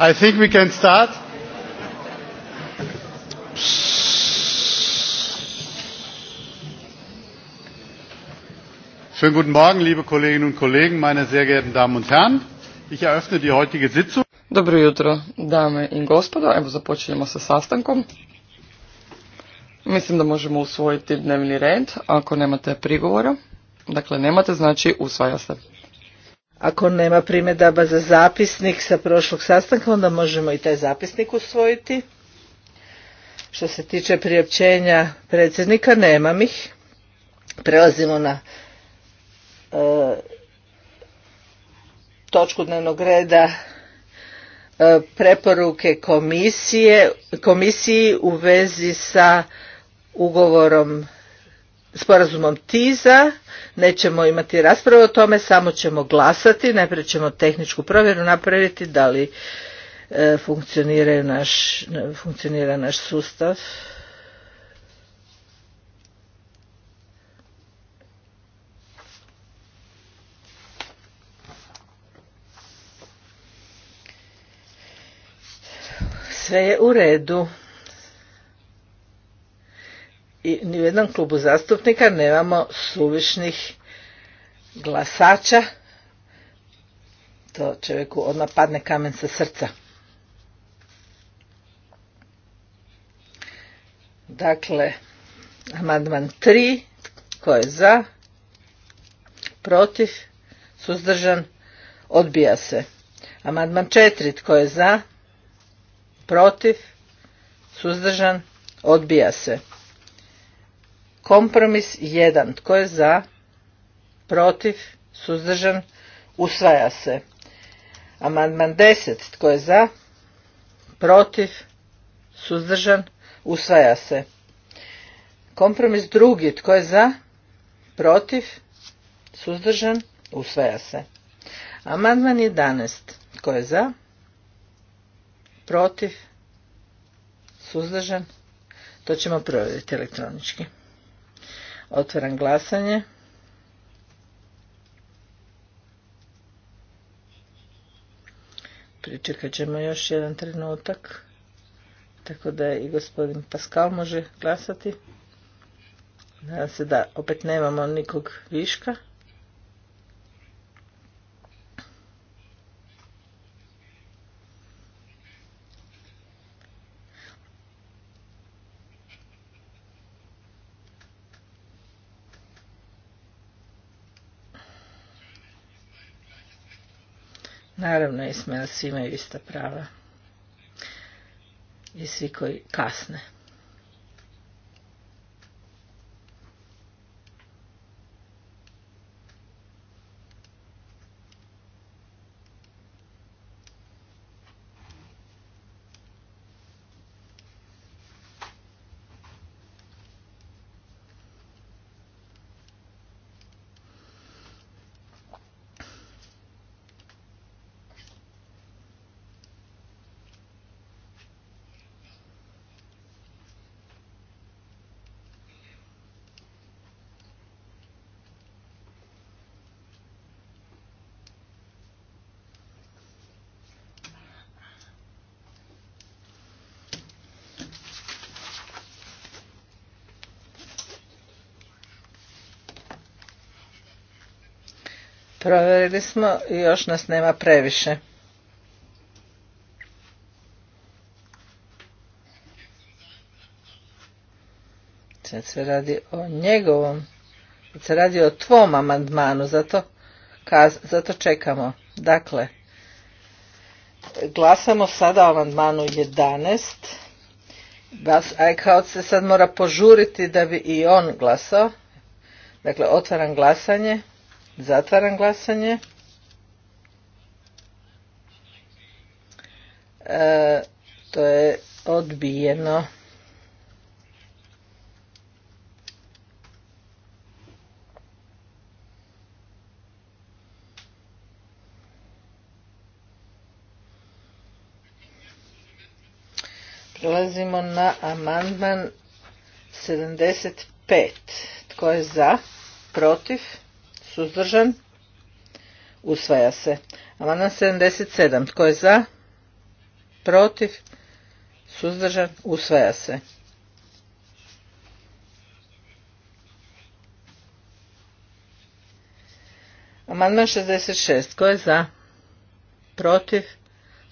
I think we can start. Schönen guten Morgen, liebe Kolleginnen und Kollegen, meine sehr geehrten Damen und Herren. Ich eröffne die heutige Sitzung. Dobro jutro, dame i gospodo. Evo započinjemo sa sastankom. Mislim da možemo usvojiti dnevni red ako nemate prigovora. Dakle, nemate, znači usvaja se. Ako nema primjedaba za zapisnik sa prošlog sastanka, onda možemo i taj zapisnik usvojiti. Što se tiče priopćenja predsjednika, nemam ih. Prelazimo na e, točku dnevnog reda e, preporuke komisije, komisiji u vezi sa ugovorom sporazumom TISA. Nećemo imati rasprave o tome, samo ćemo glasati. Najprije ćemo tehničku provjeru napraviti da li e, funkcionira naš, funkcionira naš sustav. Sve je u redu i ni u jednom klubu zastupnika nemamo suvišnih glasača. To čovjeku odmah padne kamen sa srca. Dakle, amandman 3, tko je za, protiv, suzdržan, odbija se. Amandman 4, tko je za, protiv, suzdržan, odbija se. Kompromis 1. Tko je za? Protiv? Suzdržan? Usvaja se. Amandman 10. Tko je za? Protiv? Suzdržan? Usvaja se. Kompromis drugi. Tko je za? Protiv? Suzdržan? Usvaja se. Amandman 11. Tko je za? Protiv? Suzdržan? To ćemo provjeriti elektronički. Otvaram glasanje. Pričekat ćemo još jedan trenutak. Tako da i gospodin Pascal može glasati. Nadam se da opet nemamo nikog viška. Naravno, Ismail, svi imaju ista prava. I svi koji kasne. Provjerili smo, i još nas nema previše. Sad se radi o njegovom, sad se radi o tvom amandmanu, zato, zato čekamo. Dakle, glasamo sada o amandmanu 11. Bas Eichhout se sad mora požuriti da bi i on glasao. Dakle, otvaram glasanje. Zatvaram glasanje. E, to je odbijeno. Prelazimo na amandman 75. Tko je za? Protiv? Suzdržan? Usvaja se. Amandman 77. Tko je za? Protiv? Suzdržan? Usvaja se. Amandman 66. Tko je za? Protiv?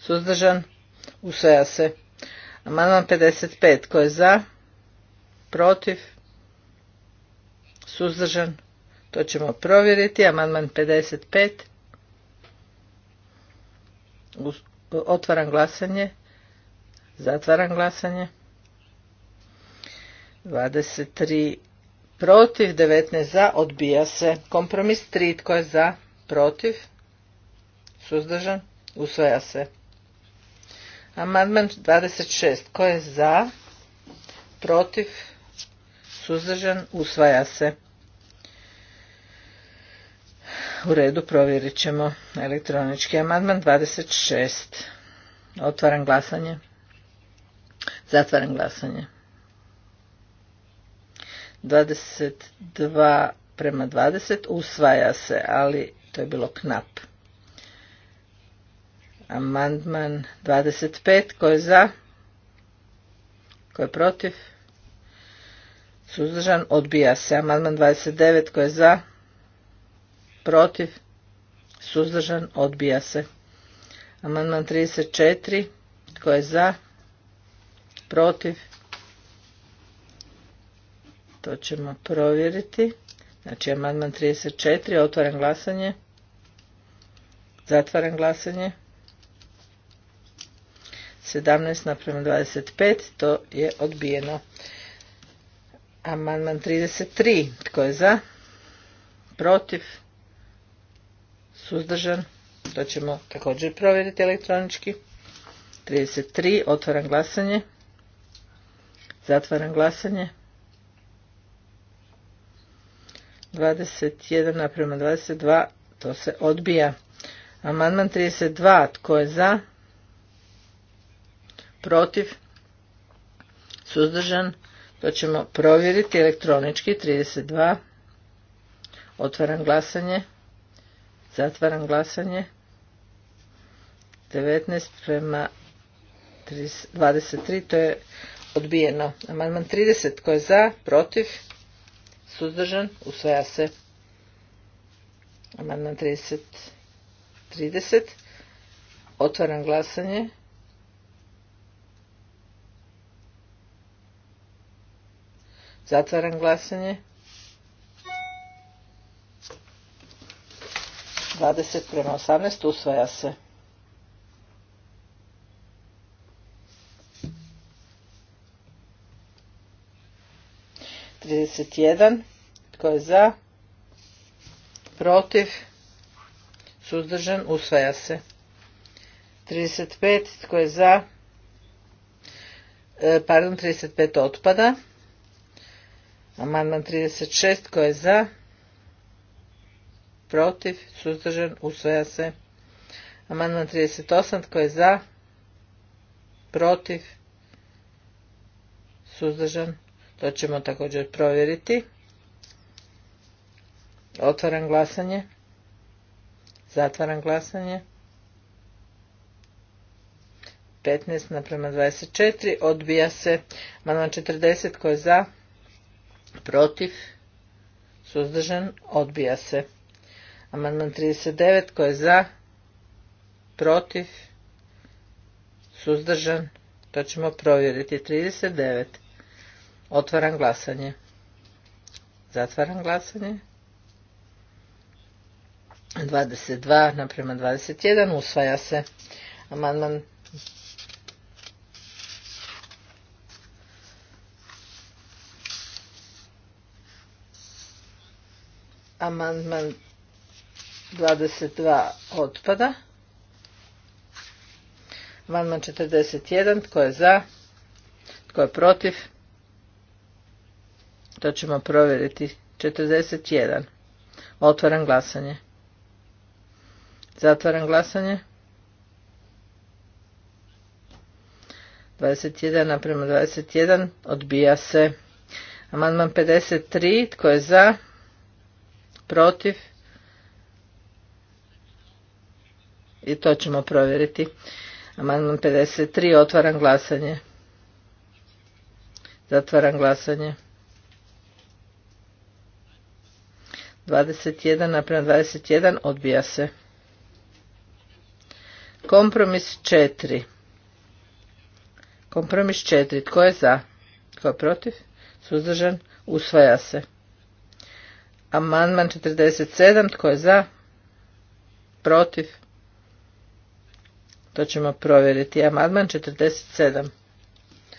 Suzdržan? Usvaja se. Amandman 55. Tko je za? Protiv? Suzdržan? To ćemo provjeriti. Amandman 55. Otvaram glasanje. Zatvaram glasanje. 23 protiv, 19 za, odbija se. Kompromis 3, tko je za, protiv, suzdržan, usvaja se. Amandman 26, tko je za, protiv, suzdržan, usvaja se. U redu provjerit ćemo elektronički amandman 26. Otvaram glasanje. Zatvaram glasanje. 22 prema 20 usvaja se, ali to je bilo knap. Amandman 25, ko je za? Ko je protiv? Suzdržan, odbija se. Amandman 29, ko je za? protiv, suzdržan, odbija se. Amandman 34, tko je za, protiv, to ćemo provjeriti. Znači, amandman 34, otvoren glasanje, zatvoren glasanje. 17 naprema 25, to je odbijeno. Amandman 33, tko je za, protiv, suzdržan, to ćemo također provjeriti elektronički. 33, otvaram glasanje, zatvaram glasanje. 21 naprema 22, to se odbija. Amandman 32, tko je za? Protiv? Suzdržan? To ćemo provjeriti elektronički. 32, otvaram glasanje. Zatvaram glasanje. 19 prema 23, to je odbijeno. Amandman 30, koji je za, protiv, suzdržan, usvaja se. Amandman 30, 30. Otvaram glasanje. Zatvaram glasanje. 20 prema 18 usvaja se. Trideset jedan. Tko je za? Protiv? Suzdržan? Usvaja se. 35. Tko je za? E, pardon, 35 otpada. Amandman 36. Tko je za? protiv, suzdržan, usvaja se. Amandman 38, tko je za, protiv, suzdržan, to ćemo također provjeriti. Otvaram glasanje. Zatvaram glasanje. 15 naprema 24. Odbija se amandman 40 koji je za, protiv, suzdržan, odbija se. Amandman 39. Tko je za? Protiv? Suzdržan? To ćemo provjeriti. 39. Otvaram glasanje. Zatvaram glasanje. 22 naprema 21 usvaja se. Amandman Amandman 22 otpada. Amandman 41. Tko je za? Tko je protiv? To ćemo provjeriti. 41. Otvaram glasanje. Zatvaram glasanje. 21 naprema 21. Odbija se. Amandman 53. Tko je za? Protiv? i to ćemo provjeriti. Amandman 53. Otvaram glasanje. Zatvaram glasanje. 21 naprema 21 odbija se. Kompromis 4. Kompromis 4. Tko je za? Tko je protiv? Suzdržan? Usvaja se. Amandman 47. Tko je za? Protiv? To ćemo provjeriti. Amandman 47.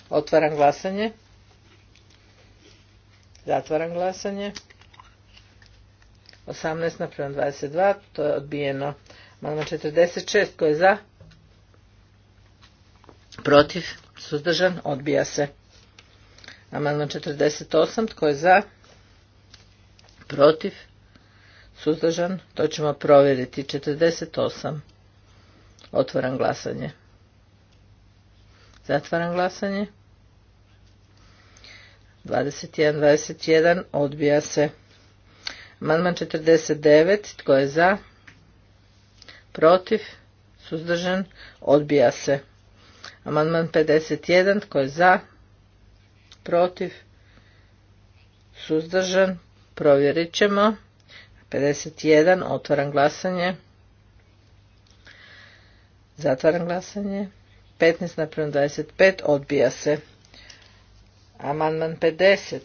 Otvaram glasanje. Zatvaram glasanje. 18 naprema 22. To je odbijeno. Amandman 46. Ko je za? Protiv? Suzdržan? Odbija se. Amandman 48. Tko je za? Protiv? Suzdržan? To ćemo provjeriti. 48. Otvaram glasanje. Zatvaram glasanje. 21, 21, odbija se. Amandman 49, tko je za? Protiv? Suzdržan? Odbija se. Amandman 51, tko je za? Protiv? Suzdržan? Provjerit ćemo. 51, otvaram glasanje. Zatvaram glasanje. 15 naprema 25 odbija se. Amandman 50.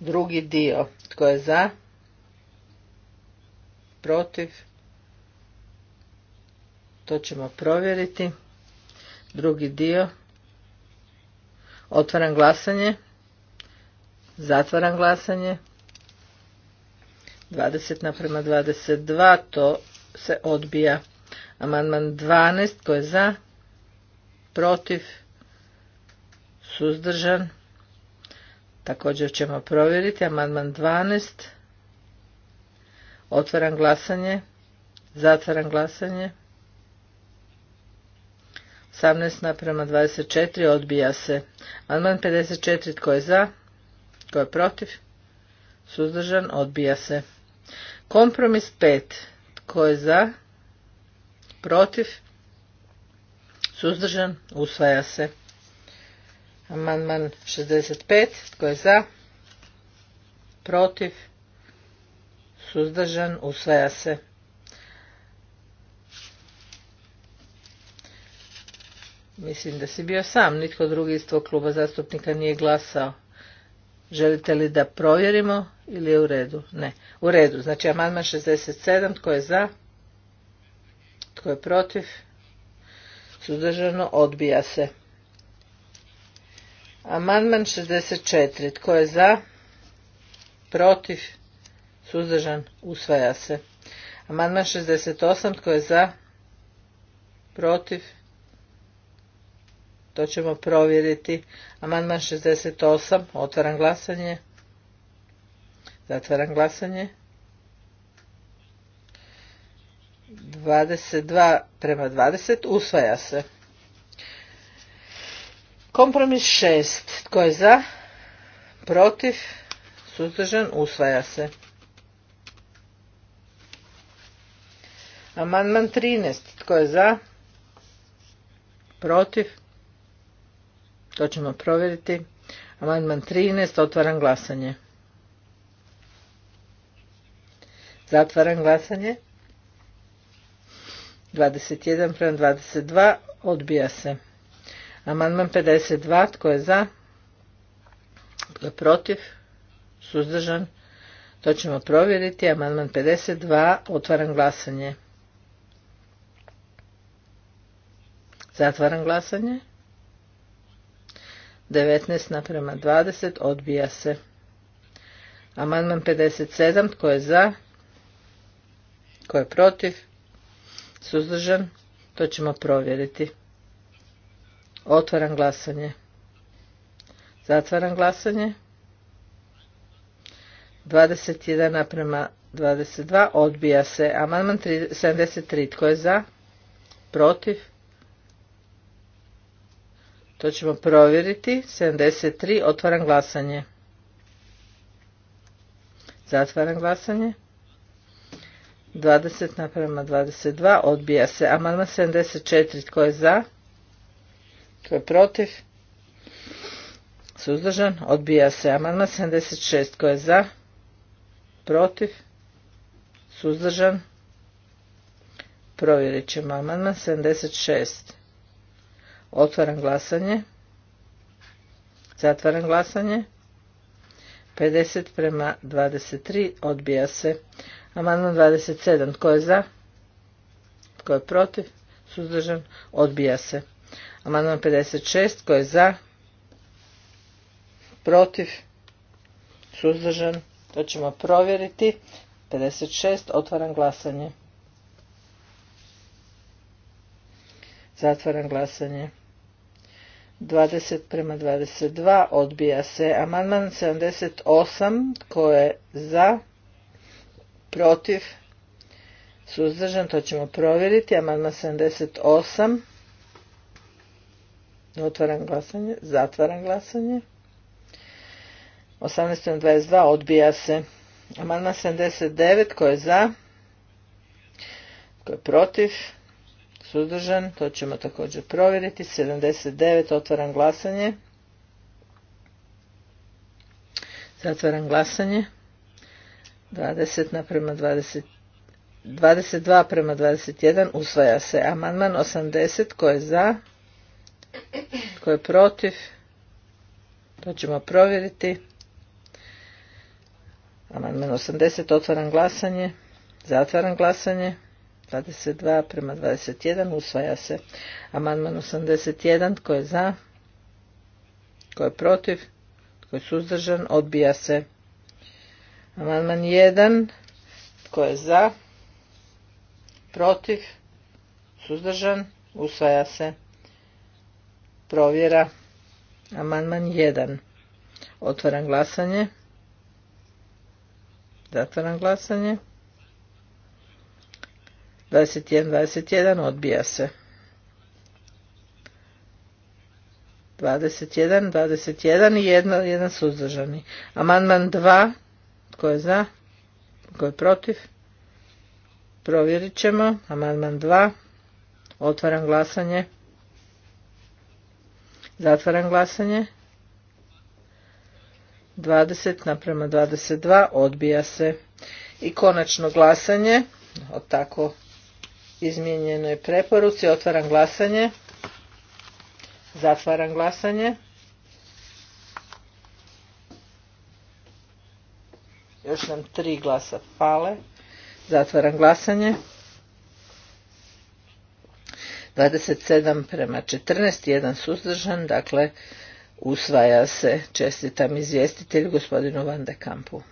Drugi dio. Tko je za? Protiv? To ćemo provjeriti. Drugi dio. Otvaram glasanje. Zatvaram glasanje. 20 naprema 22. To se odbija. Amandman 12 tko je za, protiv, suzdržan. Također ćemo provjeriti. Amandman 12. Otvaram glasanje. Zatvaram glasanje. 18 naprema 24 odbija se. Amandman 54 tko je za? Tko je protiv? Suzdržan odbija se. Kompromis 5. Tko je za? protiv, suzdržan, usvaja se. Amandman 65, tko je za, protiv, suzdržan, usvaja se. Mislim da si bio sam, nitko drugi iz kluba zastupnika nije glasao. Želite li da provjerimo ili je u redu? Ne, u redu. Znači amandman 67, tko je za? Tko je protiv? Suzdržano odbija se. Amandman 64. Tko je za? Protiv? Suzdržan? Usvaja se. Amandman 68. Tko je za? Protiv? To ćemo provjeriti. Amandman 68. Otvaram glasanje. Zatvaram glasanje. 22 prema 20 usvaja se. Kompromis 6. Tko je za? Protiv? Suzdržan? Usvaja se. Amandman 13. Tko je za? Protiv? To ćemo provjeriti. Amandman 13. Otvaram glasanje. Zatvaram glasanje. 21 prema 22 odbija se. Amandman 52 tko je za? Tko je protiv? Suzdržan? To ćemo provjeriti. Amandman 52 otvaram glasanje. Zatvaram glasanje. 19 naprema 20 odbija se. Amandman 57 tko je za? Tko je protiv? Suzdržan? To ćemo provjeriti. Otvaram glasanje. Zatvaram glasanje. 21 naprema 22. Odbija se. Amandman 73. Tko je za? Protiv? To ćemo provjeriti. 73. Otvaram glasanje. Zatvaram glasanje. 20 naprema 22 odbija se. Amandman 74 tko je za? Tko je protiv? Suzdržan? Odbija se. Amandman 76 tko je za? Protiv? Suzdržan? Provjerit ćemo amandman 76. Otvaram glasanje. Zatvaram glasanje. 50 prema 23 odbija se. Amandman 27. Tko je za? Tko je protiv? Suzdržan? Odbija se. Amandman 56. Tko je za? Protiv? Suzdržan? To ćemo provjeriti. 56. Otvaram glasanje. Zatvaram glasanje. 20 prema 22 odbija se. Amandman 78 tko je za, protiv, suzdržan, to ćemo provjeriti, amandman 78, otvaram glasanje, zatvaram glasanje, 18.22. odbija se, amandman 79, ko je za, ko je protiv, suzdržan, to ćemo također provjeriti, 79, otvaram glasanje, zatvaram glasanje, 20 naprema 20, 22 prema 21 usvaja se. Amandman 80 ko je za, ko je protiv, to ćemo provjeriti. Amandman 80, otvaran glasanje, zatvaran glasanje, 22 prema 21, usvaja se. Amandman 81, koji je za, koji je protiv, koji je suzdržan, odbija se. Amandman 1. Tko je za? Protiv? Suzdržan? Usvaja se. Provjera. Amandman 1. Otvaram glasanje. Zatvaram glasanje. 21, 21 odbija se. 21, 21 i jedan, suzdržani. Amandman 2 tko je za? Tko je protiv? Provjerit ćemo. Amandman 2. Otvaram glasanje. Zatvaram glasanje. 20 naprema 22 odbija se. I konačno glasanje od tako izmijenjenoj preporuci. Otvaram glasanje. Zatvaram glasanje. Još nam tri glasa fale. Zatvaram glasanje. 27 prema 14, jedan suzdržan, dakle usvaja se čestitam izvjestitelju gospodinu Van de Kampu.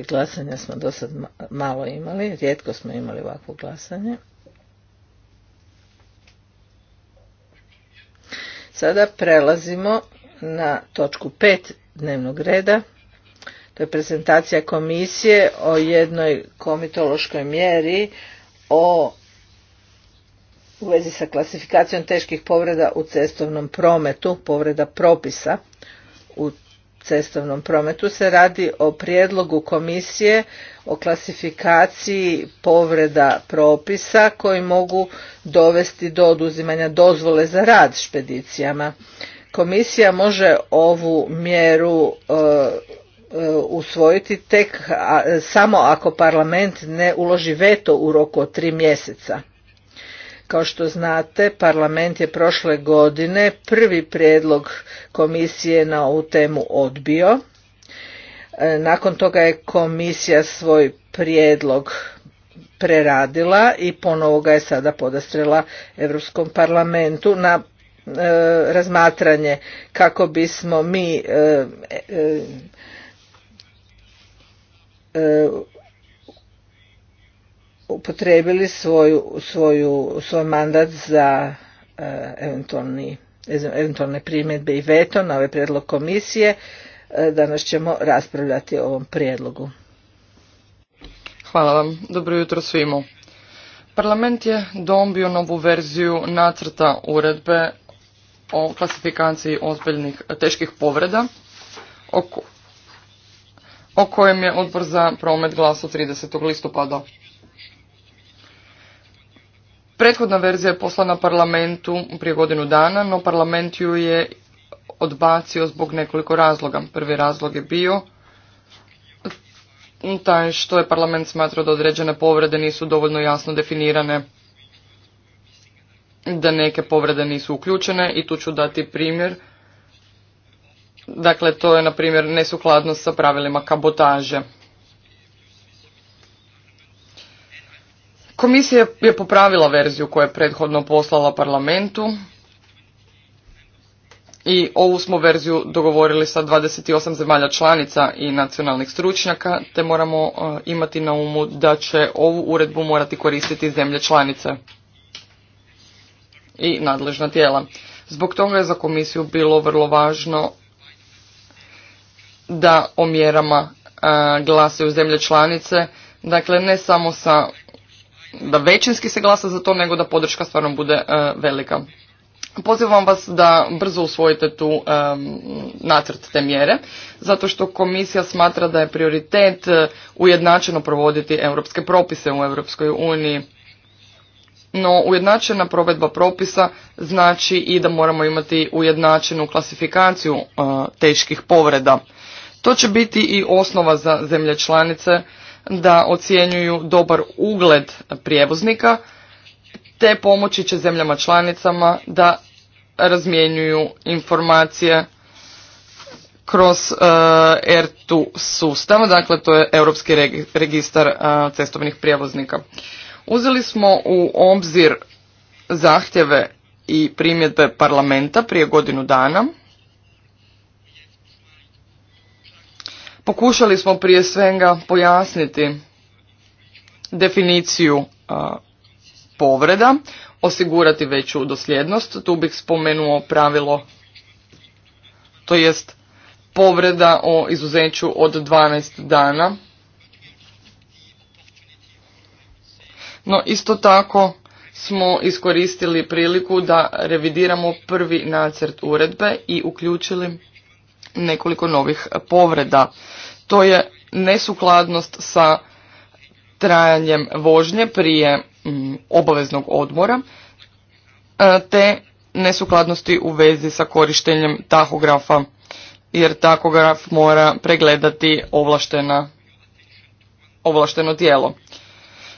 glasanja smo do sad malo imali, rijetko smo imali ovakvo glasanje. Sada prelazimo na točku 5 dnevnog reda. To je prezentacija komisije o jednoj komitološkoj mjeri o u vezi sa klasifikacijom teških povreda u cestovnom prometu, povreda propisa u cestovnom prometu se radi o prijedlogu komisije o klasifikaciji povreda propisa koji mogu dovesti do oduzimanja dozvole za rad špedicijama. Komisija može ovu mjeru e, e, usvojiti tek samo ako parlament ne uloži veto u roku od tri mjeseca. Kao što znate, parlament je prošle godine prvi prijedlog komisije na ovu temu odbio. E, nakon toga je komisija svoj prijedlog preradila i ponovo ga je sada podastrela Europskom parlamentu na e, razmatranje kako bismo mi e, upotrebili svoju, svoju, svoj mandat za e, eventualne primjedbe i veto na ovaj prijedlog komisije. E, danas ćemo raspravljati o ovom prijedlogu. Hvala vam. Dobro jutro svima. Parlament je dombio novu verziju nacrta uredbe o klasifikaciji ozbiljnih teških povreda o kojem je odbor za promet glasu 30. listopada. Prethodna verzija je poslana parlamentu prije godinu dana, no parlament ju je odbacio zbog nekoliko razloga. Prvi razlog je bio taj što je parlament smatrao da određene povrede nisu dovoljno jasno definirane, da neke povrede nisu uključene i tu ću dati primjer. Dakle, to je na primjer nesukladnost sa pravilima kabotaže. Komisija je popravila verziju koju je prethodno poslala parlamentu i ovu smo verziju dogovorili sa 28 zemalja članica i nacionalnih stručnjaka, te moramo e, imati na umu da će ovu uredbu morati koristiti zemlje članice i nadležna tijela. Zbog toga je za komisiju bilo vrlo važno da o mjerama e, u zemlje članice, dakle ne samo sa da većinski se glasa za to nego da podrška stvarno bude e, velika. Pozivam vas da brzo usvojite tu e, nacrt te mjere, zato što komisija smatra da je prioritet e, ujednačeno provoditi europske propise u Europskoj uniji. No, ujednačena provedba propisa znači i da moramo imati ujednačenu klasifikaciju teških povreda. To će biti i osnova za zemlje članice da ocjenjuju dobar ugled prijevoznika, te pomoći će zemljama članicama da razmjenjuju informacije kroz ERTU 2 sustav, dakle to je Europski registar e, cestovnih prijevoznika. Uzeli smo u obzir zahtjeve i primjedbe parlamenta prije godinu dana Pokušali smo prije svega pojasniti definiciju povreda, osigurati veću dosljednost. Tu bih spomenuo pravilo, to jest povreda o izuzeću od 12 dana. No isto tako smo iskoristili priliku da revidiramo prvi nacrt uredbe i uključili nekoliko novih povreda. To je nesukladnost sa trajanjem vožnje prije mm, obaveznog odmora, e, te nesukladnosti u vezi sa korištenjem tahografa, jer tahograf mora pregledati ovlaštena, ovlašteno tijelo.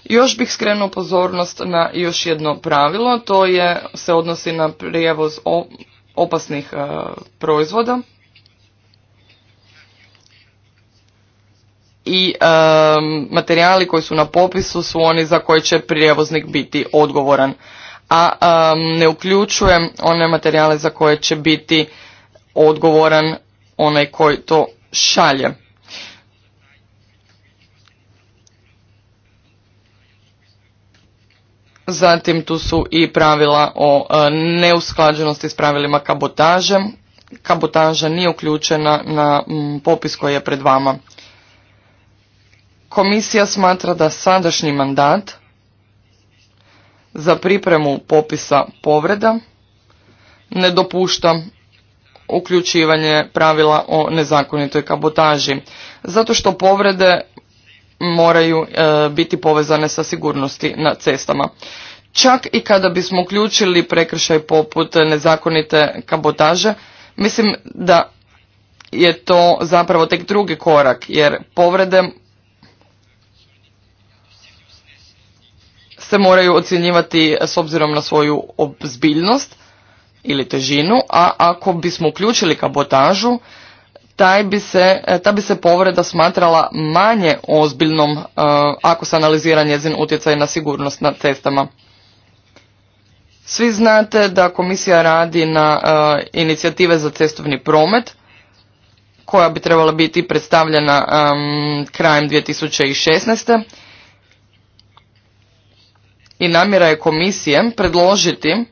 Još bih skrenuo pozornost na još jedno pravilo, to je, se odnosi na prijevoz opasnih e, proizvoda. i materijali koji su na popisu su oni za koje će prijevoznik biti odgovoran a ne uključujem one materijale za koje će biti odgovoran onaj koji to šalje zatim tu su i pravila o neusklađenosti s pravilima kabotaže kabotaža nije uključena na popis koji je pred vama Komisija smatra da sadašnji mandat za pripremu popisa povreda ne dopušta uključivanje pravila o nezakonitoj kabotaži, zato što povrede moraju e, biti povezane sa sigurnosti na cestama. Čak i kada bismo uključili prekršaj poput nezakonite kabotaže, mislim da je to zapravo tek drugi korak, jer povrede se moraju ocjenjivati eh, s obzirom na svoju obzbiljnost ili težinu, a ako bismo uključili kabotažu, taj bi se, eh, ta bi se povreda smatrala manje ozbiljnom eh, ako se analizira njezin utjecaj na sigurnost na cestama. Svi znate da komisija radi na inicijative za cestovni promet koja bi trebala biti predstavljena krajem 2016 i namjera je komisije predložiti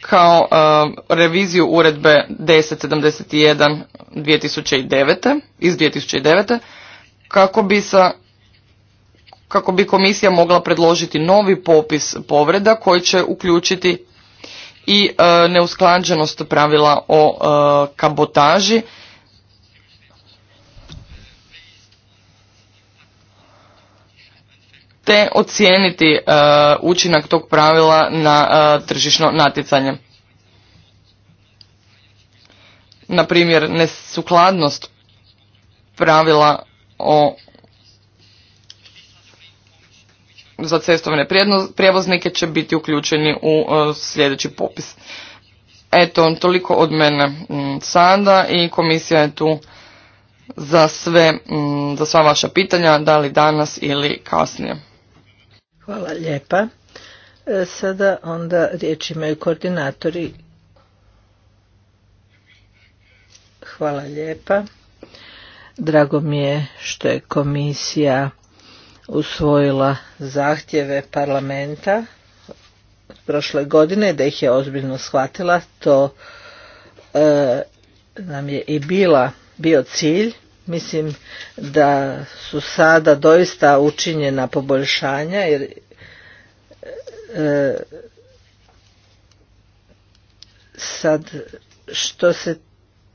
kao e, reviziju uredbe 1071 2009 iz 2009 kako bi sa kako bi komisija mogla predložiti novi popis povreda koji će uključiti i e, neusklađenost pravila o e, kabotaži te ocijeniti e, učinak tog pravila na e, tržišno natjecanje. Na primjer, nesukladnost pravila o za cestovne prijevoznike će biti uključeni u e, sljedeći popis. Eto, toliko od mene mm, sada i komisija je tu za sve, mm, za sva vaša pitanja, da li danas ili kasnije. Hvala lijepa. E, sada onda riječ imaju koordinatori. Hvala lijepa. Drago mi je što je komisija usvojila zahtjeve parlamenta prošle godine, da ih je ozbiljno shvatila, to e, nam je i bila bio cilj Mislim da su sada doista učinjena poboljšanja jer e, sad što se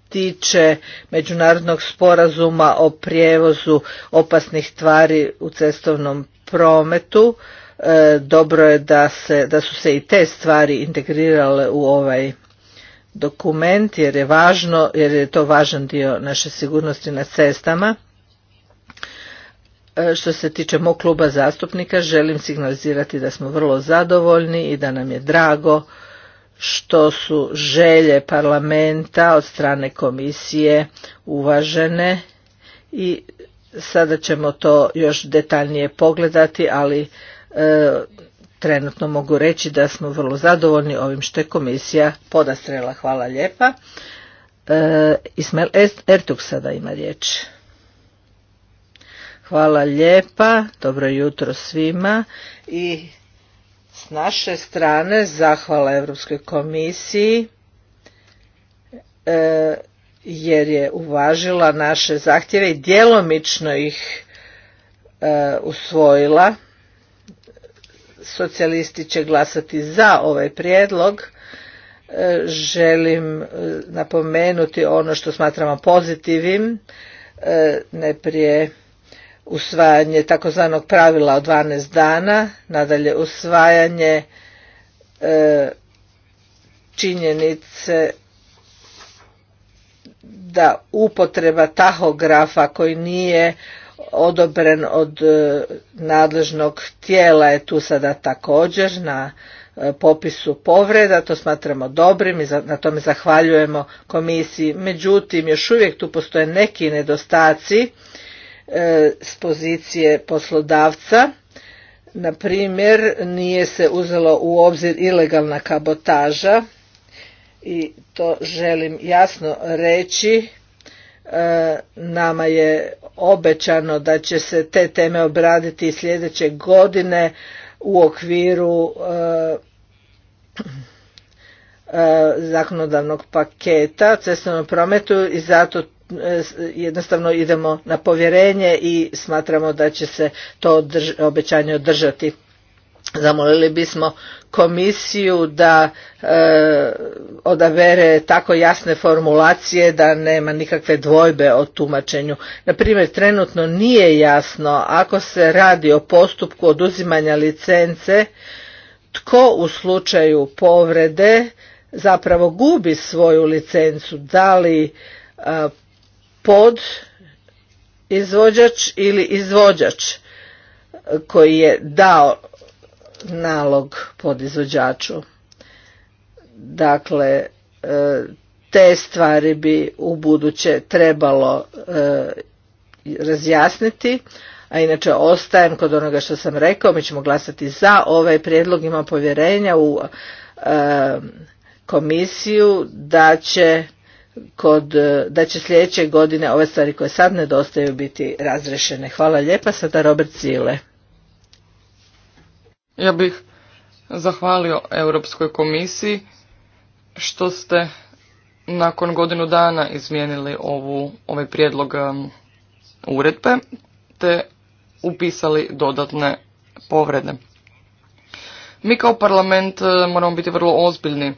tiče međunarodnog sporazuma o prijevozu opasnih tvari u cestovnom prometu e, dobro je da se da su se i te stvari integrirale u ovaj dokument jer je važno, jer je to važan dio naše sigurnosti na cestama. E, što se tiče mog kluba zastupnika, želim signalizirati da smo vrlo zadovoljni i da nam je drago što su želje parlamenta od strane komisije uvažene i sada ćemo to još detaljnije pogledati, ali e, trenutno mogu reći da smo vrlo zadovoljni ovim što je komisija podastrela. Hvala lijepa. E, Ismail Ertug sada ima riječ. Hvala lijepa, dobro jutro svima i s naše strane zahvala Europskoj komisiji e, jer je uvažila naše zahtjeve i djelomično ih e, usvojila socijalisti će glasati za ovaj prijedlog. E, želim e, napomenuti ono što smatramo pozitivim, e, Neprije usvajanje takozvanog pravila od 12 dana, nadalje usvajanje činjenice da upotreba tahografa koji nije odobren od e, nadležnog tijela je tu sada također na e, popisu povreda, to smatramo dobrim i na tome zahvaljujemo komisiji. Međutim, još uvijek tu postoje neki nedostaci e, s pozicije poslodavca. Na primjer, nije se uzelo u obzir ilegalna kabotaža i to želim jasno reći E, nama je obećano da će se te teme obraditi sljedeće godine u okviru e, e, zakonodavnog paketa cestovnom prometu i zato jednostavno idemo na povjerenje i smatramo da će se to obećanje održati. Zamolili bismo komisiju da e, tako jasne formulacije da nema nikakve dvojbe o tumačenju. Na primjer, trenutno nije jasno ako se radi o postupku oduzimanja licence tko u slučaju povrede zapravo gubi svoju licencu, da li e, pod izvođač ili izvođač koji je dao nalog podizvođaču. Dakle, e, te stvari bi u buduće trebalo e, razjasniti, a inače ostajem kod onoga što sam rekao, mi ćemo glasati za ovaj prijedlog, ima povjerenja u e, komisiju da će kod, da će sljedeće godine ove stvari koje sad nedostaju biti razrešene. Hvala lijepa, sada Robert Cile. Ja bih zahvalio Europskoj komisiji što ste nakon godinu dana izmijenili ovu, ovaj prijedlog um, uredbe te upisali dodatne povrede. Mi kao parlament uh, moramo biti vrlo ozbiljni.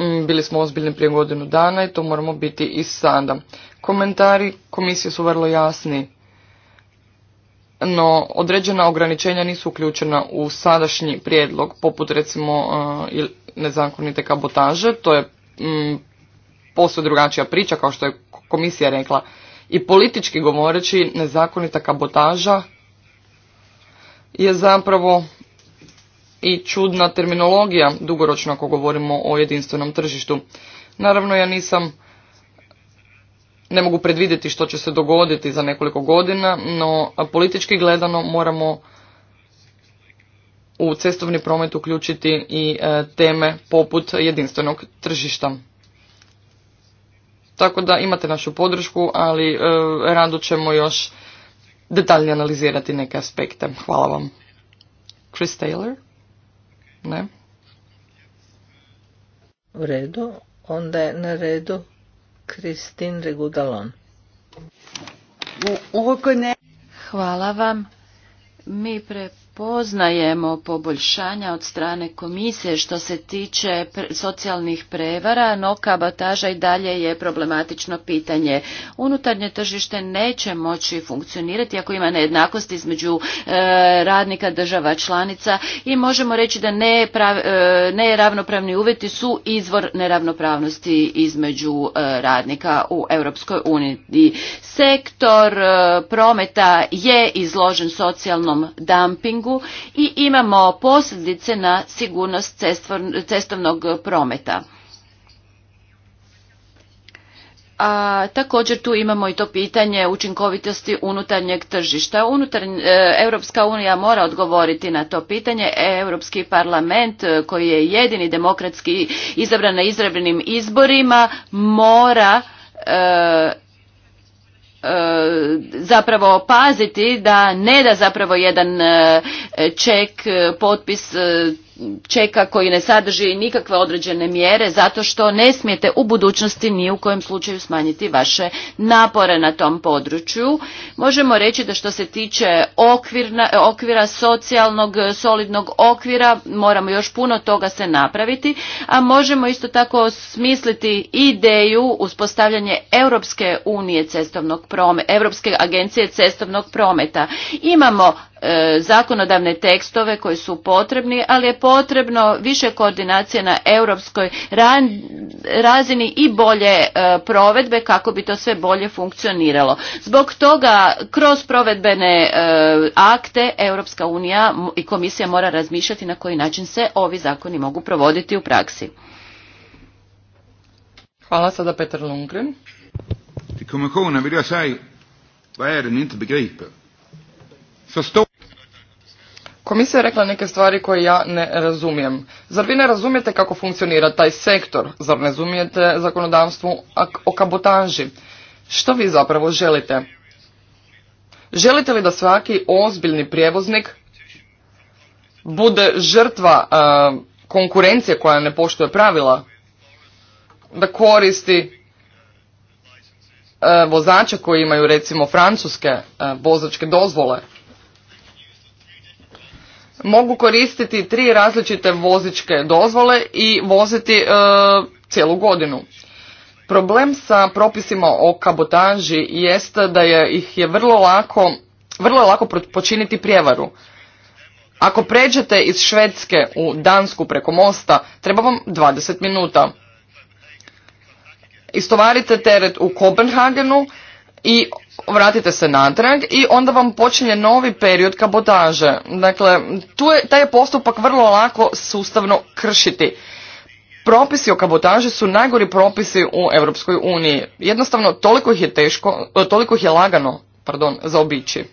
Mm, bili smo ozbiljni prije godinu dana i to moramo biti i sada. Komentari komisije su vrlo jasni no određena ograničenja nisu uključena u sadašnji prijedlog, poput recimo e, nezakonite kabotaže, to je mm, posve drugačija priča kao što je komisija rekla. I politički govoreći, nezakonita kabotaža je zapravo i čudna terminologija dugoročno ako govorimo o jedinstvenom tržištu. Naravno ja nisam ne mogu predvidjeti što će se dogoditi za nekoliko godina, no politički gledano moramo u cestovni promet uključiti i e, teme poput jedinstvenog tržišta. Tako da imate našu podršku, ali e, rado ćemo još detaljnije analizirati neke aspekte. Hvala vam. Chris Taylor? Ne? U redu. Onda je na redu Kristin Regudalon. Hvala vam. Mi pre Poznajemo poboljšanja od strane komisije što se tiče socijalnih prevara, no kabotaža i dalje je problematično pitanje. Unutarnje tržište neće moći funkcionirati ako ima nejednakost između e, radnika država članica i možemo reći da e, neravnopravni uvjeti su izvor neravnopravnosti između e, radnika u Europskoj uniji. Sektor prometa je izložen socijalnom dumpingu i imamo posljedice na sigurnost cestovnog prometa. A također tu imamo i to pitanje učinkovitosti unutarnjeg tržišta. Unutar, e, Europska unija mora odgovoriti na to pitanje. E, Europski parlament e, koji je jedini demokratski izabran na izravnim izborima mora E, zapravo paziti da ne da zapravo jedan e, ček, e, potpis čeka koji ne sadrži nikakve određene mjere zato što ne smijete u budućnosti ni u kojem slučaju smanjiti vaše napore na tom području. Možemo reći da što se tiče okvira socijalnog, solidnog okvira, moramo još puno toga se napraviti, a možemo isto tako smisliti ideju uspostavljanje Europske unije cestovnog prometa, Europske agencije cestovnog prometa. Imamo E, zakonodavne tekstove koji su potrebni, ali je potrebno više koordinacije na europskoj razini i bolje e, provedbe kako bi to sve bolje funkcioniralo. Zbog toga kroz provedbene e, akte Europska unija i komisija mora razmišljati na koji način se ovi zakoni mogu provoditi u praksi. Hvala sada Petar Lundgren. Komisija je rekla neke stvari koje ja ne razumijem. Zar vi ne razumijete kako funkcionira taj sektor? Zar ne razumijete zakonodavstvo o kabotanži? Što vi zapravo želite? Želite li da svaki ozbiljni prijevoznik bude žrtva e, konkurencije koja ne poštuje pravila? Da koristi e, vozače koji imaju recimo francuske e, vozačke dozvole? mogu koristiti tri različite vozičke dozvole i voziti e, cijelu godinu. Problem sa propisima o kabotaži jest da je, ih je vrlo lako, vrlo lako počiniti prijevaru. Ako pređete iz Švedske u Dansku preko mosta, treba vam 20 minuta. Istovarite teret u Kopenhagenu, i vratite se natrag i onda vam počinje novi period kabotaže. Dakle, tu je, taj je postupak vrlo lako sustavno kršiti. Propisi o kabotaži su najgori propisi u Europskoj uniji. Jednostavno, toliko ih je teško, e, toliko ih je lagano, pardon, zaobići.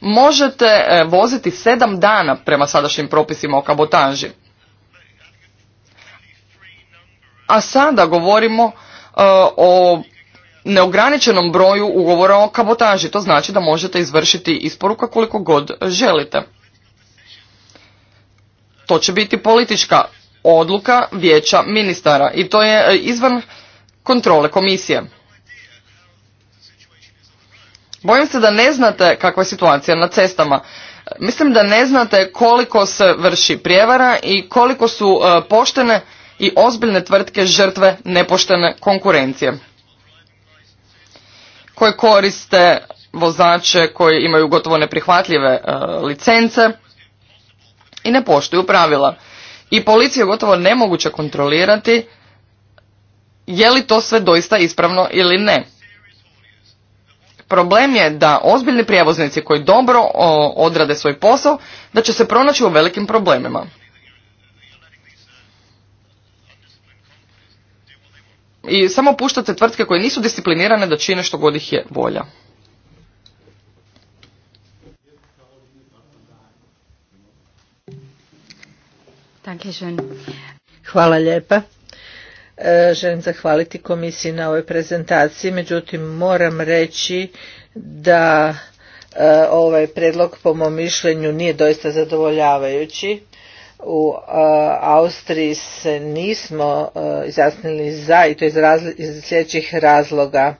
Možete e, voziti sedam dana prema sadašnjim propisima o kabotaži. A sada govorimo e, o neograničenom broju ugovora o kabotaži. To znači da možete izvršiti isporuka koliko god želite. To će biti politička odluka vijeća ministara i to je e, izvan kontrole komisije. Bojim se da ne znate kakva je situacija na cestama. Mislim da ne znate koliko se vrši prijevara i koliko su e, poštene i ozbiljne tvrtke žrtve nepoštene konkurencije koje koriste vozače koji imaju gotovo neprihvatljive e, licence i ne poštuju pravila. I je gotovo nemoguće kontrolirati je li to sve doista ispravno ili ne. Problem je da ozbiljni prijevoznici koji dobro odrade svoj posao, da će se pronaći u velikim problemima. i samo puštate tvrtke koje nisu disciplinirane da čine što god ih je volja. Hvala lijepa. E, želim zahvaliti komisiji na ovoj prezentaciji, međutim moram reći da e, ovaj predlog po mom mišljenju nije doista zadovoljavajući u e, Austriji se nismo e, izjasnili za i to iz, sljedećih razloga.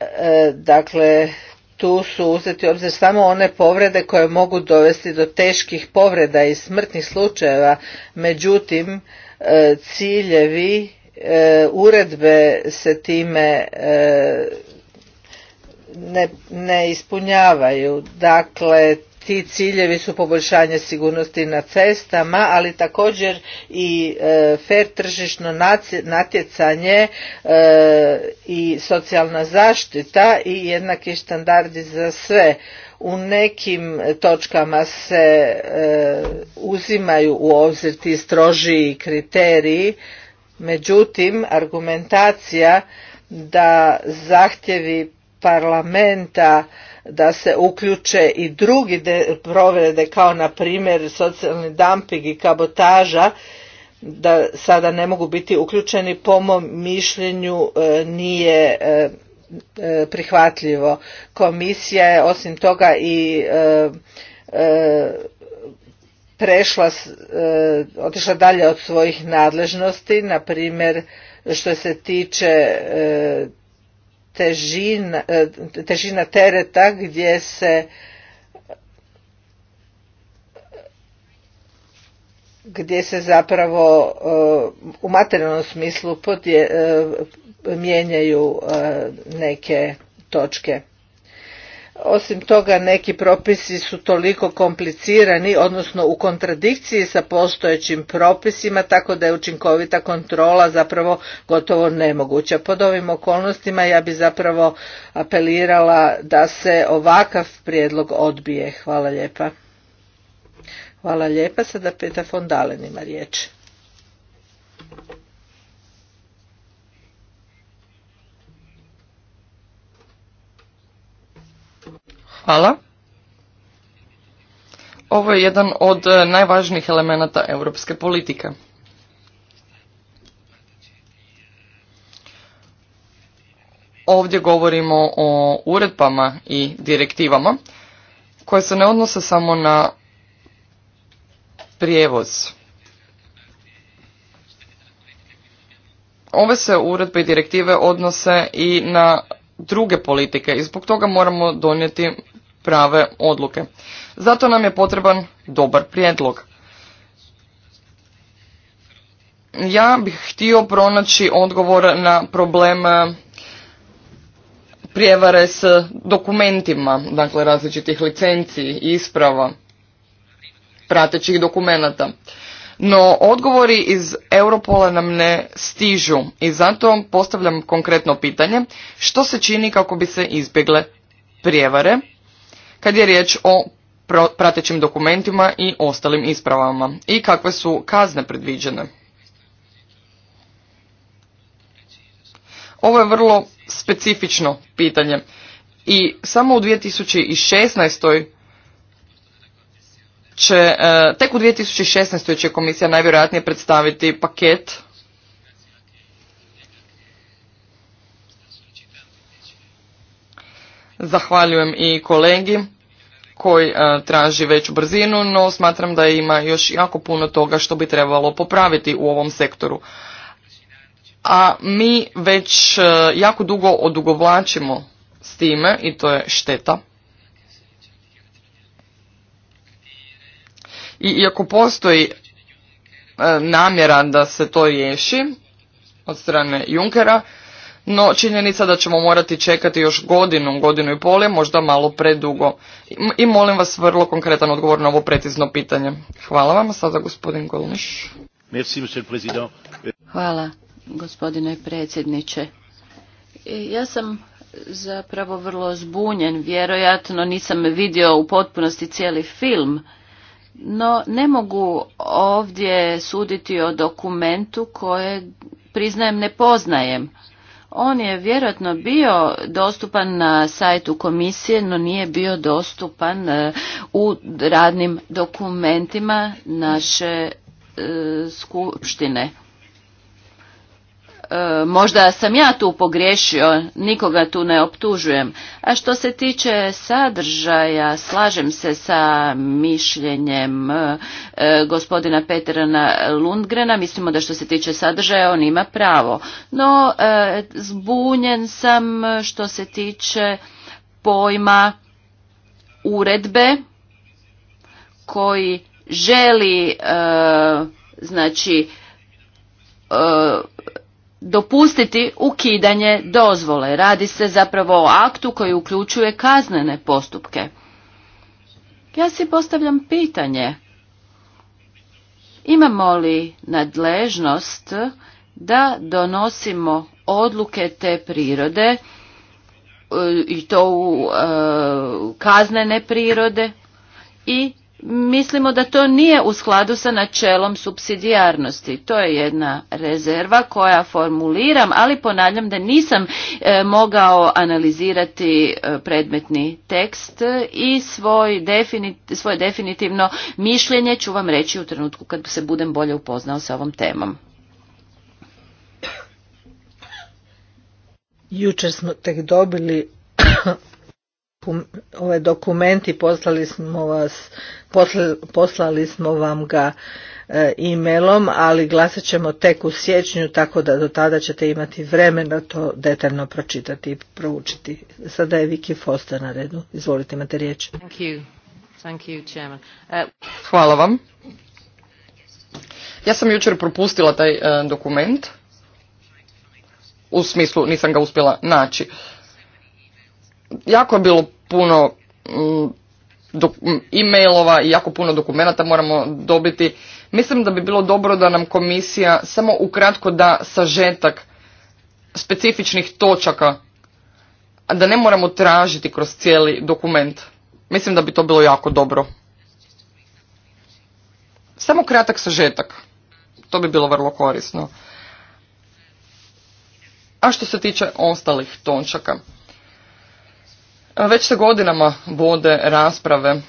E, dakle, tu su uzeti u obzir samo one povrede koje mogu dovesti do teških povreda i smrtnih slučajeva, međutim ciljevi uredbe se time ne ispunjavaju. Dakle, ti ciljevi su poboljšanje sigurnosti na cestama, ali također i e, fer tržišno natjecanje e, i socijalna zaštita i jednaki standardi za sve. U nekim točkama se e, uzimaju u obzir ti strožiji kriteriji, međutim argumentacija da zahtjevi parlamenta da se uključe i drugi provrede kao na primjer socijalni dumping i kabotaža da sada ne mogu biti uključeni po mom mišljenju e, nije e, e, prihvatljivo. Komisija je osim toga i prešla, otišla dalje od svojih nadležnosti, na primjer što se tiče težina, e, težina tereta gdje se gdje se zapravo e, u materijalnom smislu podje, e, mijenjaju neke točke osim toga neki propisi su toliko komplicirani odnosno u kontradikciji sa postojećim propisima tako da je učinkovita kontrola zapravo gotovo nemoguća pod ovim okolnostima ja bi zapravo apelirala da se ovakav prijedlog odbije hvala lijepa hvala lijepa sada peta Dalen ima riječ Hvala. Ovo je jedan od e, najvažnijih elemenata europske politike. Ovdje govorimo o uredbama i direktivama koje se ne odnose samo na prijevoz. Ove se uredbe i direktive odnose i na druge politike i zbog toga moramo donijeti prave odluke. Zato nam je potreban dobar prijedlog. Ja bih htio pronaći odgovor na problem e, prijevare s dokumentima, dakle različitih i isprava, pratećih dokumenata. No, odgovori iz Europola nam ne stižu i zato postavljam konkretno pitanje što se čini kako bi se izbjegle prijevare kad je riječ o pratećim dokumentima i ostalim ispravama i kakve su kazne predviđene. Ovo je vrlo specifično pitanje i samo u 2016 će, e, tek u 2016. će komisija najvjerojatnije predstaviti paket Zahvaljujem i kolegi koji e, traži veću brzinu, no smatram da ima još jako puno toga što bi trebalo popraviti u ovom sektoru. A mi već e, jako dugo odugovlačimo s time i to je šteta. I iako postoji e, namjera da se to riješi od strane Junkera, no činjenica da ćemo morati čekati još godinu, godinu i pol je možda malo predugo. I molim vas vrlo konkretan odgovor na ovo pretizno pitanje. Hvala vam, sada gospodin Golniš. Hvala gospodine predsjedniče. Ja sam zapravo vrlo zbunjen, vjerojatno nisam vidio u potpunosti cijeli film no, ne mogu ovdje suditi o dokumentu koje priznajem ne poznajem. On je vjerojatno bio dostupan na sajtu komisije, no nije bio dostupan e, u radnim dokumentima naše e, skupštine. E, možda sam ja tu pogriješio, nikoga tu ne optužujem. A što se tiče sadržaja, slažem se sa mišljenjem e, e, gospodina Petrana Lundgrena, mislimo da što se tiče sadržaja on ima pravo. No, zbunjen sam što se tiče pojma uredbe koji želi znači dopustiti ukidanje dozvole. Radi se zapravo o aktu koji uključuje kaznene postupke. Ja si postavljam pitanje, imamo li nadležnost da donosimo odluke te prirode e, i to u e, kaznene prirode i mislimo da to nije u skladu sa načelom subsidijarnosti. To je jedna rezerva koja formuliram, ali ponavljam da nisam e, mogao analizirati e, predmetni tekst i svoje definitivno mišljenje ću vam reći u trenutku kad se budem bolje upoznao sa ovom temom. Jučer smo tek dobili ovaj dokument i poslali smo, vas, poslali smo vam ga e, e-mailom, ali glasat ćemo tek u siječnju, tako da do tada ćete imati vremena to detaljno pročitati i proučiti. Sada je Viki Foster na redu. Izvolite, imate riječ. E, Hvala vam. Ja sam jučer propustila taj e, dokument. U smislu nisam ga uspjela naći jako je bilo puno mm, mm, e-mailova i jako puno dokumenata moramo dobiti. Mislim da bi bilo dobro da nam komisija samo ukratko da sažetak specifičnih točaka, a da ne moramo tražiti kroz cijeli dokument. Mislim da bi to bilo jako dobro. Samo kratak sažetak. To bi bilo vrlo korisno. A što se tiče ostalih točaka, već se godinama vode rasprave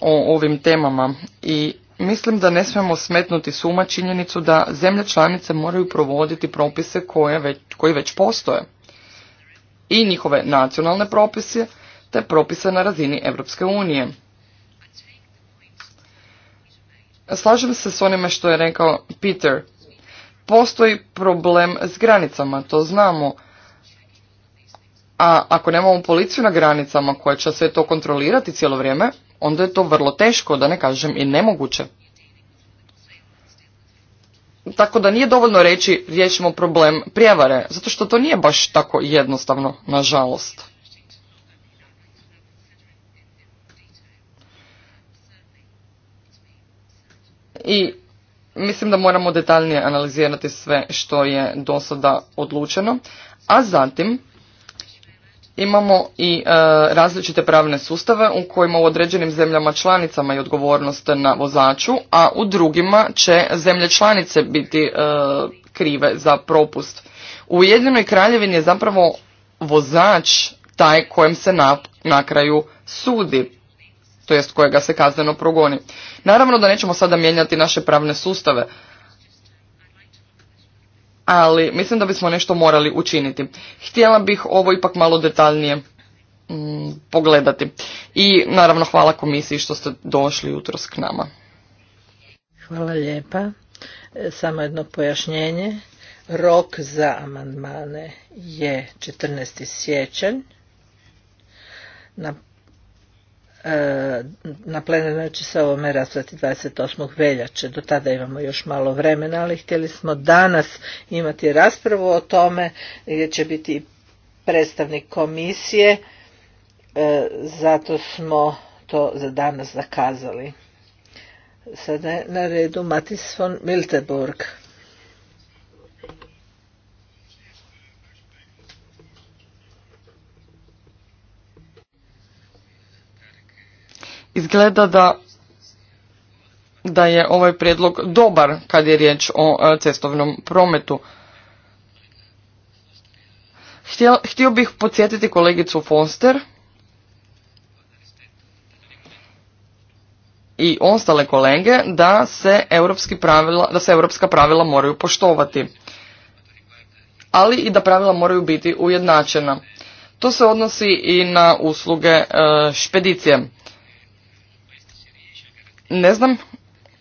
o ovim temama i mislim da ne smijemo smetnuti suma činjenicu da zemlje članice moraju provoditi propise već, koji već postoje i njihove nacionalne propise te propise na razini Europske unije. Slažem se s onime što je rekao Peter. Postoji problem s granicama, to znamo. A ako nemamo policiju na granicama koja će sve to kontrolirati cijelo vrijeme, onda je to vrlo teško, da ne kažem i nemoguće. Tako da nije dovoljno reći riješimo problem prijevare, zato što to nije baš tako jednostavno, nažalost. I mislim da moramo detaljnije analizirati sve što je do sada odlučeno, a zatim imamo i e, različite pravne sustave u kojima u određenim zemljama članicama je odgovornost na vozaču, a u drugima će zemlje članice biti e, krive za propust. U Ujedinjenoj kraljevini je zapravo vozač taj kojem se na, kraju sudi, to jest kojega se kazneno progoni. Naravno da nećemo sada mijenjati naše pravne sustave, ali mislim da bismo nešto morali učiniti. Htjela bih ovo ipak malo detaljnije mm, pogledati. I naravno hvala komisiji što ste došli jutros k nama. Hvala lijepa. E, samo jedno pojašnjenje. Rok za amandmane je 14. siječanj. Na na plenarnoj će znači se ovome dvadeset 28. veljače. Do tada imamo još malo vremena, ali htjeli smo danas imati raspravu o tome gdje će biti predstavnik komisije, e, zato smo to za danas zakazali. Sada je na redu Matis von Milteburg. Izgleda da, da je ovaj prijedlog dobar kad je riječ o e, cestovnom prometu. Htio, bih podsjetiti kolegicu Foster i ostale kolege da se, europski pravila, da se europska pravila moraju poštovati, ali i da pravila moraju biti ujednačena. To se odnosi i na usluge e, špedicije ne znam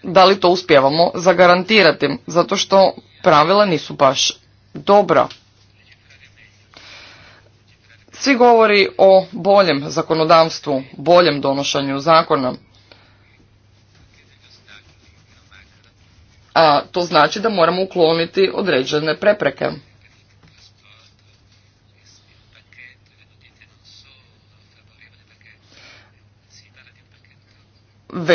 da li to uspjevamo zagarantirati, zato što pravila nisu baš dobra. Svi govori o boljem zakonodavstvu, boljem donošanju zakona. A to znači da moramo ukloniti određene prepreke.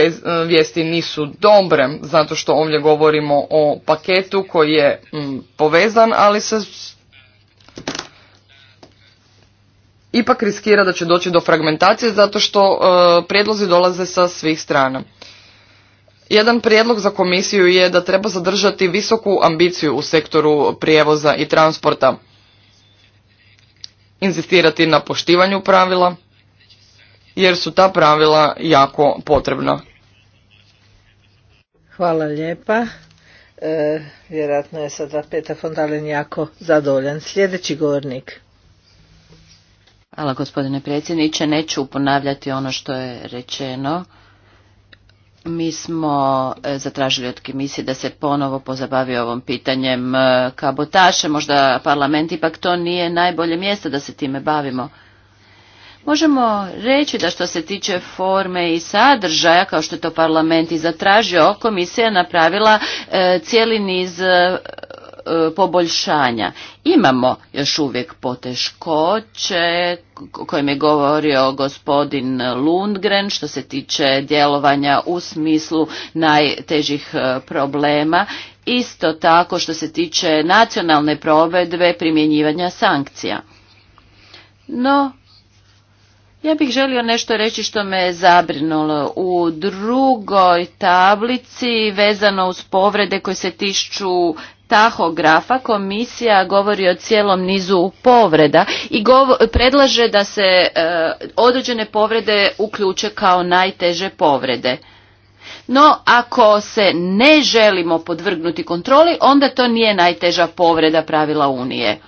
E, vijesti nisu dobre, zato što ovdje govorimo o paketu koji je povezan, ali se ipak riskira da će doći do fragmentacije zato što e, prijedlozi dolaze sa svih strana. Jedan prijedlog za komisiju je da treba zadržati visoku ambiciju u sektoru prijevoza i transporta, inzistirati na poštivanju pravila, jer su ta pravila jako potrebna. Hvala lijepa. E, vjerojatno je sada Peta Fondalen jako zadovoljan. Sljedeći govornik. Hvala gospodine predsjedniče. Neću ponavljati ono što je rečeno. Mi smo e, zatražili od komisije da se ponovo pozabavi ovom pitanjem e, kabotaše. Možda parlament ipak to nije najbolje mjesto da se time bavimo. Možemo reći da što se tiče forme i sadržaja, kao što je to parlament i zatražio, komisija napravila e, cijeli niz e, poboljšanja. Imamo još uvijek poteškoće kojim je govorio gospodin Lundgren što se tiče djelovanja u smislu najtežih e, problema. Isto tako što se tiče nacionalne provedbe primjenjivanja sankcija. No, ja bih želio nešto reći što me zabrinulo. U drugoj tablici vezano uz povrede koje se tišću tahografa komisija govori o cijelom nizu povreda i predlaže da se e, određene povrede uključe kao najteže povrede. No, ako se ne želimo podvrgnuti kontroli, onda to nije najteža povreda pravila Unije.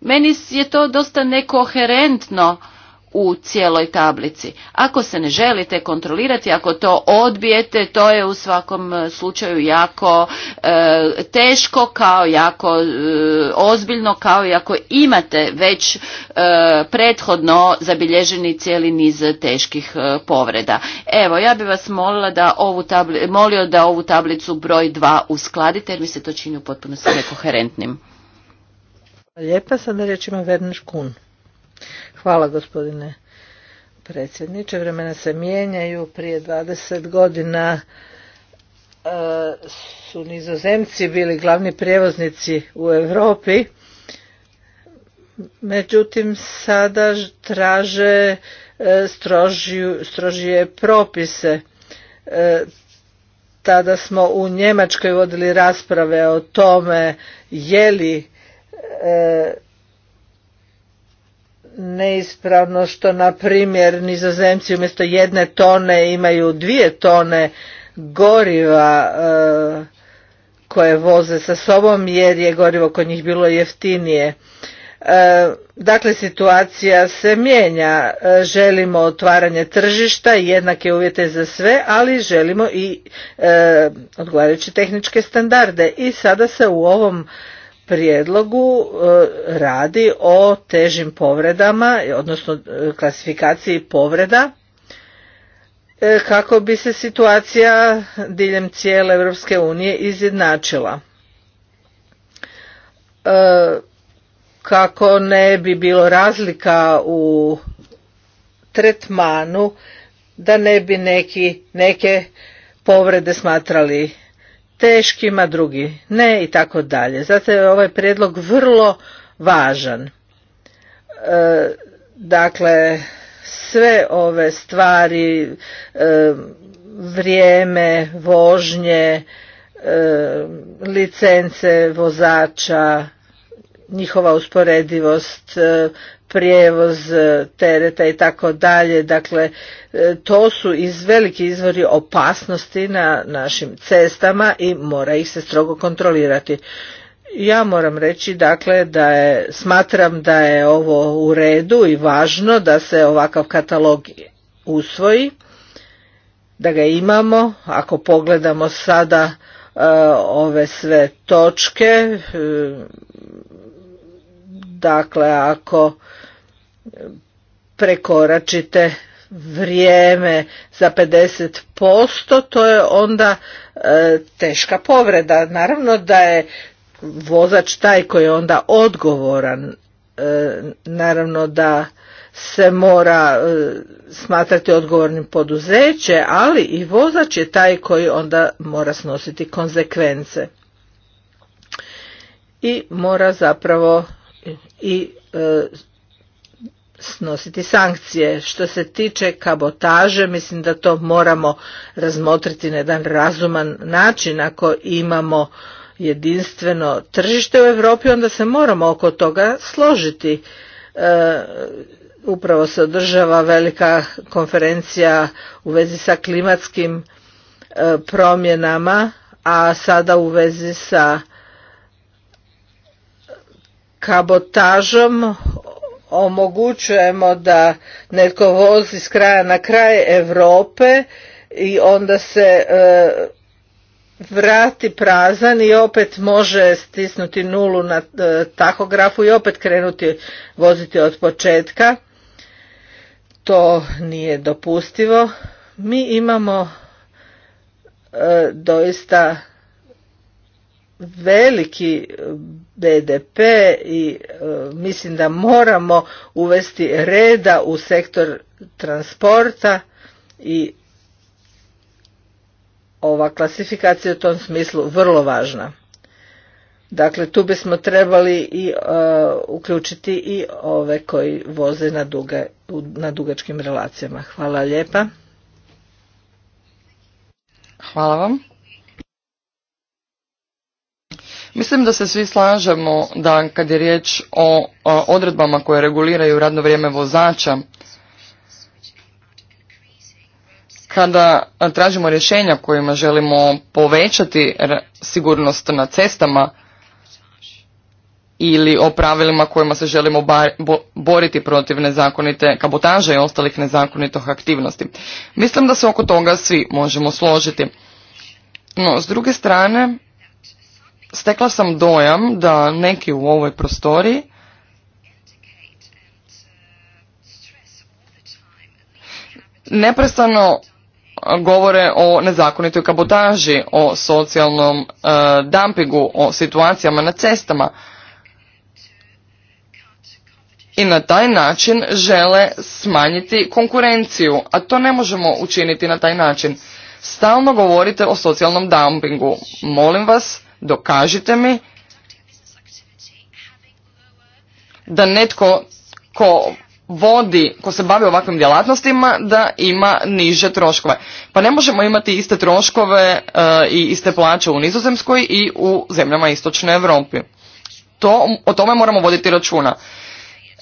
Meni je to dosta nekoherentno u cijeloj tablici. Ako se ne želite kontrolirati, ako to odbijete, to je u svakom e, slučaju jako e, teško, kao jako e, ozbiljno, kao i ako imate već prethodno zabilježeni cijeli niz teških povreda. Evo, ja bih vas molila da ovu tabli, molio da ovu tablicu broj 2 uskladite jer mi se to čini potpuno potpunosti nekoherentnim. Lijepa, sada da rečimo Werner Kuhn. Hvala gospodine predsjedniče. Vremena se mijenjaju. Prije 20 godina e, su nizozemci bili glavni prijevoznici u Europi. Međutim, sada traže e, strožije propise. E, tada smo u Njemačkoj vodili rasprave o tome je li neispravno što na primjer nizozemci umjesto jedne tone imaju dvije tone goriva e, koje voze sa sobom jer je gorivo kod njih bilo jeftinije. E, dakle, situacija se mijenja. E, želimo otvaranje tržišta i jednake uvjete za sve, ali želimo i odgovarajuće tehničke standarde. I sada se u ovom prijedlogu e, radi o težim povredama, odnosno e, klasifikaciji povreda, e, kako bi se situacija diljem cijele Europske unije izjednačila. Kako ne bi bilo razlika u tretmanu, da ne bi neke povrede smatrali teškima, drugi ne i tako dalje. Zato je ovaj prijedlog vrlo važan. E, dakle, sve ove stvari, e, vrijeme, vožnje, e, licence vozača, njihova usporedivost, prijevoz e, tereta i tako dalje. Dakle, e, to su iz veliki izvori opasnosti na našim cestama i mora ih se strogo kontrolirati. Ja moram reći dakle da je, smatram da je ovo u redu i važno da se ovakav katalog usvoji, da ga imamo. Ako pogledamo sada e, ove sve točke, dakle ako prekoračite vrijeme za 50%, to je onda e, teška povreda. Naravno da je vozač taj koji je onda odgovoran, e, naravno da se mora e, smatrati odgovornim poduzeće, ali i vozač je taj koji onda mora snositi konsekvence. I mora zapravo i snositi sankcije. Što se tiče kabotaže, mislim da to moramo razmotriti na jedan razuman način. Ako imamo jedinstveno tržište u Europi, onda se moramo oko toga složiti. E, upravo se održava velika konferencija u vezi sa klimatskim e, promjenama, a sada u vezi sa kabotažom omogućujemo da netko vozi s kraja na kraj Europe i onda se e, vrati prazan i opet može stisnuti nulu na e, tahografu i opet krenuti voziti od početka. To nije dopustivo. Mi imamo e, doista veliki e, BDP i e, mislim da moramo uvesti reda u sektor transporta i ova klasifikacija u tom smislu vrlo važna. Dakle, tu bismo trebali i e, uključiti i ove koji voze na, na dugačkim relacijama. Hvala lijepa. Hvala vam. Mislim da se svi slažemo da kad je riječ o, odredbama koje reguliraju radno vrijeme vozača, kada tražimo rješenja kojima želimo povećati sigurnost na cestama ili o pravilima kojima se želimo boriti protiv nezakonite kabotaže i ostalih nezakonitih aktivnosti. Mislim da se oko toga svi možemo složiti. No, s druge strane, stekla sam dojam da neki u ovoj prostoriji neprestano govore o nezakonitoj kabotaži, o socijalnom e, dumpingu, o situacijama na cestama. I na taj način žele smanjiti konkurenciju, a to ne možemo učiniti na taj način. Stalno govorite o socijalnom dumpingu. Molim vas, Dokažite mi da netko ko vodi, ko se bavi ovakvim djelatnostima, da ima niže troškove. Pa ne možemo imati iste troškove e, i iste plaće u Nizozemskoj i u zemljama Istočne Europi. o tome moramo voditi računa.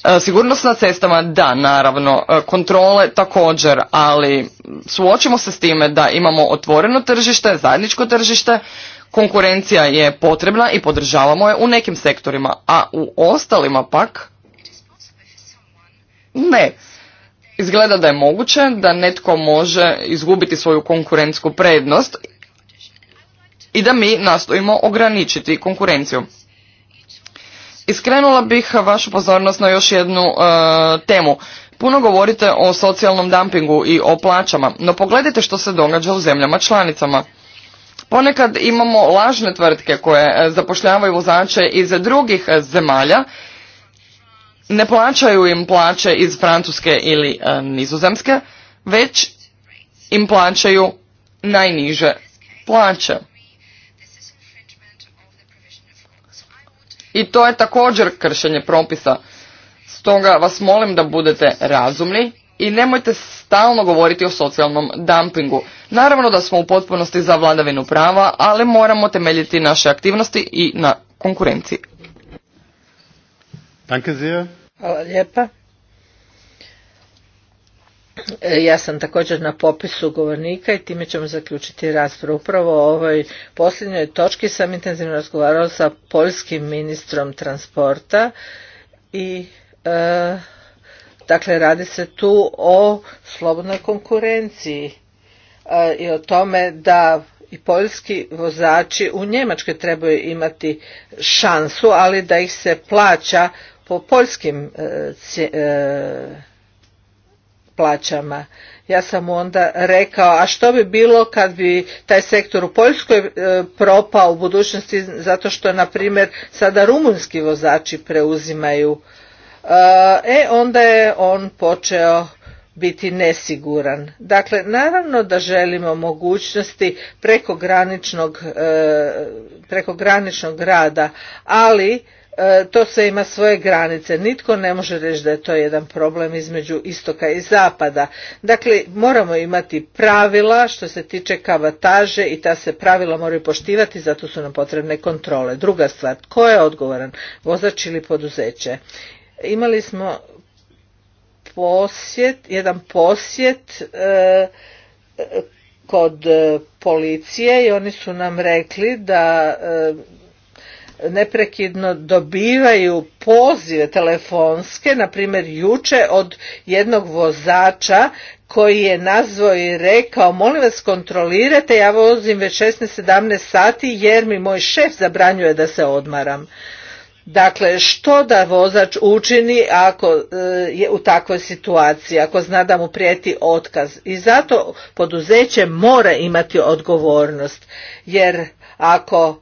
E, sigurnost na cestama, da, naravno. E, kontrole također, ali suočimo se s time da imamo otvoreno tržište, zajedničko tržište, Konkurencija je potrebna i podržavamo je u nekim sektorima, a u ostalima pak ne. Izgleda da je moguće da netko može izgubiti svoju konkurentsku prednost i da mi nastojimo ograničiti konkurenciju. Iskrenula bih vašu pozornost na još jednu e, temu. Puno govorite o socijalnom dumpingu i o plaćama, no pogledajte što se događa u zemljama članicama. Ponekad imamo lažne tvrtke koje e, zapošljavaju vozače iz drugih e, zemalja, ne plaćaju im plaće iz Francuske ili e, Nizozemske, već im plaćaju najniže plaće. I to je također kršenje propisa. Stoga vas molim da budete razumni i nemojte stalno govoriti o socijalnom dumpingu. Naravno da smo u potpunosti za vladavinu prava, ali moramo temeljiti naše aktivnosti i na konkurenciji. Hvala lijepa. E, ja sam također na popisu govornika i time ćemo zaključiti raspravu. Upravo o ovoj posljednjoj točki sam intenzivno razgovarao sa poljskim ministrom transporta i e, Dakle, radi se tu o slobodnoj konkurenciji e, i o tome da i poljski vozači u Njemačkoj trebaju imati šansu, ali da ih se plaća po poljskim e, e, plaćama. Ja sam mu onda rekao, a što bi bilo kad bi taj sektor u Poljskoj propao u budućnosti zato što, na primjer, sada rumunski vozači preuzimaju e onda je on počeo biti nesiguran. Dakle, naravno da želimo mogućnosti prekograničnog, e, prekograničnog rada, ali e, to sve ima svoje granice. Nitko ne može reći da je to jedan problem između istoka i zapada. Dakle, moramo imati pravila što se tiče kavataže i ta se pravila moraju poštivati, zato su nam potrebne kontrole. Druga stvar, tko je odgovoran, vozač ili poduzeće? imali smo posjet, jedan posjet e, kod e, policije i oni su nam rekli da e, neprekidno dobivaju pozive telefonske, na primjer juče od jednog vozača koji je nazvao i rekao molim vas kontrolirajte, ja vozim već 16-17 sati jer mi moj šef zabranjuje da se odmaram. Dakle, što da vozač učini ako e, je u takvoj situaciji, ako zna da mu prijeti otkaz. I zato poduzeće mora imati odgovornost, jer ako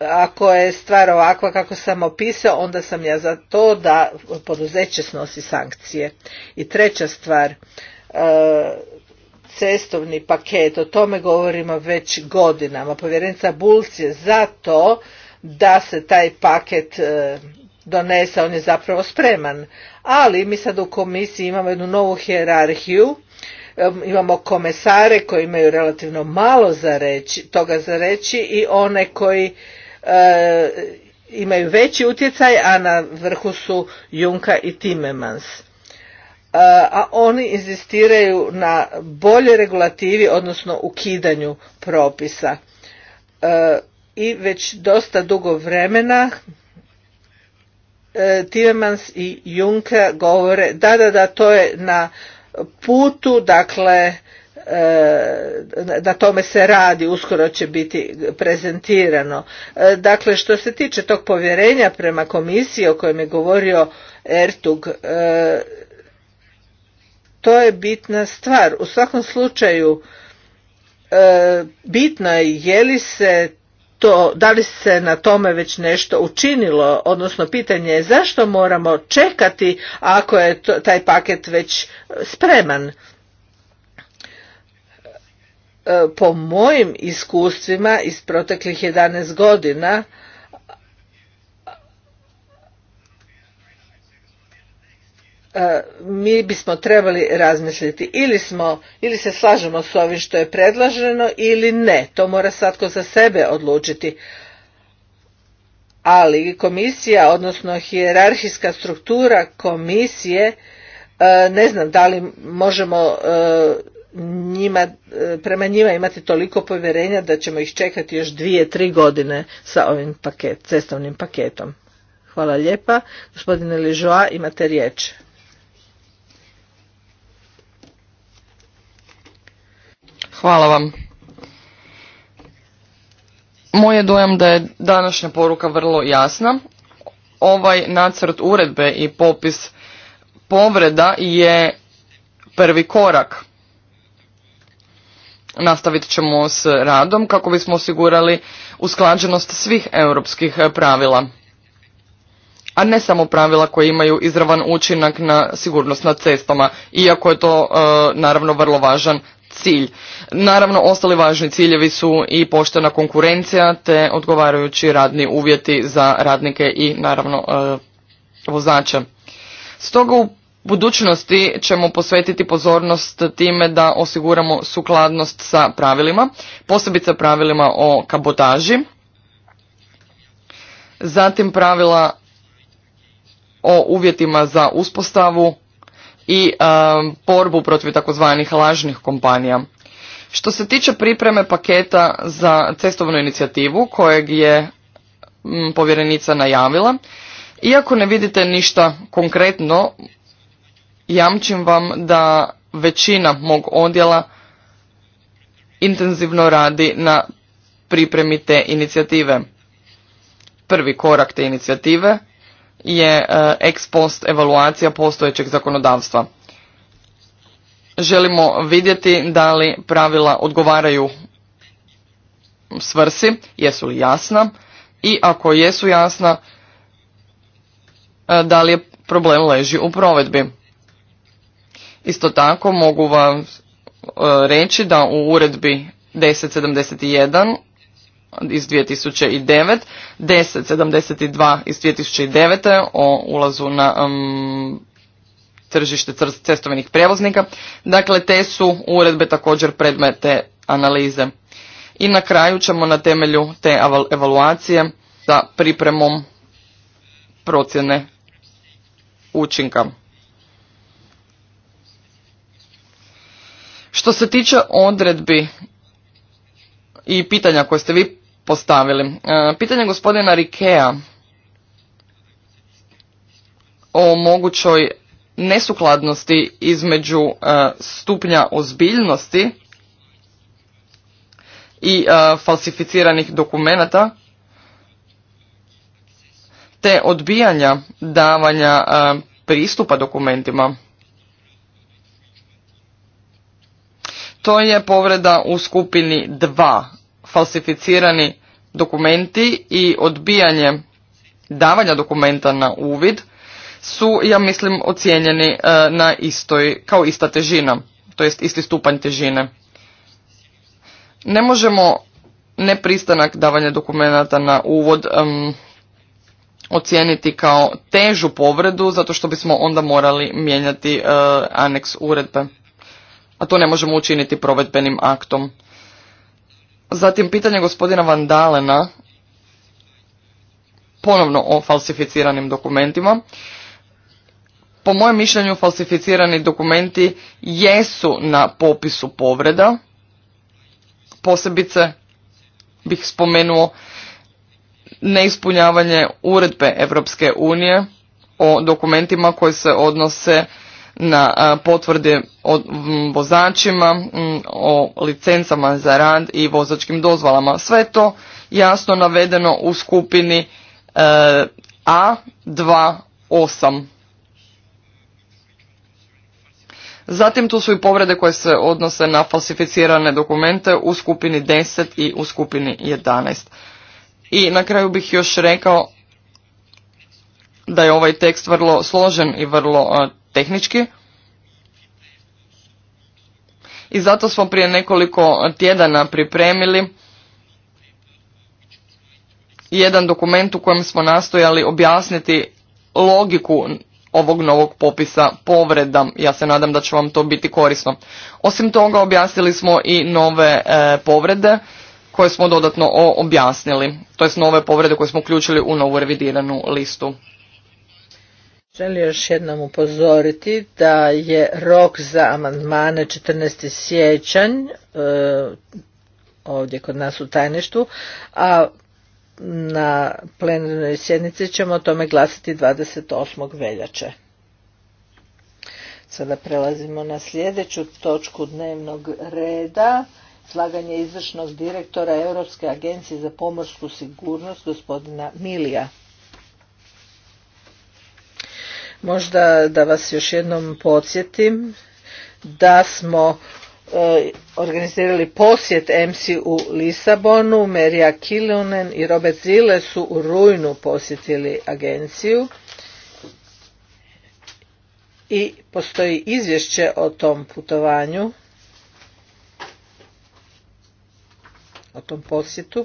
e, ako je stvar ovakva kako sam opisao, onda sam ja za to da poduzeće snosi sankcije. I treća stvar, e, cestovni paket, o tome govorimo već godinama. Povjerenica Bulc je za to da se taj paket e, donese, on je zapravo spreman. Ali mi sad u komisiji imamo jednu novu hijerarhiju imamo komesare koji imaju relativno malo za reći, toga za reći i one koji e, imaju veći utjecaj, a na vrhu su Junka i Timemans a oni inzistiraju na bolje regulativi, odnosno ukidanju propisa. E, I već dosta dugo vremena e, Timmermans i Juncker govore da, da, da, to je na putu, dakle, e, na tome se radi, uskoro će biti prezentirano. Dakle, što se tiče tog povjerenja prema komisiji o kojem je govorio Ertug, to je bitna stvar. U svakom slučaju e, bitno je je li se to, da li se na tome već nešto učinilo, odnosno pitanje je zašto moramo čekati ako je to, taj paket već spreman. E, po mojim iskustvima iz proteklih 11 godina E, mi bismo trebali razmisliti ili smo ili se slažemo s ovim što je predloženo ili ne to mora svatko za sebe odlučiti ali komisija odnosno hijerarhijska struktura komisije e, ne znam da li možemo e, njima, prema njima imati toliko povjerenja da ćemo ih čekati još dvije, tri godine sa ovim paket, cestovnim paketom. Hvala lijepa. Gospodine Ližoa, imate riječ. Hvala vam. Moje dojam da je današnja poruka vrlo jasna. Ovaj nacrt uredbe i popis povreda je prvi korak. Nastavit ćemo s radom kako bismo osigurali usklađenost svih europskih pravila, a ne samo pravila koje imaju izravan učinak na sigurnost na cestama, iako je to e, naravno vrlo važan cilj. Naravno, ostali važni ciljevi su i poštena konkurencija te odgovarajući radni uvjeti za radnike i naravno e, vozače. Stoga u budućnosti ćemo posvetiti pozornost time da osiguramo sukladnost sa pravilima, posebice pravilima o kabotaži, zatim pravila o uvjetima za uspostavu i e, borbu protiv takozvanih lažnih kompanija. Što se tiče pripreme paketa za cestovnu inicijativu kojeg je povjerenica najavila, iako ne vidite ništa konkretno, jamčim vam da većina mog odjela intenzivno radi na pripremi te inicijative. Prvi korak te inicijative je e, ex post evaluacija postojećeg zakonodavstva. Želimo vidjeti da li pravila odgovaraju svrsi, jesu li jasna i ako jesu jasna, e, da li je problem leži u provedbi. Isto tako mogu vam e, reći da u uredbi 1071 iz 2009, 1072 iz 2009 o ulazu na um, tržište cestovnih prijevoznika. Dakle, te su uredbe također predmete analize. I na kraju ćemo na temelju te evaluacije sa pripremom procjene učinka. Što se tiče odredbi i pitanja koje ste vi postavili. E, pitanje gospodina Rikea o mogućoj nesukladnosti između e, stupnja ozbiljnosti i e, falsificiranih dokumenata te odbijanja davanja pristupa dokumentima. To je povreda u skupini dva falsificirani dokumenti i odbijanje davanja dokumenta na uvid su, ja mislim, ocijenjeni e, na istoj, kao ista težina, to jest isti stupanj težine. Ne možemo nepristanak davanja dokumenata na uvod um, ocijeniti kao težu povredu, zato što bismo onda morali mijenjati e, aneks uredbe. A to ne možemo učiniti provedbenim aktom. Zatim pitanje gospodina Vandalena, ponovno o falsificiranim dokumentima. Po mojem mišljenju falsificirani dokumenti jesu na popisu povreda. Posebice bih spomenuo neispunjavanje uredbe Europske unije o dokumentima koji se odnose na potvrde o vozačima, o licencama za rad i vozačkim dozvolama. Sve to jasno navedeno u skupini e, A28. Zatim tu su i povrede koje se odnose na falsificirane dokumente u skupini 10 i u skupini 11. I na kraju bih još rekao da je ovaj tekst vrlo složen i vrlo tehnički. I zato smo prije nekoliko tjedana pripremili jedan dokument u kojem smo nastojali objasniti logiku ovog novog popisa povreda. Ja se nadam da će vam to biti korisno. Osim toga objasnili smo i nove e, povrede koje smo dodatno objasnili, to jest nove povrede koje smo uključili u novu revidiranu listu. Želim još jednom upozoriti da je rok za amandmane 14. siječanj e, ovdje kod nas u tajništu, a na plenarnoj sjednici ćemo o tome glasati 28. veljače. Sada prelazimo na sljedeću točku dnevnog reda. Slaganje izvršnog direktora Europske agencije za pomorsku sigurnost gospodina Milija. Možda da vas još jednom podsjetim da smo e, organizirali posjet MC u Lisabonu, Merija Kilunen i Robert Zile su u rujnu posjetili agenciju i postoji izvješće o tom putovanju, o tom posjetu.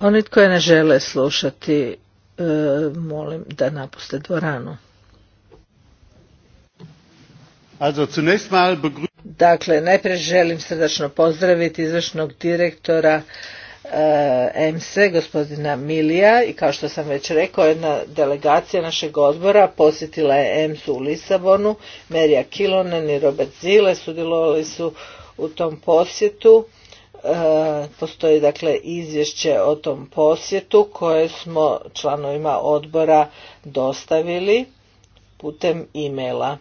Oni koji ne žele slušati, e, molim da napuste dvoranu. Dakle, najprije želim srdačno pozdraviti izvršnog direktora EMSE, gospodina Milija i kao što sam već rekao, jedna delegacija našeg odbora posjetila je EMSU u Lisabonu, Merija Kilonen i Robert Zile sudjelovali su u tom posjetu. E, postoji dakle izvješće o tom posjetu koje smo članovima odbora dostavili putem e-maila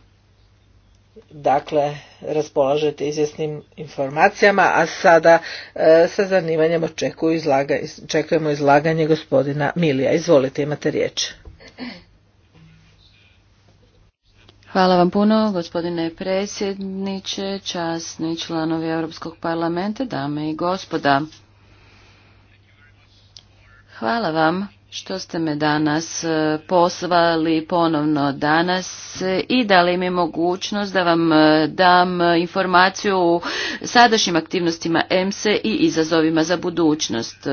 dakle raspolažete izvjesnim informacijama, a sada e, sa zanimanjem očekuju izlaga, čekujemo izlaganje gospodina Milija. Izvolite, imate riječ. Hvala vam puno, gospodine predsjedniče, časni članovi Europskog parlamenta, dame i gospoda. Hvala vam što ste me danas e, pozvali ponovno danas e, i dali mi mogućnost da vam e, dam informaciju o sadašnjim aktivnostima EMSE i izazovima za budućnost.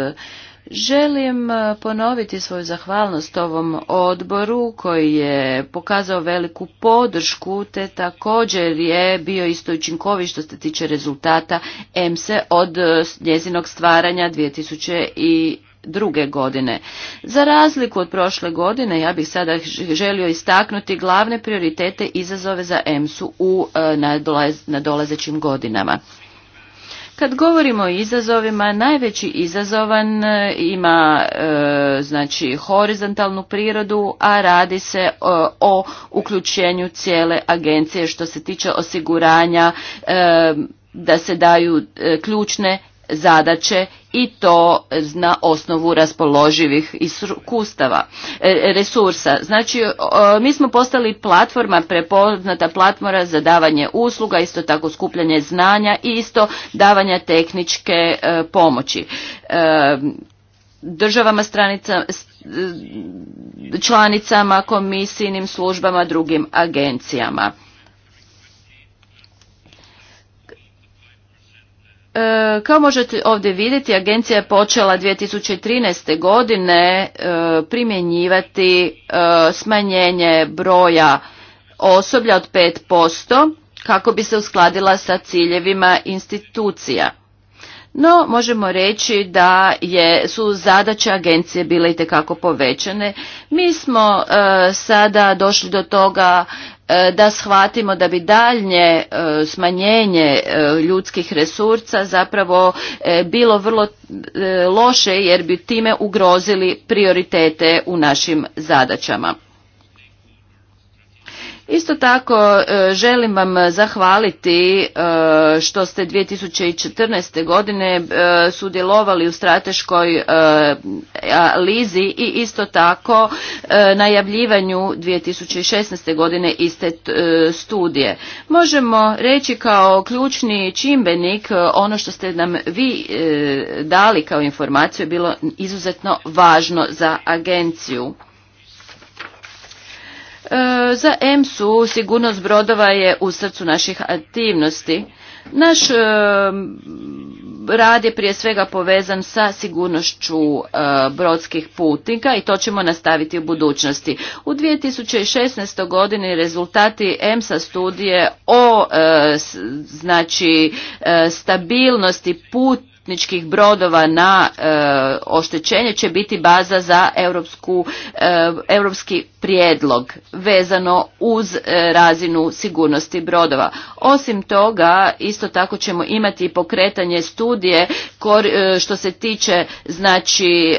Želim ponoviti svoju zahvalnost ovom odboru koji je pokazao veliku podršku te također je bio isto učinkovi što se tiče rezultata EMSE od njezinog stvaranja 2000 druge godine. Za razliku od prošle godine, ja bih sada želio istaknuti glavne prioritete izazove za ems u e, nadolazećim godinama. Kad govorimo o izazovima, najveći izazovan e, ima e, znači horizontalnu prirodu, a radi se o uključenju cijele agencije što se tiče osiguranja da se daju ključne zadaće i to na osnovu raspoloživih iskustava, e, resursa. Znači, mi smo postali platforma, prepoznata platforma za davanje usluga, isto tako skupljanje znanja i isto davanja tehničke e, pomoći e, državama stranica, članicama, komisijnim službama, drugim agencijama. E, kao možete ovdje vidjeti, agencija je počela 2013. godine e, primjenjivati e, smanjenje broja osoblja od 5% kako bi se uskladila sa ciljevima institucija. No, možemo reći da je, su zadaće agencije bile i povećane. Mi smo sada došli do toga E, da shvatimo da bi daljnje e, smanjenje e, ljudskih resursa zapravo bilo vrlo loše jer bi time ugrozili prioritete u našim zadaćama. Isto tako e, želim vam zahvaliti e, što ste 2014. godine e, sudjelovali u strateškoj lizi i isto tako najavljivanju 2016. godine iste studije. Možemo reći kao ključni čimbenik ono što ste nam vi dali kao informaciju je bilo izuzetno važno za agenciju. E, za EMS-u sigurnost brodova je u srcu naših aktivnosti. Naš e, rad je prije svega povezan sa sigurnošću e, brodskih putnika i to ćemo nastaviti u budućnosti. U 2016. godini rezultati EMSA studije o znači stabilnosti put putničkih brodova na e, oštećenje će biti baza za e, europski prijedlog vezano uz e, razinu sigurnosti brodova. Osim toga, isto tako ćemo imati pokretanje studije što se tiče znači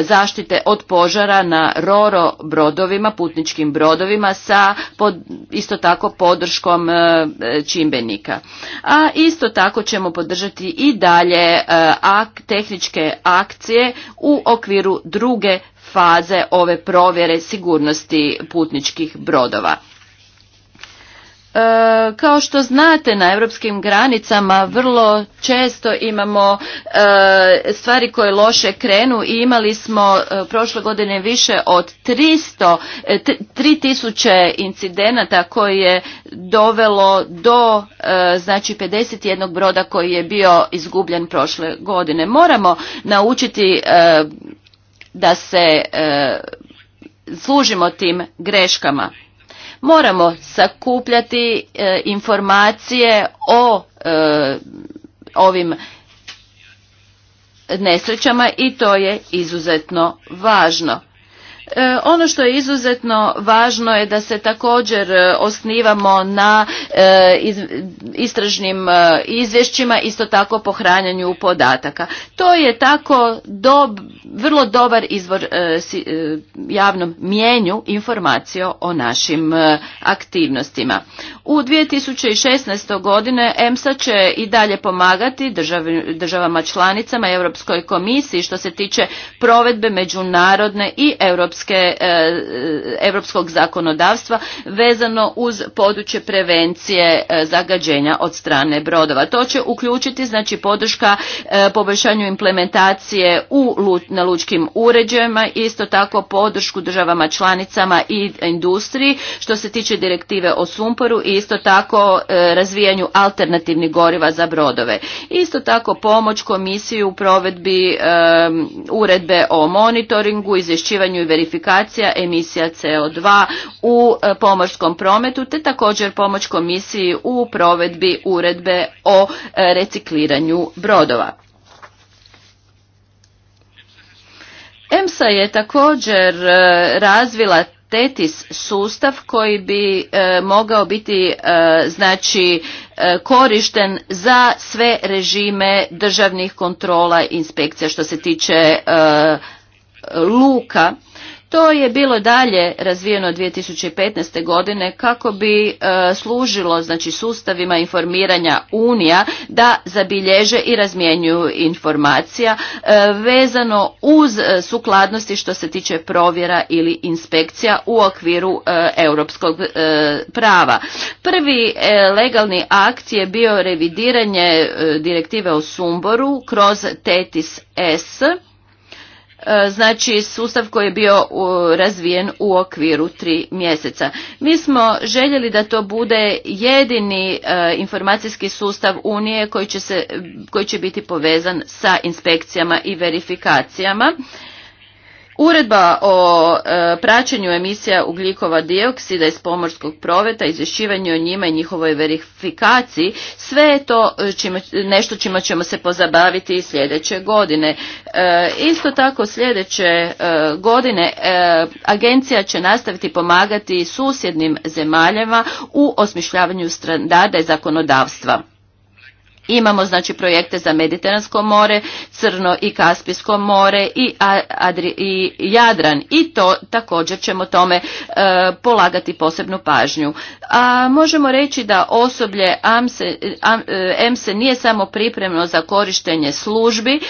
zaštite od požara na roro brodovima, putničkim brodovima sa pod, isto tako podrškom čimbenika. A isto tako ćemo podržati i dalje Eh, ak, tehničke akcije u okviru druge faze ove provjere sigurnosti putničkih brodova. E, kao što znate na europskim granicama vrlo često imamo e, stvari koje loše krenu i imali smo e, prošle godine više od 300 3000 incidenata koje je dovelo do znači 51 broda koji je bio izgubljen prošle godine moramo naučiti da se služimo tim greškama Moramo sakupljati e, informacije o e, ovim nesrećama i to je izuzetno važno. E, ono što je izuzetno važno je da se također e, osnivamo na e, istražnim izvješćima, isto tako po hranjanju podataka. To je tako dob, vrlo dobar izvor javnom mijenju informacija o našim aktivnostima. U 2016. godine EMSA će i dalje pomagati državama članicama Europskoj komisiji što se tiče provedbe međunarodne i europske europske, europskog zakonodavstva vezano uz područje prevencije e, zagađenja od strane brodova. To će uključiti znači podrška e, poboljšanju implementacije u, na lučkim uređajima, isto tako podršku državama članicama i industriji što se tiče direktive o sumporu i isto tako e, razvijanju alternativnih goriva za brodove. Isto tako pomoć Komisiji u provedbi uredbe o monitoringu, izvješćivanju i verifikaciju emisija CO2 u e, pomorskom prometu te također pomoć komisiji u provedbi uredbe o e, recikliranju brodova. EMSA je također e, razvila TETIS sustav koji bi mogao biti znači korišten za sve režime državnih kontrola i inspekcija što se tiče luka to je bilo dalje razvijeno 2015. godine kako bi e, služilo znači sustavima informiranja unija da zabilježe i razmjenjuju informacija e, vezano uz e, sukladnosti što se tiče provjera ili inspekcija u okviru europskog prava. Prvi legalni akt je bio revidiranje direktive o sumboru kroz TETIS S E, znači sustav koji je bio razvijen u okviru tri mjeseca. Mi smo željeli da to bude jedini e, informacijski sustav Unije koji će, se, koji će biti povezan sa inspekcijama i verifikacijama. Uredba o e, praćenju emisija ugljikova dioksida iz pomorskog proveta, izvješćivanju o njima i njihovoj verifikaciji, sve je to e, nešto čima ćemo se pozabaviti i sljedeće godine. E, isto tako sljedeće godine agencija će nastaviti pomagati susjednim zemaljama u osmišljavanju standarda i zakonodavstva. Imamo znači projekte za Mediteransko more, Crno i Kaspijsko more i, i Jadran i to također ćemo tome e, polagati posebnu pažnju. A možemo reći da osoblje AMSE, e, nije samo pripremno za korištenje službi e,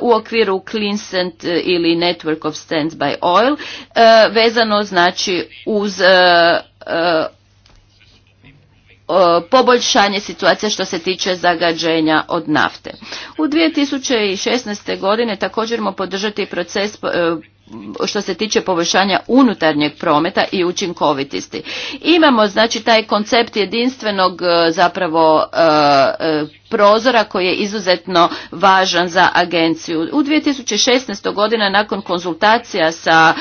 u okviru CleanSend ili Network of Stands by Oil vezano znači uz E, poboljšanje situacije što se tiče zagađenja od nafte. U 2016. godine također ćemo podržati proces e, što se tiče poboljšanja unutarnjeg prometa i učinkovitosti. Imamo znači taj koncept jedinstvenog e, zapravo e, e, prozora koji je izuzetno važan za agenciju. U 2016. godina nakon konzultacija sa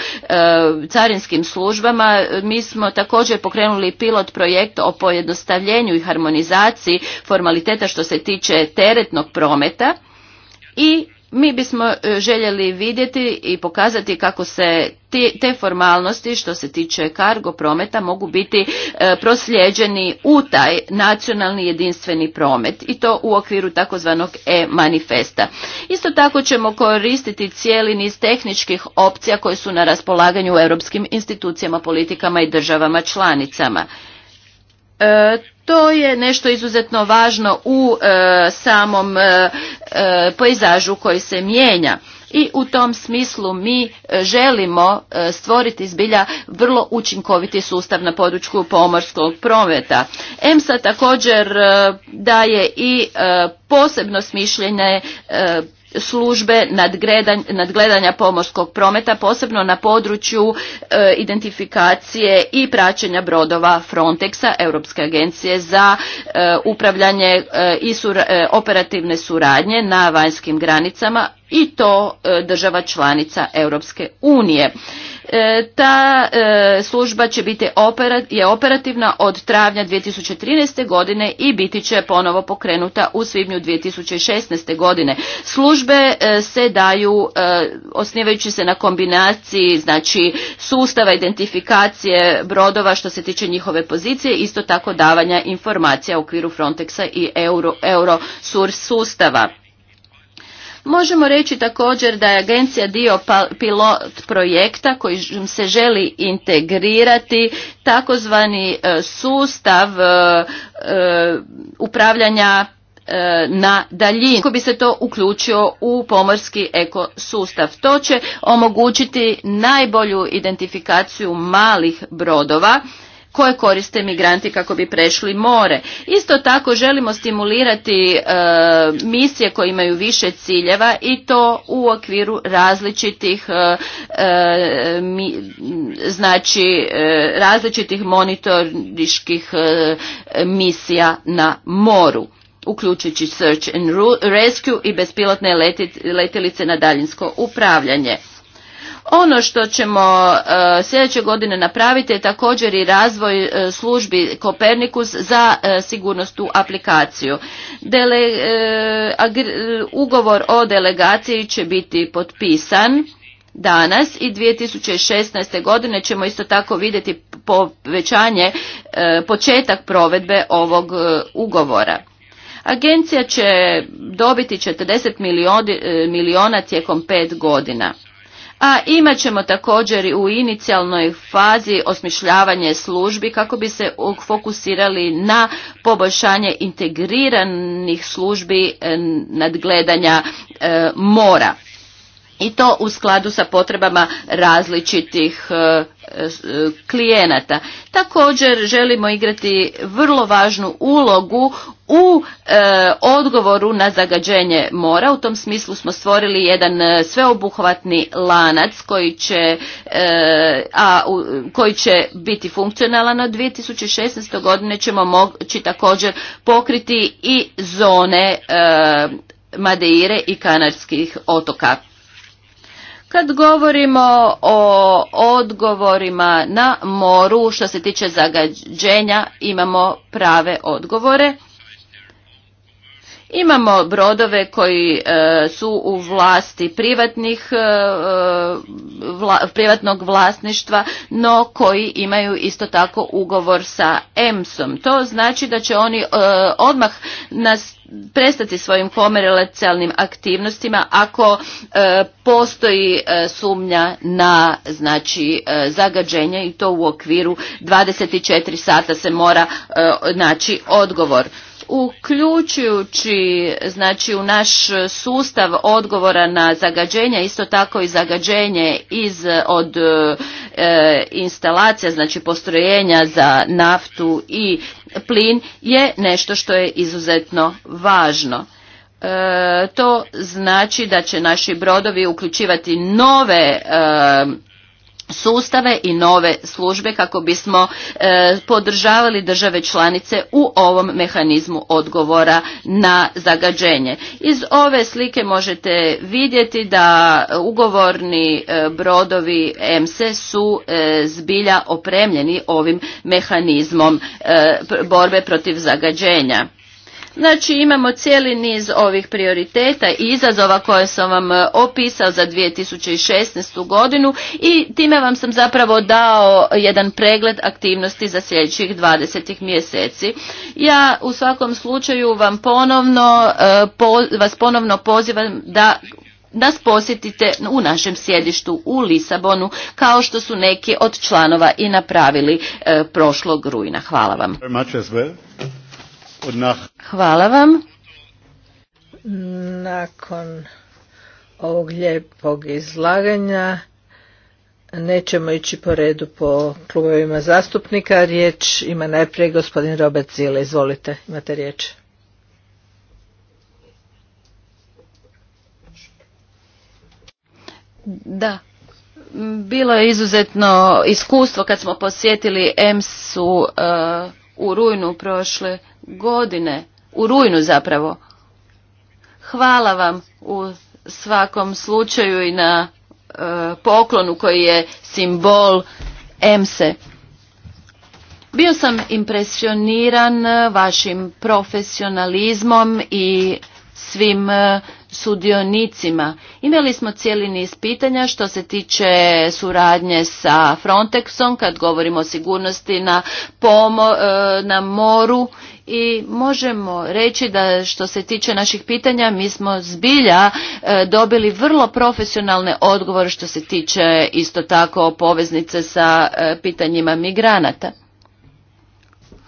carinskim službama mi smo također pokrenuli pilot projekt o pojednostavljenju i harmonizaciji formaliteta što se tiče teretnog prometa i mi bismo e, željeli vidjeti i pokazati kako se te formalnosti što se tiče kargo prometa mogu biti e, prosljeđeni u taj nacionalni jedinstveni promet i to u okviru takozvanog e-manifesta. Isto tako ćemo koristiti cijeli niz tehničkih opcija koje su na raspolaganju u europskim institucijama, politikama i državama članicama. E, to je nešto izuzetno važno u e, samom e, pejzažu koji se mijenja i u tom smislu mi želimo stvoriti zbilja vrlo učinkoviti sustav na području pomorskog prometa. EMSA također daje i posebno smišljenje službe nadgledanja pomorskog prometa, posebno na području e, identifikacije i praćenja brodova Frontexa, Europske agencije za e, upravljanje e, i operativne suradnje na vanjskim granicama i to država članica Europske unije. E, ta e, služba će biti je operativna od travnja 2013. godine i biti će ponovo pokrenuta u svibnju 2016. godine. Službe e, se daju osnivajući se na kombinaciji znači sustava identifikacije brodova što se tiče njihove pozicije, isto tako davanja informacija u okviru Frontexa i Euro, sustava. Možemo reći također da je agencija dio pilot projekta koji se želi integrirati takozvani e, sustav e, e, upravljanja na daljinu koji bi se to uključio u pomorski ekosustav. To će omogućiti najbolju identifikaciju malih brodova koje koriste migranti kako bi prešli more. Isto tako želimo stimulirati e, misije koje imaju više ciljeva i to u okviru različitih e, e, znači različitih monitoriških misija na moru uključujući search and rescue i bespilotne letilice na daljinsko upravljanje. Ono što ćemo e, sljedeće godine napraviti je također i razvoj e, službi Kopernikus za e, sigurnost u aplikaciju. Dele, ugovor o delegaciji će biti potpisan danas i 2016. godine ćemo isto tako vidjeti povećanje početak provedbe ovog ugovora. Agencija će dobiti 40 miliona tijekom pet godina a imat ćemo također i u inicijalnoj fazi osmišljavanje službi kako bi se fokusirali na poboljšanje integriranih službi e, nadgledanja e, mora i to u skladu sa potrebama različitih e, e, e, klijenata. Također želimo igrati vrlo važnu ulogu u odgovoru na zagađenje mora. U tom smislu smo stvorili jedan sveobuhvatni lanac koji će, a, koji će biti funkcionalan od 2016. godine ćemo moći također pokriti i zone Madeire i Kanarskih otoka. Kad govorimo o odgovorima na moru što se tiče zagađenja imamo prave odgovore Imamo brodove koji e, su u vlasti privatnih, e, e, privatnog vlasništva, no koji imaju isto tako ugovor sa EMSom. To znači da će oni odmah nas prestati svojim komercijalnim aktivnostima ako postoji sumnja na znači zagađenje i to u okviru 24 sata se mora naći odgovor uključujući znači u naš sustav odgovora na zagađenja isto tako i zagađenje iz od e, instalacija znači postrojenja za naftu i plin je nešto što je izuzetno važno e, to znači da će naši brodovi uključivati nove e, sustave i nove službe kako bismo e, podržavali države članice u ovom mehanizmu odgovora na zagađenje. Iz ove slike možete vidjeti da ugovorni e, brodovi EMSE su e, zbilja opremljeni ovim mehanizmom borbe protiv zagađenja. Znači imamo cijeli niz ovih prioriteta i izazova koje sam vam e, opisao za 2016. godinu i time vam sam zapravo dao jedan pregled aktivnosti za sljedećih 20 mjeseci. Ja u svakom slučaju vam ponovno, e, vas ponovno pozivam da nas posjetite u našem sjedištu u Lisabonu, kao što su neki od članova i napravili e, prošlog rujna. Hvala vam. Hvala vam. Nakon ovog lijepog izlaganja nećemo ići po redu po klubovima zastupnika. Riječ ima najprije gospodin Robert Zile. Izvolite, imate riječ. Da, bilo je izuzetno iskustvo kad smo posjetili EMS-u uh, u rujnu prošle godine, u rujnu zapravo. Hvala vam u svakom slučaju i na e, poklonu koji je simbol EMSE. Bio sam impresioniran vašim profesionalizmom i svim e, sudionicima. Imali smo cijeli niz pitanja što se tiče suradnje sa Frontexom kad govorimo o sigurnosti na, pomo, e, na moru i možemo reći da što se tiče naših pitanja mi smo zbilja e, dobili vrlo profesionalne odgovore što se tiče isto tako poveznice sa e, pitanjima migranata.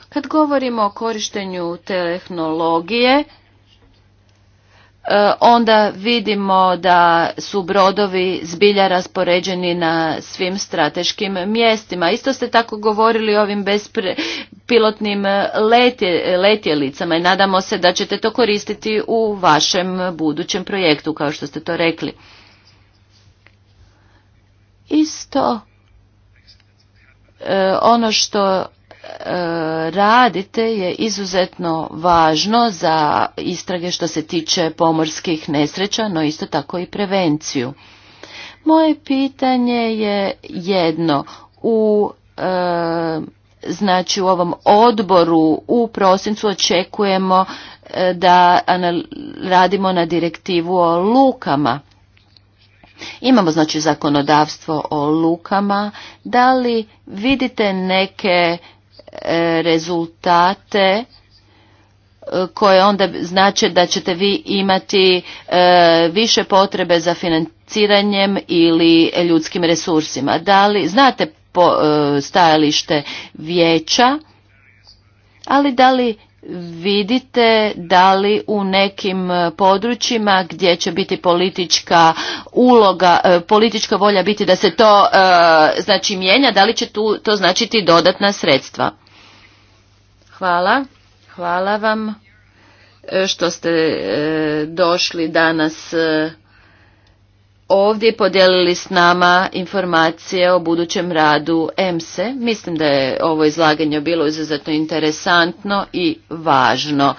Kad govorimo o korištenju tehnologije, E, onda vidimo da su brodovi zbilja raspoređeni na svim strateškim mjestima. Isto ste tako govorili o ovim bespilotnim letjelicama i nadamo se da ćete to koristiti u vašem budućem projektu, kao što ste to rekli. Isto e, ono što E, radite je izuzetno važno za istrage što se tiče pomorskih nesreća, no isto tako i prevenciju. Moje pitanje je jedno. U e, znači u ovom odboru u prosincu očekujemo e, da radimo na direktivu o lukama. Imamo znači zakonodavstvo o lukama. Da li vidite neke E, rezultate e, koje onda znače da ćete vi imati e, više potrebe za financiranjem ili ljudskim resursima. Da li znate stajalište vijeća, ali da li vidite da li u nekim područjima gdje će biti politička uloga, politička volja biti da se to znači mijenja, da li će tu to značiti dodatna sredstva? Hvala. Hvala vam e, što ste e, došli danas e, ovdje podijelili s nama informacije o budućem radu EMSE. Mislim da je ovo izlaganje bilo izuzetno interesantno i važno.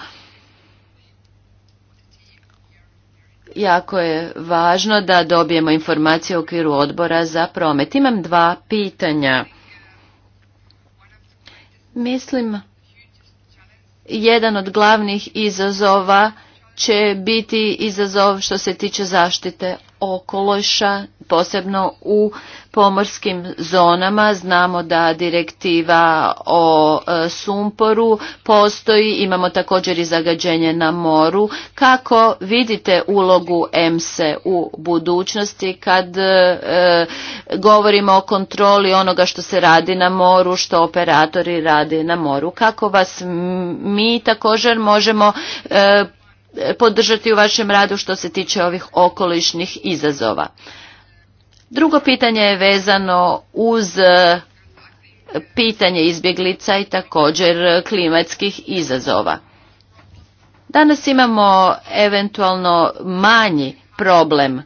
Jako je važno da dobijemo informacije u okviru odbora za promet. Imam dva pitanja. Mislim jedan od glavnih izazova će biti izazov što se tiče zaštite okoliša posebno u pomorskim zonama. Znamo da direktiva o e, sumporu postoji, imamo također i zagađenje na moru. Kako vidite ulogu EMSE u budućnosti kad e, govorimo o kontroli onoga što se radi na moru, što operatori radi na moru? Kako vas mi također možemo e, podržati u vašem radu što se tiče ovih okolišnih izazova? Drugo pitanje je vezano uz e, pitanje izbjeglica i također e, klimatskih izazova. Danas imamo eventualno manji problem,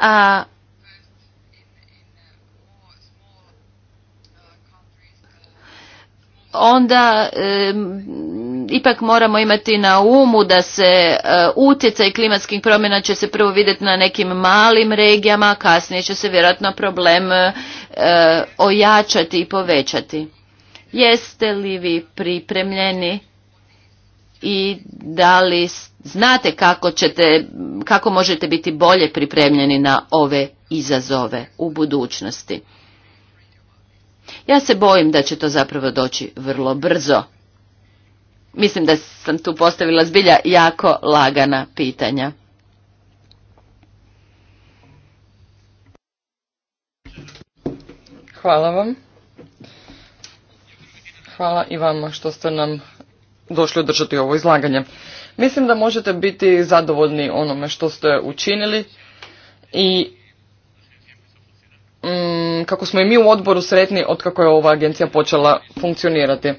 a onda ipak moramo imati na umu da se e, utjecaj klimatskih promjena će se prvo vidjeti na nekim malim regijama, a kasnije će se vjerojatno problem e, ojačati i povećati. Jeste li vi pripremljeni i da li znate kako, ćete, kako možete biti bolje pripremljeni na ove izazove u budućnosti? Ja se bojim da će to zapravo doći vrlo brzo. Mislim da sam tu postavila zbilja jako lagana pitanja. Hvala vam. Hvala i vama što ste nam došli održati ovo izlaganje. Mislim da možete biti zadovoljni onome što ste učinili i mm, kako smo i mi u odboru sretni od kako je ova agencija počela funkcionirati.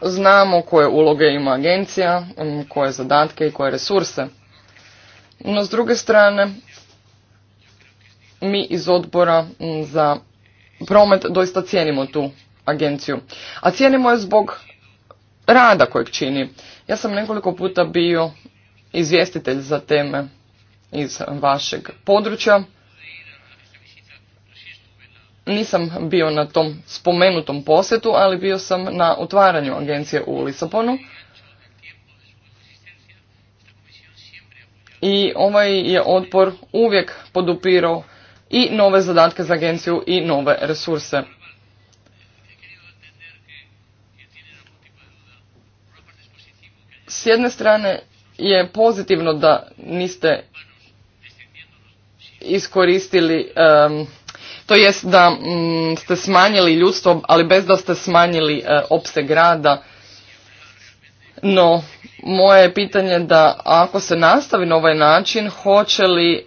Znamo koje uloge ima agencija, koje zadatke i koje resurse. No s druge strane, mi iz odbora za promet doista cijenimo tu agenciju. A cijenimo je zbog rada kojeg čini. Ja sam nekoliko puta bio izvjestitelj za teme iz vašeg područja nisam bio na tom spomenutom posjetu, ali bio sam na otvaranju agencije u Lisabonu. I ovaj je odbor uvijek podupirao i nove zadatke za agenciju i nove resurse. S jedne strane je pozitivno da niste iskoristili to jest da mm, ste smanjili ljudstvo, ali bez da ste smanjili e, opseg No, moje je pitanje da ako se nastavi na ovaj način, hoće li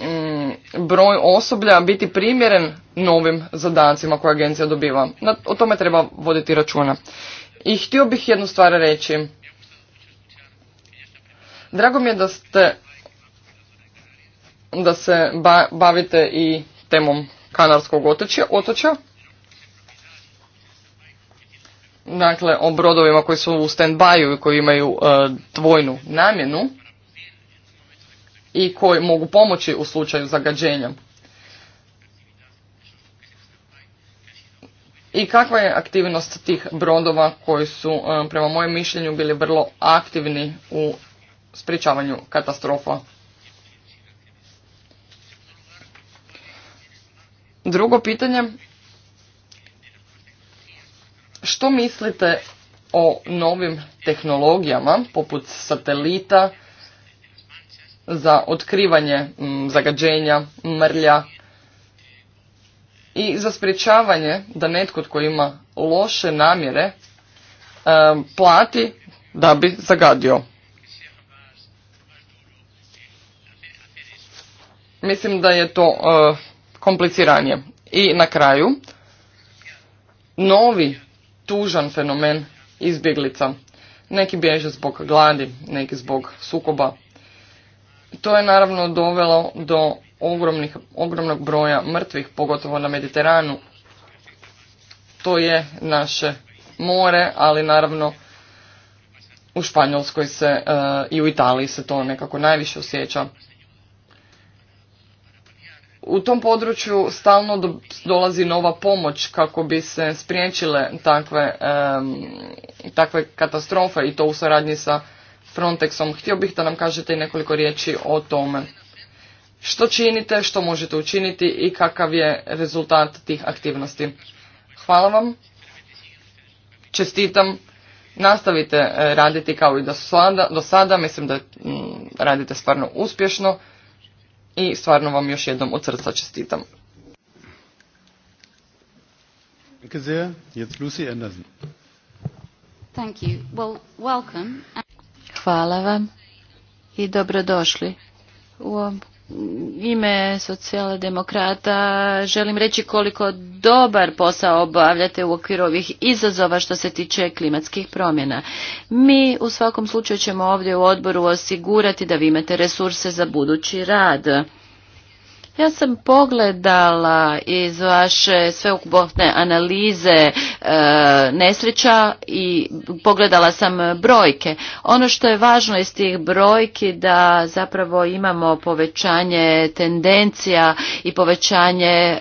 mm, broj osoblja biti primjeren novim zadacima koje agencija dobiva. o tome treba voditi računa. I htio bih jednu stvar reći. Drago mi je da ste da se bavite i temom Kanarskog otočja, otočja. Dakle, o brodovima koji su u stand i koji imaju e, dvojnu namjenu i koji mogu pomoći u slučaju zagađenja. I kakva je aktivnost tih brodova koji su, e, prema mojem mišljenju, bili vrlo aktivni u spričavanju katastrofa? Drugo pitanje, što mislite o novim tehnologijama poput satelita za otkrivanje zagađenja, mrlja i za sprječavanje da netko tko ima loše namjere e, plati da bi zagadio. Mislim da je to e, kompliciranije. I na kraju, novi tužan fenomen izbjeglica. Neki bježe zbog gladi, neki zbog sukoba. To je naravno dovelo do ogromnih, ogromnog broja mrtvih, pogotovo na Mediteranu. To je naše more, ali naravno u Španjolskoj se e, i u Italiji se to nekako najviše osjeća u tom području stalno dolazi nova pomoć kako bi se spriječile takve, takve katastrofe i to u suradnji sa Frontexom. Htio bih da nam kažete i nekoliko riječi o tome. Što činite, što možete učiniti i kakav je rezultat tih aktivnosti. Hvala vam. Čestitam. Nastavite eh, raditi kao i do sada. Do sada. Mislim da mm, radite stvarno uspješno i stvarno vam još jednom od srca čestitam. Hvala vam i dobrodošli u ovom ime socijaldemokrata želim reći koliko dobar posao obavljate u okviru ovih izazova što se tiče klimatskih promjena. Mi u svakom slučaju ćemo ovdje u odboru osigurati da vi imate resurse za budući rad. Ja sam pogledala iz vaše sveukupne analize e, nesreća i pogledala sam brojke. Ono što je važno iz tih brojki da zapravo imamo povećanje tendencija i povećanje e,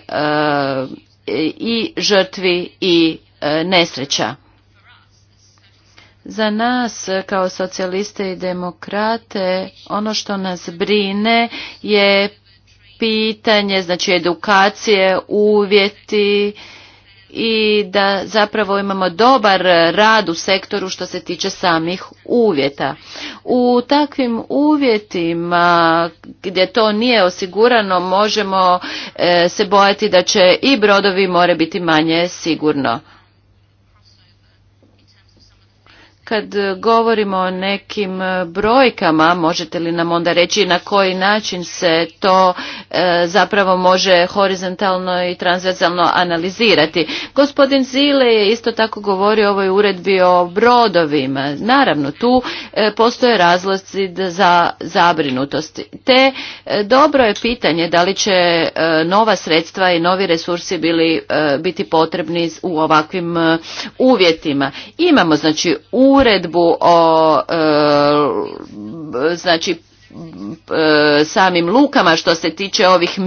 i žrtvi i e, nesreća. Za nas kao socijaliste i demokrate ono što nas brine je pitanje, znači edukacije, uvjeti i da zapravo imamo dobar rad u sektoru što se tiče samih uvjeta. U takvim uvjetima gdje to nije osigurano možemo e, se bojati da će i brodovi more biti manje sigurno kad govorimo o nekim e, brojkama, možete li nam onda reći na koji način se to e, zapravo može horizontalno i transverzalno analizirati? Gospodin Zile je isto tako govorio o ovoj uredbi o brodovima. Naravno, tu e, postoje razlozi za zabrinutost. Te dobro je pitanje da li će nova sredstva i novi resursi bili, biti potrebni u ovakvim uvjetima. Imamo znači u uredbu o e, znači E, samim lukama što se tiče ovih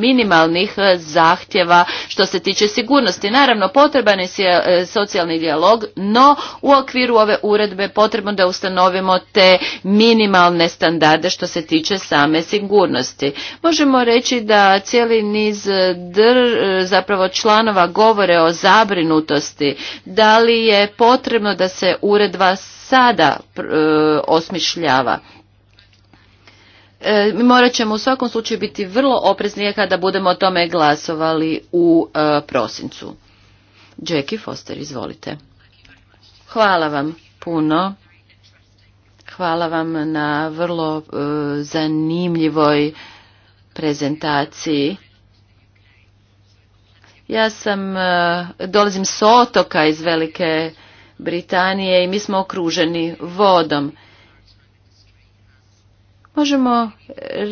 minimalnih e, zahtjeva što se tiče sigurnosti. Naravno, potreban je e, socijalni dijalog, no u okviru ove uredbe potrebno da ustanovimo te minimalne standarde što se tiče same sigurnosti. Možemo reći da cijeli niz dr, zapravo članova govore o zabrinutosti. Da li je potrebno da se uredba sada osmišljava? e, morat ćemo u svakom slučaju biti vrlo oprezni kada budemo o tome glasovali u e, prosincu. Jackie Foster, izvolite. Hvala vam puno. Hvala vam na vrlo e, zanimljivoj prezentaciji. Ja sam, e, dolazim s otoka iz Velike Britanije i mi smo okruženi vodom možemo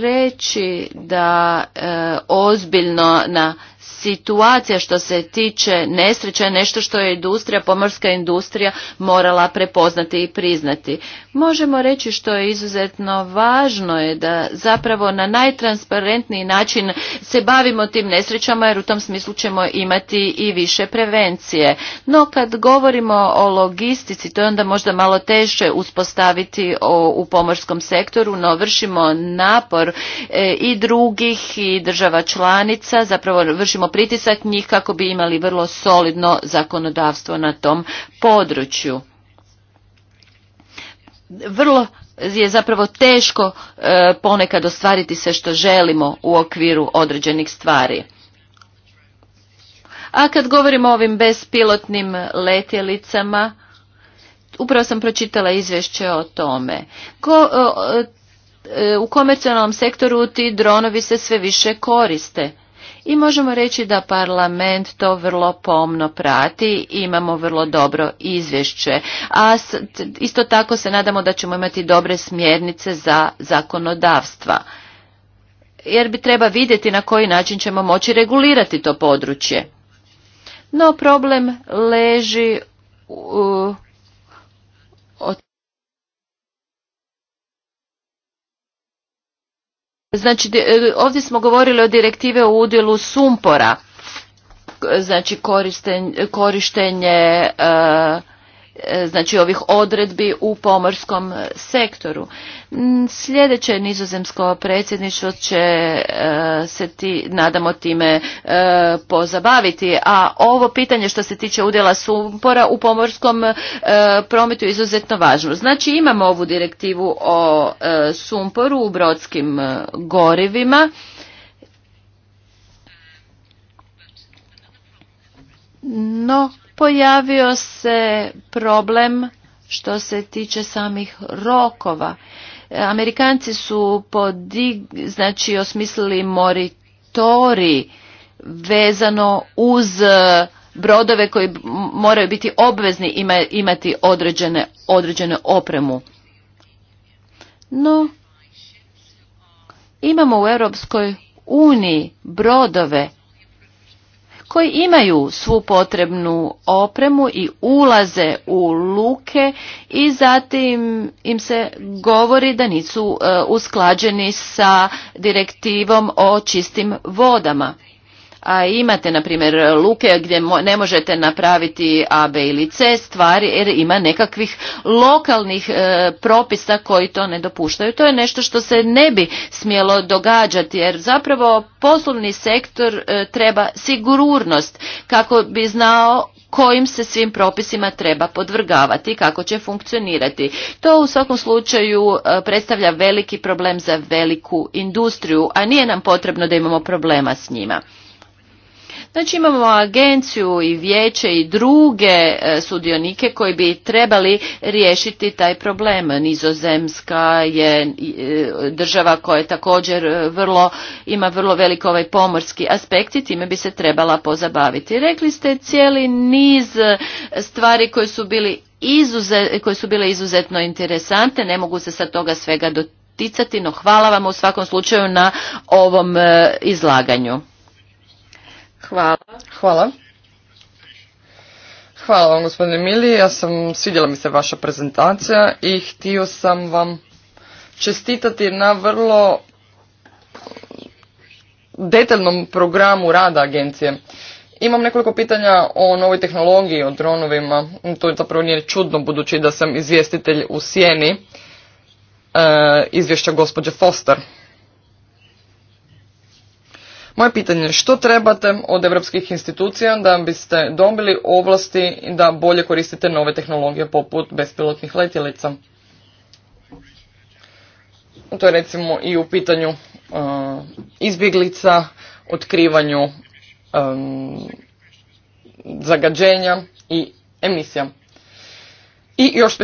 reći da e, ozbiljno na situacija što se tiče nesreća je nešto što je industrija, pomorska industrija morala prepoznati i priznati. Možemo reći što je izuzetno važno je da zapravo na najtransparentniji način se bavimo tim nesrećama jer u tom smislu ćemo imati i više prevencije. No kad govorimo o logistici, to je onda možda malo teže uspostaviti u pomorskom sektoru, no vršimo napor e, i drugih i država članica, zapravo vršimo vršimo pritisak njih kako bi imali vrlo solidno zakonodavstvo na tom području. Vrlo je zapravo teško e, ponekad ostvariti sve što želimo u okviru određenih stvari. A kad govorimo o ovim bespilotnim letjelicama, upravo sam pročitala izvješće o tome. E, e, u komercijalnom sektoru ti dronovi se sve više koriste i možemo reći da parlament to vrlo pomno prati, imamo vrlo dobro izvješće, a isto tako se nadamo da ćemo imati dobre smjernice za zakonodavstva. Jer bi treba vidjeti na koji način ćemo moći regulirati to područje. No problem leži u Znači, e, ovdje smo govorili o direktive o udjelu sumpora, znači korištenje, korištenje E, znači ovih odredbi u pomorskom sektoru. Mm, sljedeće nizozemsko predsjedništvo će e, se ti, nadamo time e, pozabaviti, a ovo pitanje što se tiče udjela sumpora u pomorskom prometu je izuzetno važno. Znači imamo ovu direktivu o sumporu u brodskim gorivima. No, pojavio se problem što se tiče samih rokova. Amerikanci su podig, znači osmislili moritori vezano uz brodove koji moraju biti obvezni imati određene, određene opremu. No, imamo u Europskoj uniji brodove koji imaju svu potrebnu opremu i ulaze u luke i zatim im se govori da nisu e, usklađeni sa direktivom o čistim vodama a imate na primjer luke gdje ne možete napraviti A, B ili C stvari jer ima nekakvih lokalnih e, propisa koji to ne dopuštaju. To je nešto što se ne bi smjelo događati jer zapravo poslovni sektor e, treba sigurnost kako bi znao kojim se svim propisima treba podvrgavati, kako će funkcionirati. To u svakom slučaju e, predstavlja veliki problem za veliku industriju, a nije nam potrebno da imamo problema s njima. Znači imamo agenciju i vijeće i druge e, sudionike koji bi trebali riješiti taj problem. Nizozemska je e, država koja također e, vrlo, ima vrlo velik ovaj pomorski aspekt i time bi se trebala pozabaviti. Rekli ste cijeli niz stvari koje su bili izuze, koje su bile izuzetno interesante, ne mogu se sa toga svega doticati, no hvala vam u svakom slučaju na ovom izlaganju. Hvala. Hvala. Hvala vam gospodine Mili, ja sam, svidjela mi se vaša prezentacija i htio sam vam čestitati na vrlo detaljnom programu rada agencije. Imam nekoliko pitanja o novoj tehnologiji, o dronovima. To je zapravo nije čudno budući da sam izvjestitelj u sjeni e, izvješća gospođe Foster. Moje pitanje je što trebate od europskih institucija da biste dobili ovlasti da bolje koristite nove tehnologije poput bespilotnih letjelica? To je recimo i u pitanju e, izbjeglica, otkrivanju e, zagađenja i emisija. I još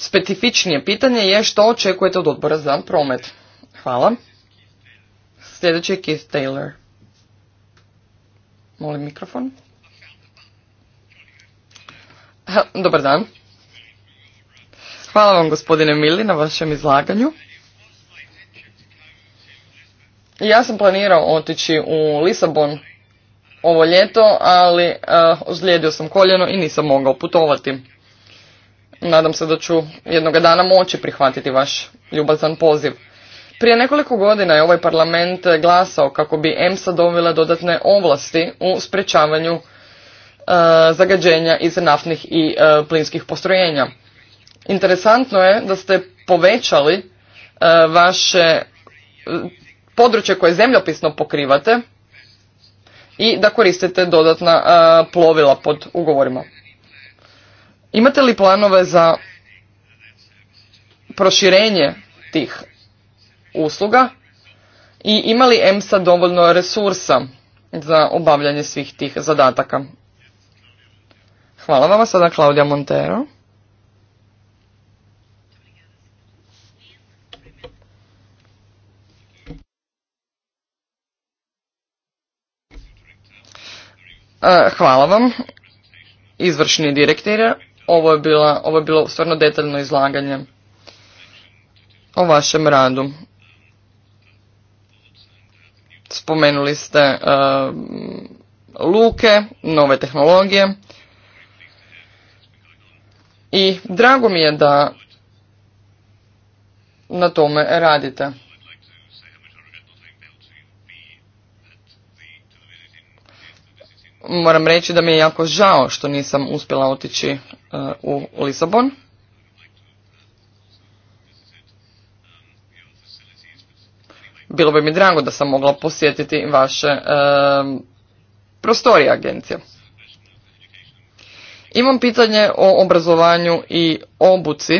specifičnije pitanje je što očekujete od odbora za promet. Hvala. Sljedeći je Keith Taylor. Molim mikrofon. Dobar dan. Hvala vam gospodine Mili na vašem izlaganju. Ja sam planirao otići u Lisabon ovo ljeto, ali eh, ozlijedio sam koljeno i nisam mogao putovati. Nadam se da ću jednoga dana moći prihvatiti vaš ljubazan poziv. Prije nekoliko godina je ovaj parlament glasao kako bi EMSA dovela dodatne ovlasti u sprečavanju e, zagađenja iz naftnih i e, plinskih postrojenja. Interesantno je da ste povećali e, vaše područje koje zemljopisno pokrivate i da koristite dodatna plovila pod ugovorima. Imate li planove za proširenje tih usluga i ima li EMSA dovoljno resursa za obavljanje svih tih zadataka. Hvala vam sada Claudia Montero. E, hvala vam, izvršni direktire. Ovo ovo je bilo stvarno detaljno izlaganje o vašem radu. Spomenuli ste e, luke, nove tehnologije. I drago mi je da na tome radite. Moram reći da mi je jako žao što nisam uspjela otići e, u Lisabon. Bilo bi mi drago da sam mogla posjetiti vaše prostorije agencije. Imam pitanje o obrazovanju i obuci.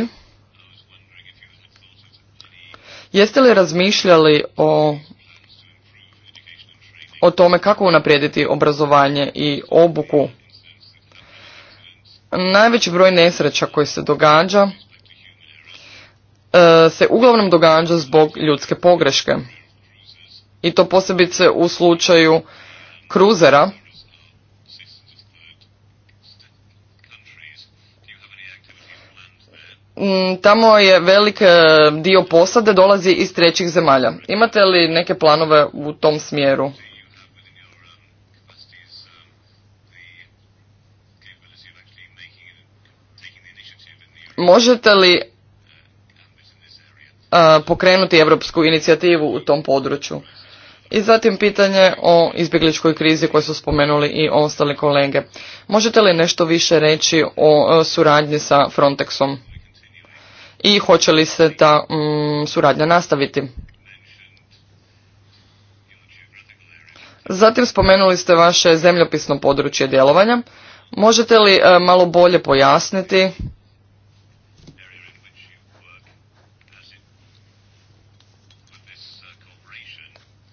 Jeste li razmišljali o, o tome kako unaprijediti obrazovanje i obuku? Najveći broj nesreća koji se događa e, se uglavnom događa zbog ljudske pogreške i to posebice u slučaju kruzera mm, tamo je velik e, dio posade dolazi iz trećih zemalja imate li neke planove u tom smjeru možete li e, pokrenuti europsku inicijativu u tom području i zatim pitanje o izbjegličkoj krizi koju su spomenuli i ostali kolege. Možete li nešto više reći o e, suradnji sa Frontexom? I hoće li se ta mm, suradnja nastaviti? Zatim spomenuli ste vaše zemljopisno područje djelovanja. Možete li e, malo bolje pojasniti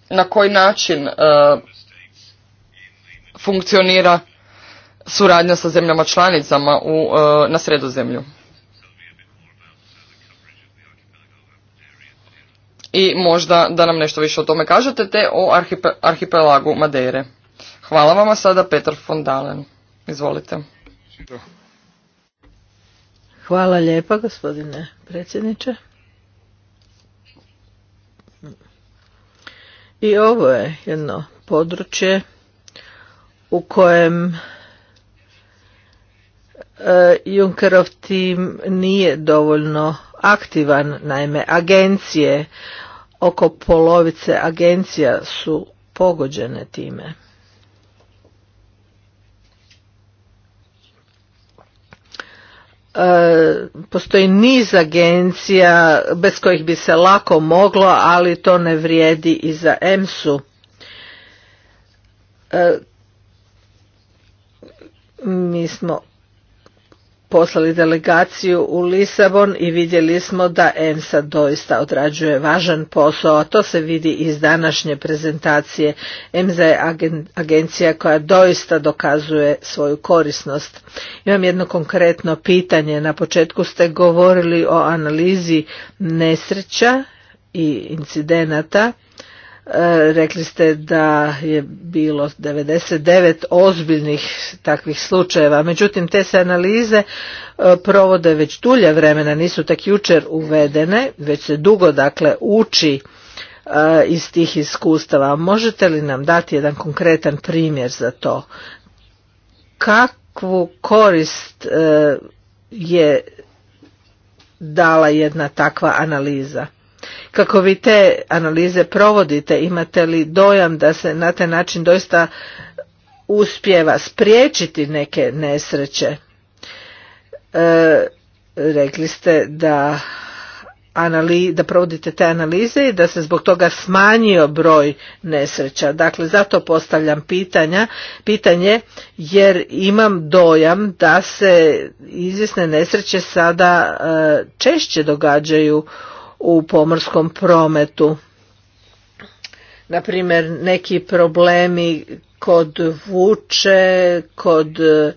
na koji način e, funkcionira suradnja sa zemljama članicama u, e, na sredozemlju. I možda da nam nešto više o tome kažete, te o arhipelagu Madeire. Hvala vama sada, Petar von Dalen. Izvolite. Hvala lijepa, gospodine predsjedniče. I ovo je jedno područje u kojem e, Junkerov tim nije dovoljno aktivan, naime agencije, oko polovice agencija su pogođene time. postoji niz agencija bez kojih bi se lako moglo, ali to ne vrijedi i za EMSU. E, mi smo poslali delegaciju u Lisabon i vidjeli smo da EMSA doista odrađuje važan posao, a to se vidi iz današnje prezentacije. EMSA je agencija koja doista dokazuje svoju korisnost. Imam jedno konkretno pitanje. Na početku ste govorili o analizi nesreća i incidenata. E, rekli ste da je bilo 99 ozbiljnih takvih slučajeva. Međutim, te se analize e, provode već dulje vremena, nisu tak jučer uvedene, već se dugo dakle uči e, iz tih iskustava. Možete li nam dati jedan konkretan primjer za to? Kakvu korist je dala jedna takva analiza? Kako vi te analize provodite, imate li dojam da se na taj način doista uspjeva spriječiti neke nesreće? E, rekli ste da, da provodite te analize i da se zbog toga smanjio broj nesreća. Dakle, zato postavljam pitanja, pitanje jer imam dojam da se izvjesne nesreće sada e, češće događaju u pomorskom prometu. Naprimjer, neki problemi kod vuče, kod e,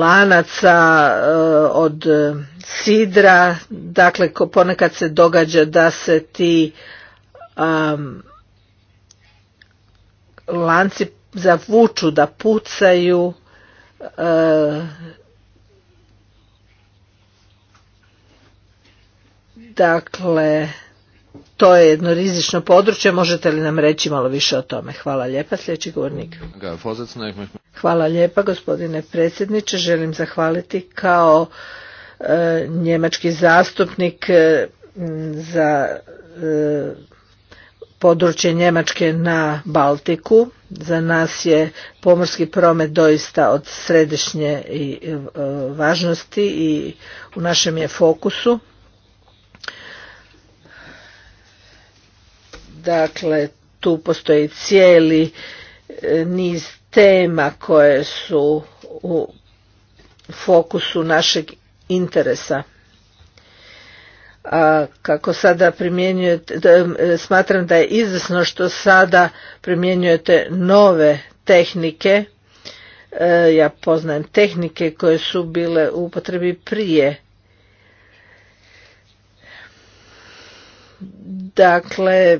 lanaca e, od sidra, dakle ponekad se događa da se ti lanci zavuču, da pucaju, e, Dakle, to je jedno rizično područje. Možete li nam reći malo više o tome? Hvala lijepa, sljedeći govornik. Hvala lijepa, gospodine predsjedniče. Želim zahvaliti kao e, njemački zastupnik e, za e, područje Njemačke na Baltiku. Za nas je pomorski promet doista od središnje i važnosti i u našem je fokusu. Dakle, tu postoji cijeli e, niz tema koje su u fokusu našeg interesa. A kako sada primjenjujete, e, smatram da je izvrsno što sada primjenjujete nove tehnike. E, ja poznajem tehnike koje su bile u upotrebi prije. Dakle,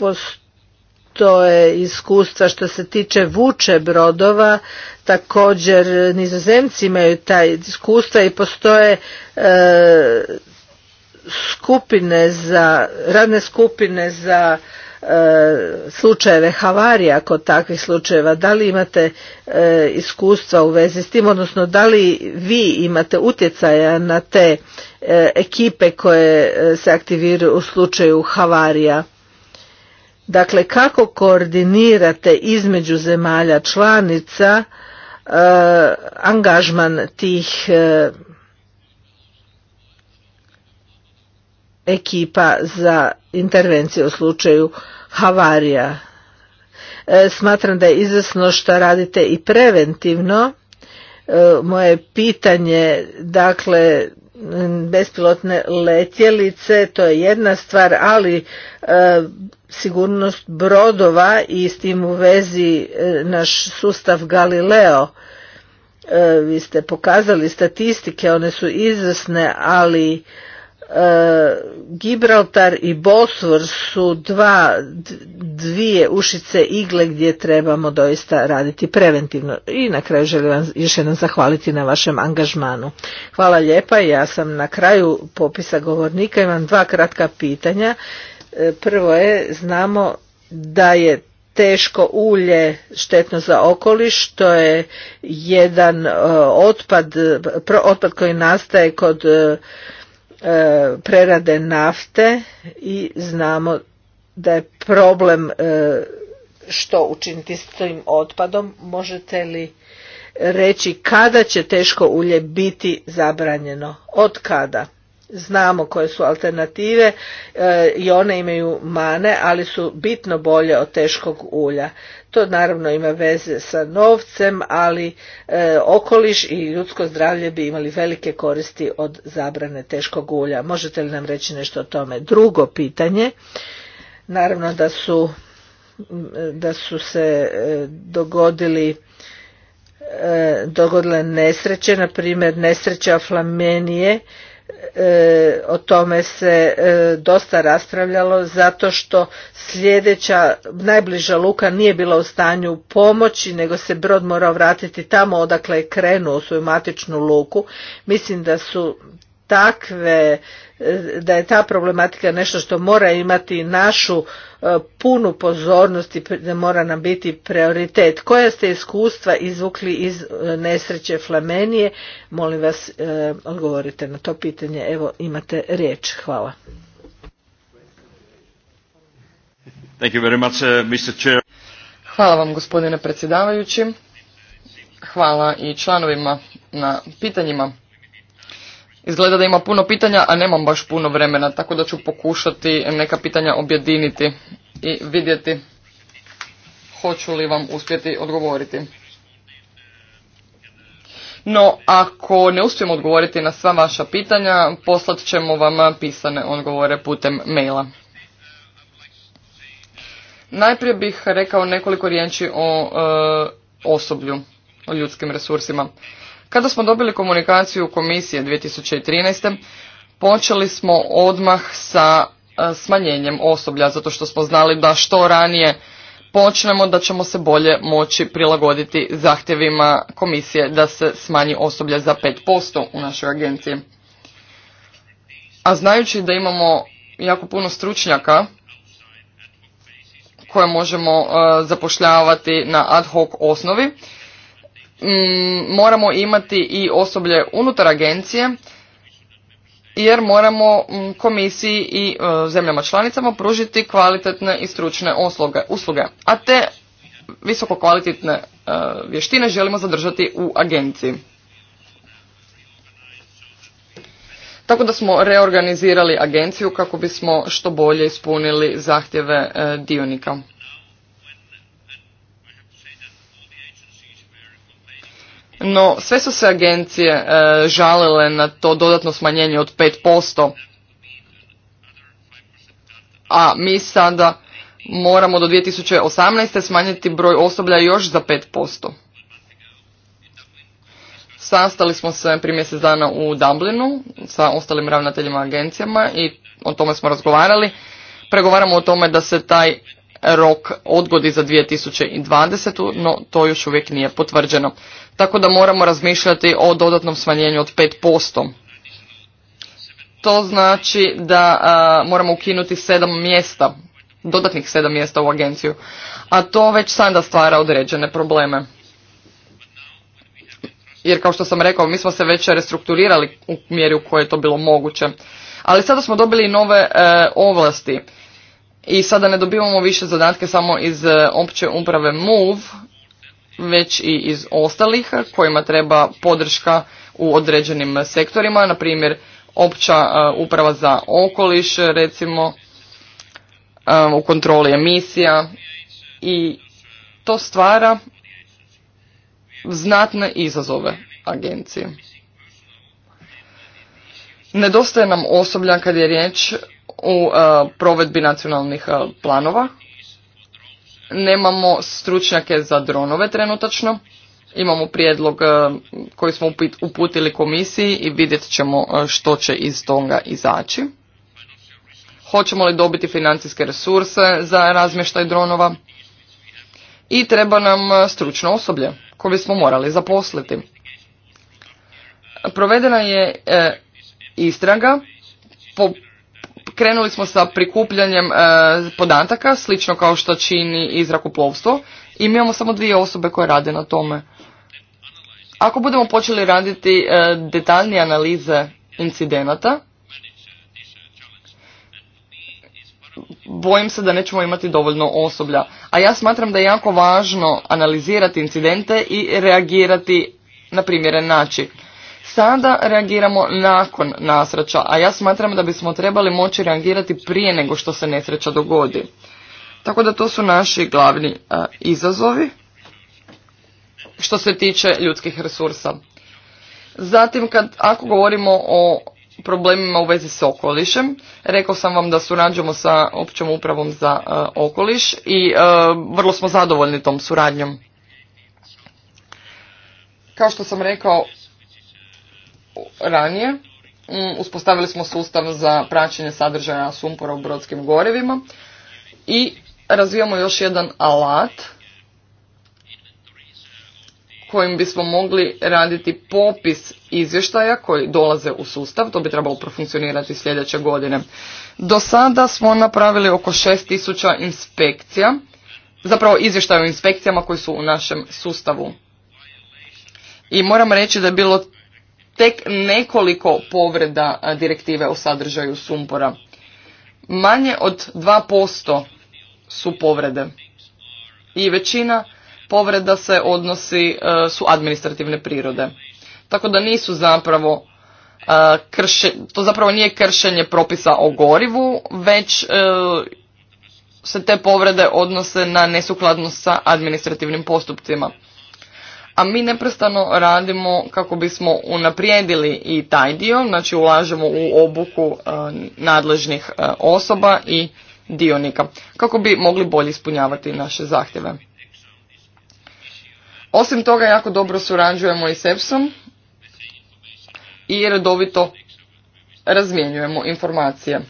postoje iskustva što se tiče vuče brodova, također nizozemci imaju taj iskustva i postoje e, skupine za, radne skupine za e, slučajeve havarija kod takvih slučajeva. Da li imate e, iskustva u vezi s tim, odnosno da li vi imate utjecaja na te ekipe koje se aktiviraju u slučaju havarija? Dakle, kako koordinirate između zemalja članica e, angažman tih e, ekipa za intervencije u slučaju havarija? E, smatram da je izvrsno što radite i preventivno. Moje pitanje, dakle, bespilotne letjelice, to je jedna stvar, ali e, sigurnost brodova i s tim u vezi e, naš sustav Galileo. E, vi ste pokazali statistike, one su izvrsne, ali E, Gibraltar i Bosvor su dva, dvije ušice igle gdje trebamo doista raditi preventivno. I na kraju želim vam još jednom zahvaliti na vašem angažmanu. Hvala lijepa, ja sam na kraju popisa govornika, imam dva kratka pitanja. E, prvo je, znamo da je teško ulje štetno za okoliš, to je jedan e, otpad, otpad koji nastaje kod E, prerade nafte i znamo da je problem e, što učiniti s tim otpadom. Možete li reći kada će teško ulje biti zabranjeno? Od kada? znamo koje su alternative e, i one imaju mane, ali su bitno bolje od teškog ulja. To naravno ima veze sa novcem, ali e, okoliš i ljudsko zdravlje bi imali velike koristi od zabrane teškog ulja. Možete li nam reći nešto o tome? Drugo pitanje, naravno da su, da su se e, dogodili dogodile nesreće, na primjer nesreća Flamenije E, o tome se e, dosta raspravljalo zato što sljedeća najbliža luka nije bila u stanju pomoći nego se brod morao vratiti tamo odakle je krenuo u svoju matičnu luku. Mislim da su takve da je ta problematika nešto što mora imati našu e, punu pozornost i da mora nam biti prioritet. Koja ste iskustva izvukli iz e, nesreće Flamenije? Molim vas, e, odgovorite na to pitanje. Evo, imate riječ. Hvala. Uh, Hvala vam, gospodine predsjedavajući. Hvala i članovima na pitanjima. Izgleda da ima puno pitanja, a nemam baš puno vremena, tako da ću pokušati neka pitanja objediniti i vidjeti hoću li vam uspjeti odgovoriti. No, ako ne uspijemo odgovoriti na sva vaša pitanja, poslat ćemo vam pisane odgovore putem maila. Najprije bih rekao nekoliko riječi o e, osoblju, o ljudskim resursima. Kada smo dobili komunikaciju komisije 2013. počeli smo odmah sa e, smanjenjem osoblja, zato što smo znali da što ranije počnemo da ćemo se bolje moći prilagoditi zahtjevima komisije da se smanji osoblja za 5% u našoj agenciji. A znajući da imamo jako puno stručnjaka koje možemo e, zapošljavati na ad hoc osnovi, Mm, moramo imati i osoblje unutar agencije jer moramo mm, komisiji i e, zemljama članicama pružiti kvalitetne i stručne usluge, a te visoko kvalitetne e, vještine želimo zadržati u agenciji. Tako da smo reorganizirali agenciju kako bismo što bolje ispunili zahtjeve e, dionika. No, sve su se agencije e, žalile na to dodatno smanjenje od 5%, a mi sada moramo do 2018. smanjiti broj osoblja još za 5%. Sastali smo se prije mjesec dana u Dublinu sa ostalim ravnateljima agencijama i o tome smo razgovarali. Pregovaramo o tome da se taj rok odgodi za 2020. no to još uvijek nije potvrđeno. Tako da moramo razmišljati o dodatnom smanjenju od 5%. To znači da moramo ukinuti 7 mjesta, dodatnih 7 mjesta u agenciju, a to već sada stvara određene probleme. Jer kao što sam rekao, mi smo se već restrukturirali u mjeri u kojoj je to bilo moguće. Ali sada smo dobili nove e, ovlasti i sada ne dobivamo više zadatke samo iz e, opće uprave MOVE, već i iz ostalih kojima treba podrška u određenim sektorima, na primjer opća e, uprava za okoliš, recimo e, u kontroli emisija i to stvara znatne izazove agencije. Nedostaje nam osoblja kad je riječ u e, provedbi nacionalnih e, planova. Nemamo stručnjake za dronove trenutačno. Imamo prijedlog e, koji smo uputili komisiji i vidjet ćemo što će iz toga izaći. Hoćemo li dobiti financijske resurse za razmještaj dronova? I treba nam stručno osoblje koje smo morali zaposliti. Provedena je istraga po krenuli smo sa prikupljanjem e, podataka, slično kao što čini i zrakoplovstvo. I mi imamo samo dvije osobe koje rade na tome. Ako budemo počeli raditi e, detaljnije analize incidenata, bojim se da nećemo imati dovoljno osoblja. A ja smatram da je jako važno analizirati incidente i reagirati na primjeren način. Sada reagiramo nakon nasreća, a ja smatram da bismo trebali moći reagirati prije nego što se nesreća dogodi. Tako da to su naši glavni e, izazovi što se tiče ljudskih resursa. Zatim, kad, ako govorimo o problemima u vezi s okolišem, rekao sam vam da surađujemo sa općom upravom za e, okoliš i e, vrlo smo zadovoljni tom suradnjom. Kao što sam rekao, ranije. Mm, uspostavili smo sustav za praćenje sadržaja sumpora u brodskim gorivima i razvijamo još jedan alat kojim bismo mogli raditi popis izvještaja koji dolaze u sustav. To bi trebalo profunkcionirati sljedeće godine. Do sada smo napravili oko 6000 inspekcija, zapravo izvještaja o inspekcijama koji su u našem sustavu. I moram reći da je bilo tek nekoliko povreda direktive o sadržaju sumpora. Manje od 2% su povrede i većina povreda se odnosi, e, su administrativne prirode. Tako da nisu zapravo e, krše, to zapravo nije kršenje propisa o gorivu, već e, se te povrede odnose na nesukladnost sa administrativnim postupcima a mi neprestano radimo kako bismo unaprijedili i taj dio, znači ulažemo u obuku e, nadležnih e, osoba i dionika, kako bi mogli bolje ispunjavati naše zahtjeve. Osim toga, jako dobro surađujemo i s eps i redovito razmjenjujemo informacije.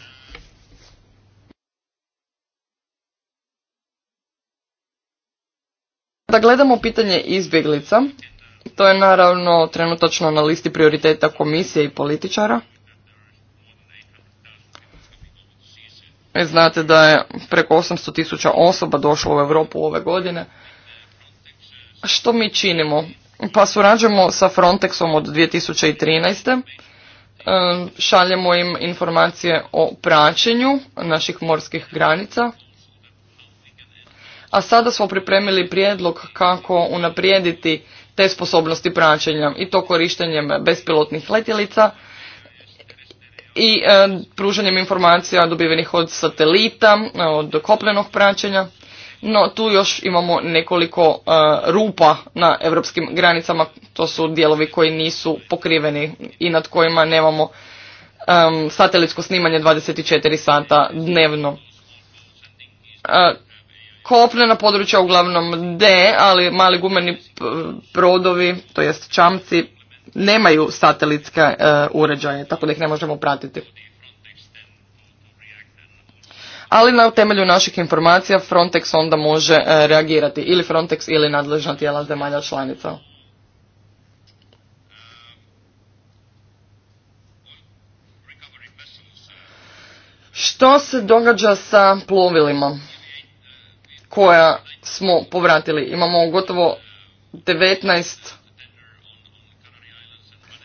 Da gledamo pitanje izbjeglica, to je naravno trenutačno na listi prioriteta komisije i političara. E, znate da je preko 800 tisuća osoba došlo u Europu ove godine. Što mi činimo? Pa surađujemo sa Frontexom od 2013. Ehm, šaljemo im informacije o praćenju naših morskih granica, a sada smo pripremili prijedlog kako unaprijediti te sposobnosti praćenja i to korištenjem bespilotnih letjelica i e, pružanjem informacija dobivenih od satelita, e, od kopnenog praćenja. No tu još imamo nekoliko e, rupa na europskim granicama, to su dijelovi koji nisu pokriveni i nad kojima nemamo e, satelitsko snimanje 24 sata dnevno. E, na područja uglavnom D, ali mali gumeni e, brodovi, to jest čamci, nemaju satelitske e, uređaje, tako da ih ne možemo pratiti. Ali na temelju naših informacija Frontex onda može e, reagirati, ili Frontex ili nadležna tijela zemalja članica. Što se događa sa plovilima? koja smo povratili. Imamo gotovo 19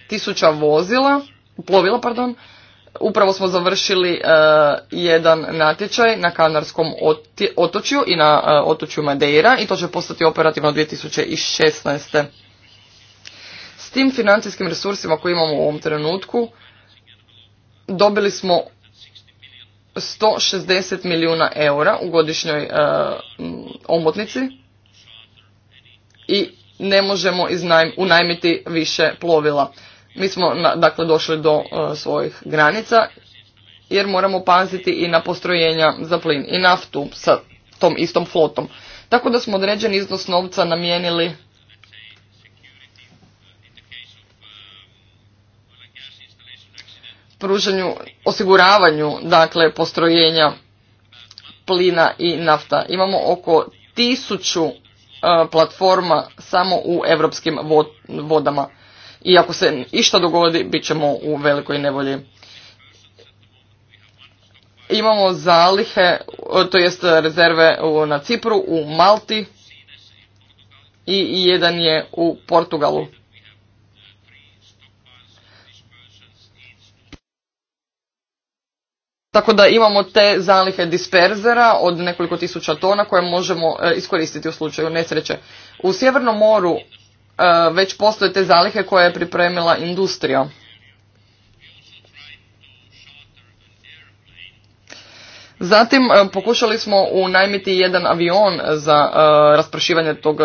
tisuća vozila, plovila, pardon. Upravo smo završili e, jedan natječaj na Kanarskom otočju i na e, otočju Madeira i to će postati operativno 2016. S tim financijskim resursima koje imamo u ovom trenutku dobili smo 160 milijuna eura u godišnjoj e, omotnici i ne možemo unajmiti više plovila. Mi smo dakle došli do e, svojih granica jer moramo paziti i na postrojenja za plin i naftu sa tom istom flotom. Tako da smo određen iznos novca namijenili pružanju, osiguravanju dakle postrojenja plina i nafta. Imamo oko tisuću e, platforma samo u europskim vodama. I ako se išta dogodi, bit ćemo u velikoj nevolji. Imamo zalihe, to jest rezerve na Cipru, u Malti i jedan je u Portugalu. Tako da imamo te zalihe disperzera od nekoliko tisuća tona koje možemo e, iskoristiti u slučaju nesreće. U Sjevernom moru e, već postoje te zalihe koje je pripremila industrija. Zatim e, pokušali smo unajmiti jedan avion za raspršivanje tog,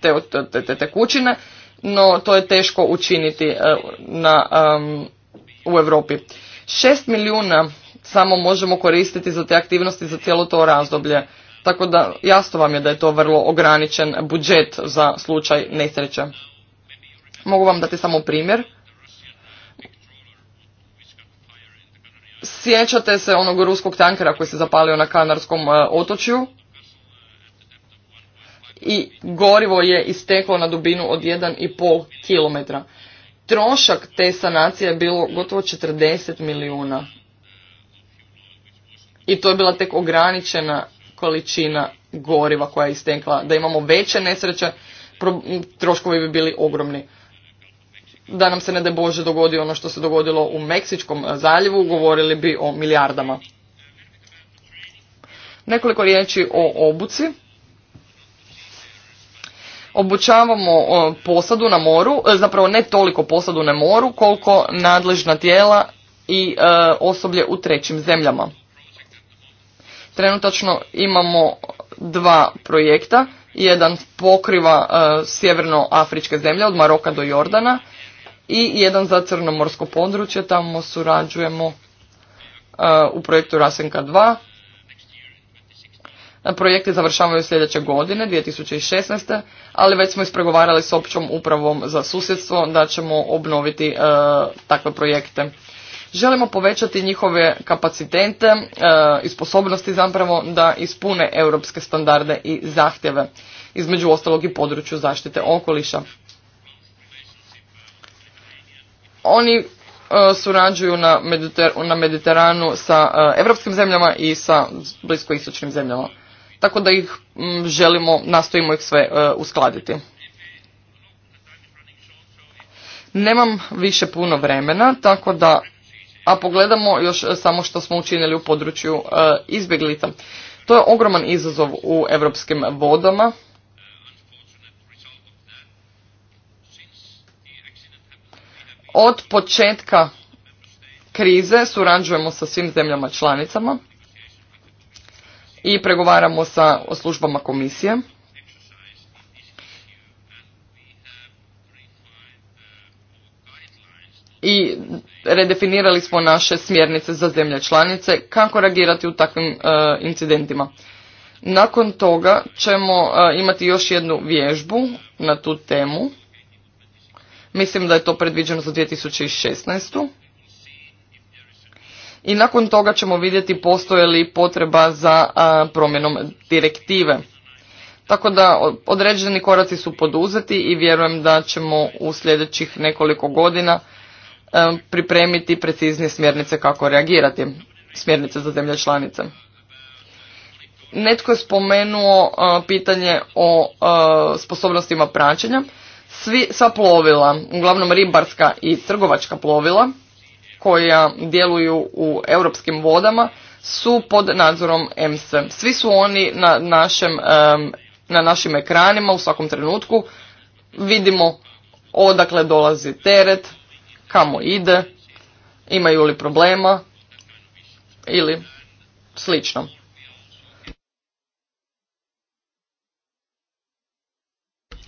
te, te, no to je teško učiniti na, u Europi. Šest milijuna samo možemo koristiti za te aktivnosti za cijelo to razdoblje. Tako da jasno vam je da je to vrlo ograničen budžet za slučaj nesreće. Mogu vam dati samo primjer. Sjećate se onog ruskog tankera koji se zapalio na Kanarskom e, otočju i gorivo je isteklo na dubinu od 1,5 kilometra trošak te sanacije bilo gotovo 40 milijuna. I to je bila tek ograničena količina goriva koja je istekla. Da imamo veće nesreće, troškovi bi bili ogromni. Da nam se ne de Bože dogodi ono što se dogodilo u Meksičkom e, zaljevu, govorili bi o milijardama. Nekoliko riječi o obuci obučavamo posadu na moru, e, zapravo ne toliko posadu na moru koliko nadležna tijela i e, osoblje u trećim zemljama. Trenutačno imamo dva projekta, jedan pokriva e, sjevernoafričke zemlje od Maroka do Jordana i jedan za crnomorsko područje, tamo surađujemo u projektu Rasenka 2 Projekti završavaju sljedeće godine, 2016. ali već smo ispregovarali s općom upravom za susjedstvo da ćemo obnoviti e, takve projekte. Želimo povećati njihove kapacitete e, i sposobnosti zapravo da ispune europske standarde i zahtjeve, između ostalog i području zaštite okoliša. Oni e, surađuju na, na Mediteranu sa europskim zemljama i sa bliskoistočnim zemljama tako da ih mm, želimo, nastojimo ih sve e, uskladiti. Nemam više puno vremena, tako da, a pogledamo još e, samo što smo učinili u području e, izbjeglita. To je ogroman izazov u europskim vodama. Od početka krize surađujemo sa svim zemljama članicama i pregovaramo sa službama komisije. I redefinirali smo naše smjernice za zemlje članice kako reagirati u takvim e, incidentima. Nakon toga ćemo e, imati još jednu vježbu na tu temu. Mislim da je to predviđeno za 2016 i nakon toga ćemo vidjeti postoje li potreba za promjenom direktive. Tako da određeni koraci su poduzeti i vjerujem da ćemo u sljedećih nekoliko godina pripremiti preciznije smjernice kako reagirati, smjernice za zemlje članice. Netko je spomenuo pitanje o sposobnostima praćenja. Svi, sva plovila, uglavnom ribarska i trgovačka plovila, koja djeluju u europskim vodama su pod nadzorom MSM. Svi su oni na našem, na našim ekranima u svakom trenutku. Vidimo odakle dolazi teret, kamo ide, imaju li problema ili slično.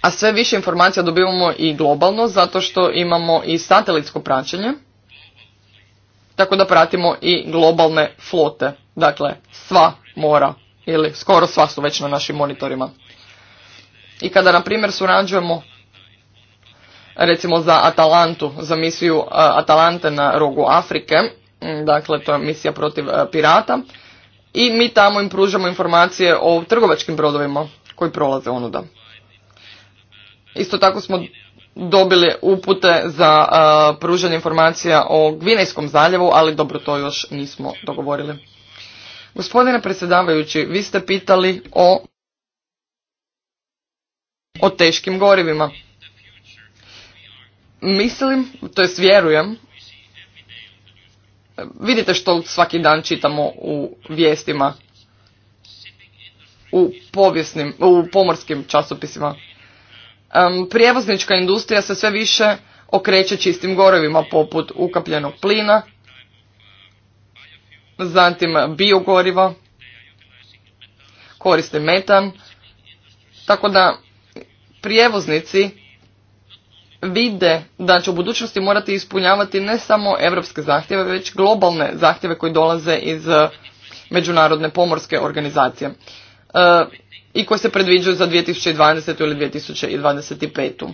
A sve više informacija dobivamo i globalno zato što imamo i satelitsko praćenje tako da pratimo i globalne flote. Dakle, sva mora ili skoro sva su već na našim monitorima. I kada, na primjer, surađujemo recimo za Atalantu, za misiju e, Atalante na rogu Afrike, dakle to je misija protiv e, pirata, i mi tamo im pružamo informacije o trgovačkim brodovima koji prolaze onuda. Isto tako smo dobili upute za pružanje informacija o Gvinejskom zaljevu, ali dobro to još nismo dogovorili. Gospodine predsjedavajući, vi ste pitali o, o teškim gorivima. Mislim, to jest vjerujem, vidite što svaki dan čitamo u vijestima, u povijesnim, u pomorskim časopisima. Prijevoznička industrija se sve više okreće čistim gorivima poput ukapljenog plina, zatim biogoriva, koriste metan, tako da prijevoznici vide da će u budućnosti morati ispunjavati ne samo europske zahtjeve, već globalne zahtjeve koji dolaze iz međunarodne pomorske organizacije. E, i koje se predviđaju za 2020. ili 2025.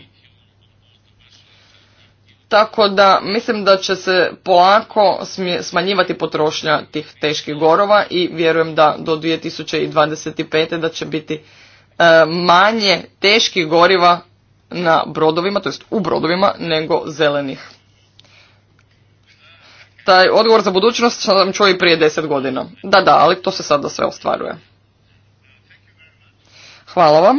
Tako da mislim da će se polako smanjivati potrošnja tih teških gorova i vjerujem da do 2025. da će biti e, manje teških goriva na brodovima, to jest u brodovima, nego zelenih. Taj odgovor za budućnost sam čuo i prije deset godina. Da, da, ali to se sada sve ostvaruje. Hvala vam.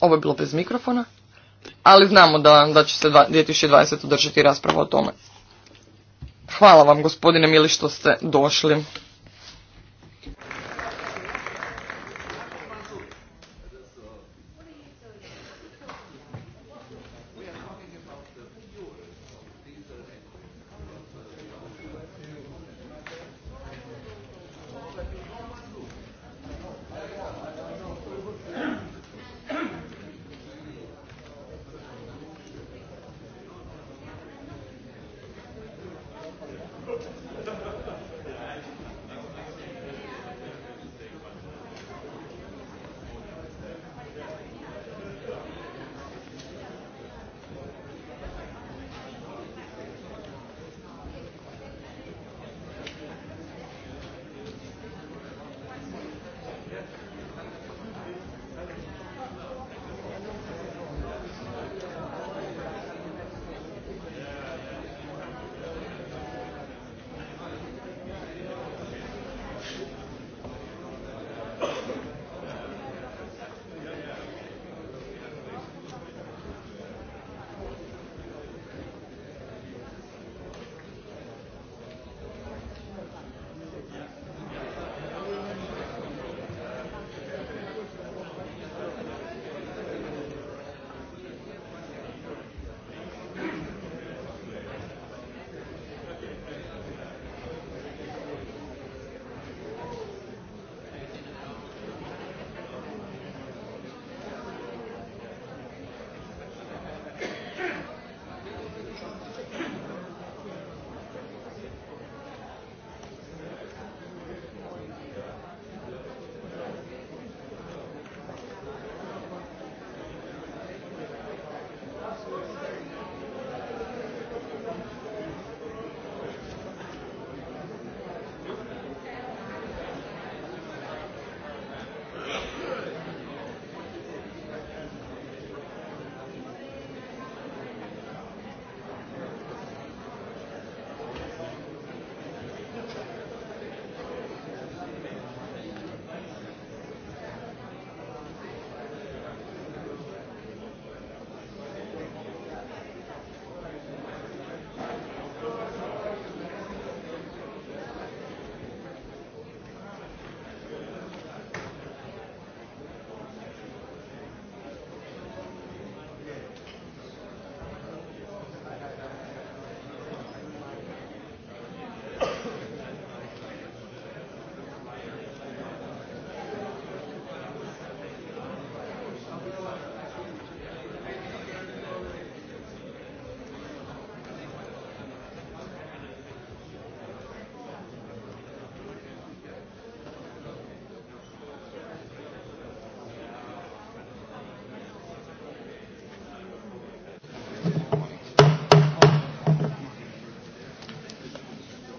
Ovo je bilo bez mikrofona, ali znamo da, da će se 2020. održati rasprava o tome. Hvala vam gospodine Mili što ste došli.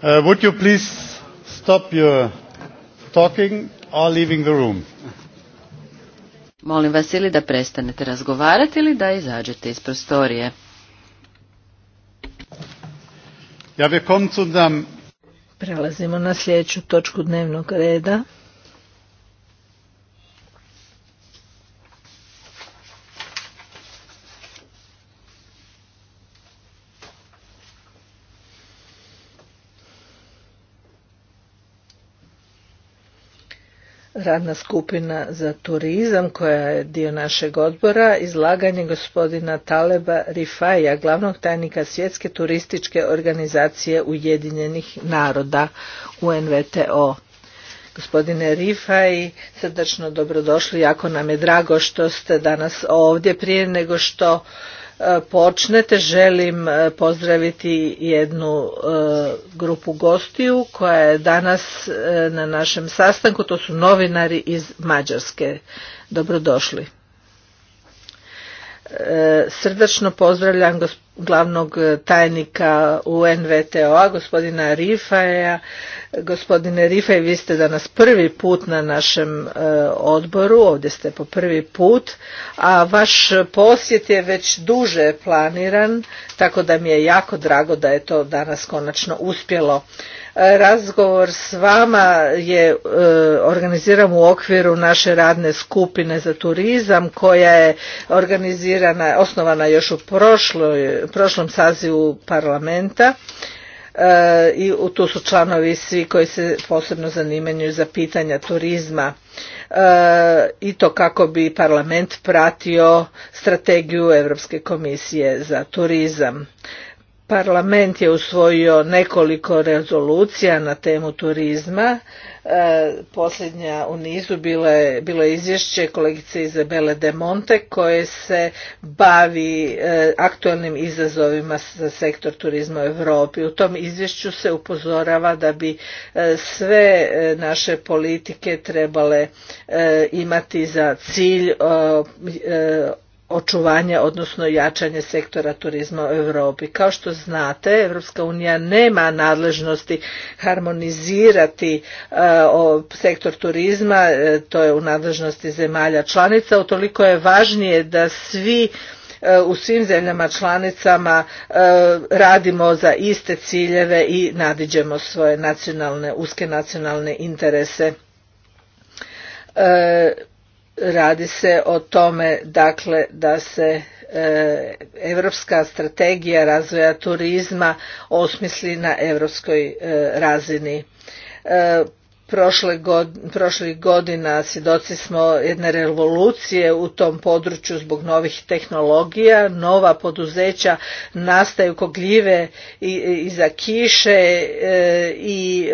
Uh, would you please stop your talking or leaving the room? Molim vas ili da prestanete razgovarati ili da izađete iz prostorije. Ja, wir kommen zu unserem Prelazimo na sljedeću točku dnevnog reda. radna skupina za turizam koja je dio našeg odbora, izlaganje gospodina Taleba Rifaja, glavnog tajnika Svjetske turističke organizacije Ujedinjenih naroda UNVTO. Gospodine Rifaj, srdačno dobrodošli, jako nam je drago što ste danas ovdje prije nego što E, počnete želim e, pozdraviti jednu e, grupu gostiju koja je danas na našem sastanku, to su novinari iz Mađarske. Dobrodošli. Srdačno pozdravljam glavnog e, tajnika UNVTO-a, gospodina Rifaja. Gospodine Rifaj, vi ste danas prvi put na našem e, odboru, ovdje ste po prvi put, a vaš posjet je već duže planiran, tako da mi je jako drago da je to danas konačno uspjelo. E, razgovor s vama je e, organiziran u okviru naše radne skupine za turizam koja je organizirana, osnovana još u prošlom sazivu parlamenta e, i tu su članovi svi koji se posebno zanimaju za pitanja turizma i to kako bi parlament pratio strategiju Europske komisije za turizam. Parlament je usvojio nekoliko rezolucija na temu turizma. E, posljednja u nizu bilo je, izvješće kolegice Izabele de Monte koje se bavi e, aktualnim izazovima za sektor turizma u Europi. U tom izvješću se upozorava da bi e, sve naše politike trebale imati za cilj očuvanje, odnosno jačanje sektora turizma u Europi. Kao što znate, Europska unija nema nadležnosti harmonizirati e, sektor turizma, e, to je u nadležnosti zemalja članica, utoliko je važnije da svi e, u svim zemljama članicama radimo za iste ciljeve i nadiđemo svoje nacionalne, uske nacionalne interese. Radi se o tome dakle da se europska strategija razvoja turizma osmisli na europskoj e, razini. E, Prošle prošlih godina svjedoci smo jedne revolucije u tom području zbog novih tehnologija, nova poduzeća nastaju kogljive iza kiše e, i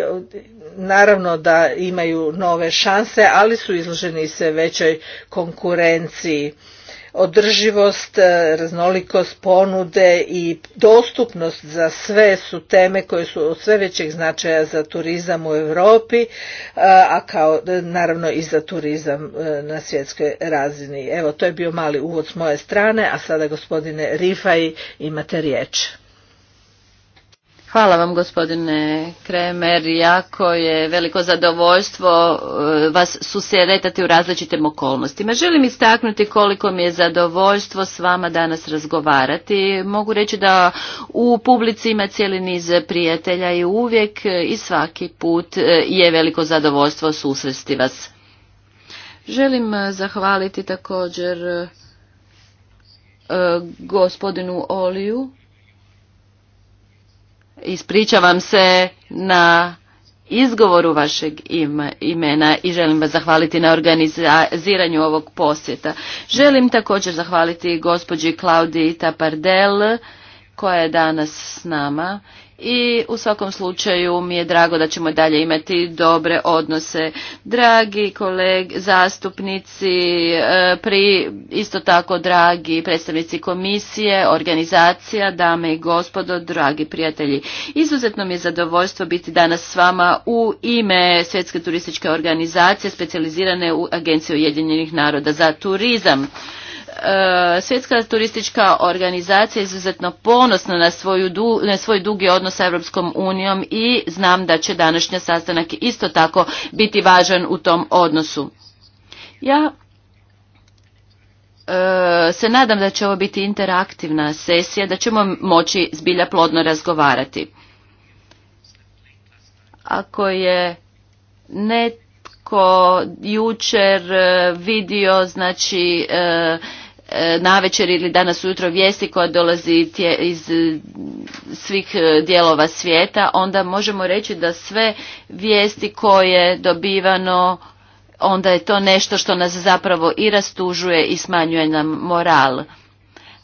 naravno da imaju nove šanse, ali su izloženi sve većoj konkurenciji održivost, e, raznolikost ponude i dostupnost za sve su teme koje su od sve većeg značaja za turizam u Europi, e, a kao e, naravno i za turizam na svjetskoj razini. Evo, to je bio mali uvod s moje strane, a sada gospodine Rifaj imate riječ. Hvala vam gospodine Kremer, jako je veliko zadovoljstvo e, vas susjedetati u različitim okolnostima. Želim istaknuti koliko mi je zadovoljstvo s vama danas razgovarati. Mogu reći da u publici ima cijeli niz prijatelja i uvijek e, i svaki put e, je veliko zadovoljstvo susresti vas. Želim zahvaliti također gospodinu Oliju Ispričavam se na izgovoru vašeg imena i želim vas zahvaliti na organiziranju ovog posjeta. Želim također zahvaliti gospođi Klaudiji Tapardel koja je danas s nama i u svakom slučaju mi je drago da ćemo dalje imati dobre odnose. Dragi koleg, zastupnici, e, pri, isto tako dragi predstavnici komisije, organizacija, dame i gospodo, dragi prijatelji. Izuzetno mi je zadovoljstvo biti danas s vama u ime Svjetske turističke organizacije specijalizirane u Agenciju Ujedinjenih naroda za turizam. E, Svjetska turistička organizacija je izuzetno ponosna na, svoju, svoj dugi odnos sa Europskom unijom i znam da će današnji sastanak isto tako biti važan u tom odnosu. Ja e, se nadam da će ovo biti interaktivna sesija, da ćemo moći zbilja plodno razgovarati. Ako je netko jučer e, vidio znači E, navečer ili danas ujutro vijesti koja dolazi iz e, svih e, dijelova svijeta, onda možemo reći da sve vijesti koje je dobivano, onda je to nešto što nas zapravo i rastužuje i smanjuje nam moral.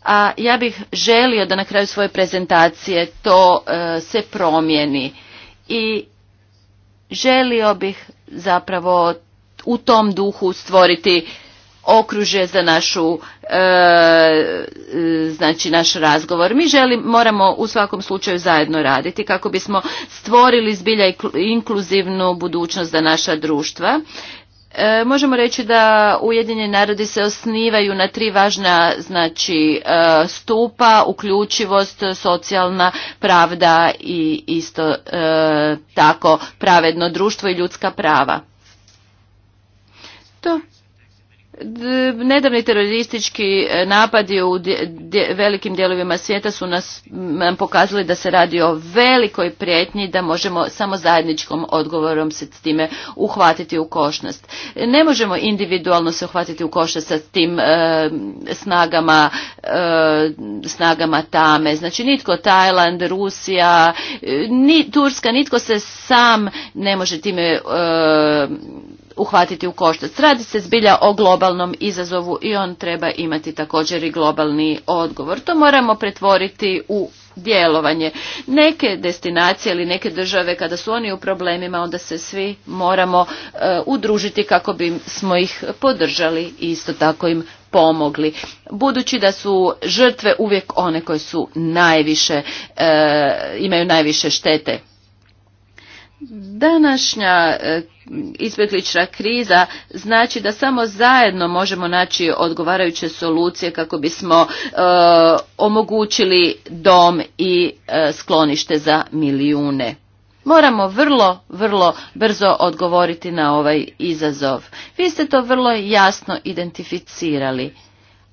A ja bih želio da na kraju svoje prezentacije to se promijeni i želio bih zapravo u tom duhu stvoriti okružje za našu e, znači naš razgovor. Mi želim, moramo u svakom slučaju zajedno raditi kako bismo stvorili zbilja inkluzivnu budućnost za naša društva. E, možemo reći da Ujedinjeni narodi se osnivaju na tri važna znači e, stupa, uključivost, socijalna pravda i isto tako pravedno društvo i ljudska prava. To Nedavni teroristički napadi u velikim dijelovima svijeta su nas pokazali da se radi o velikoj prijetnji da možemo samo zajedničkom odgovorom se s time uhvatiti u košnost. Ne možemo individualno se uhvatiti u košnost sa tim e, snagama, e, snagama tame. Znači nitko Tajland, Rusija, e, ni Turska, nitko se sam ne može time uhvatiti u koštac. Radi se zbilja o globalnom izazovu i on treba imati također i globalni odgovor. To moramo pretvoriti u djelovanje. Neke destinacije ili neke države kada su oni u problemima onda se svi moramo eh, udružiti kako bi smo ih podržali i isto tako im pomogli. Budući da su žrtve uvijek one koje su najviše, eh, imaju najviše štete. Današnja eh, izbjeglična kriza znači da samo zajedno možemo naći odgovarajuće solucije kako bismo e, omogućili dom i e, sklonište za milijune. Moramo vrlo, vrlo brzo odgovoriti na ovaj izazov. Vi ste to vrlo jasno identificirali,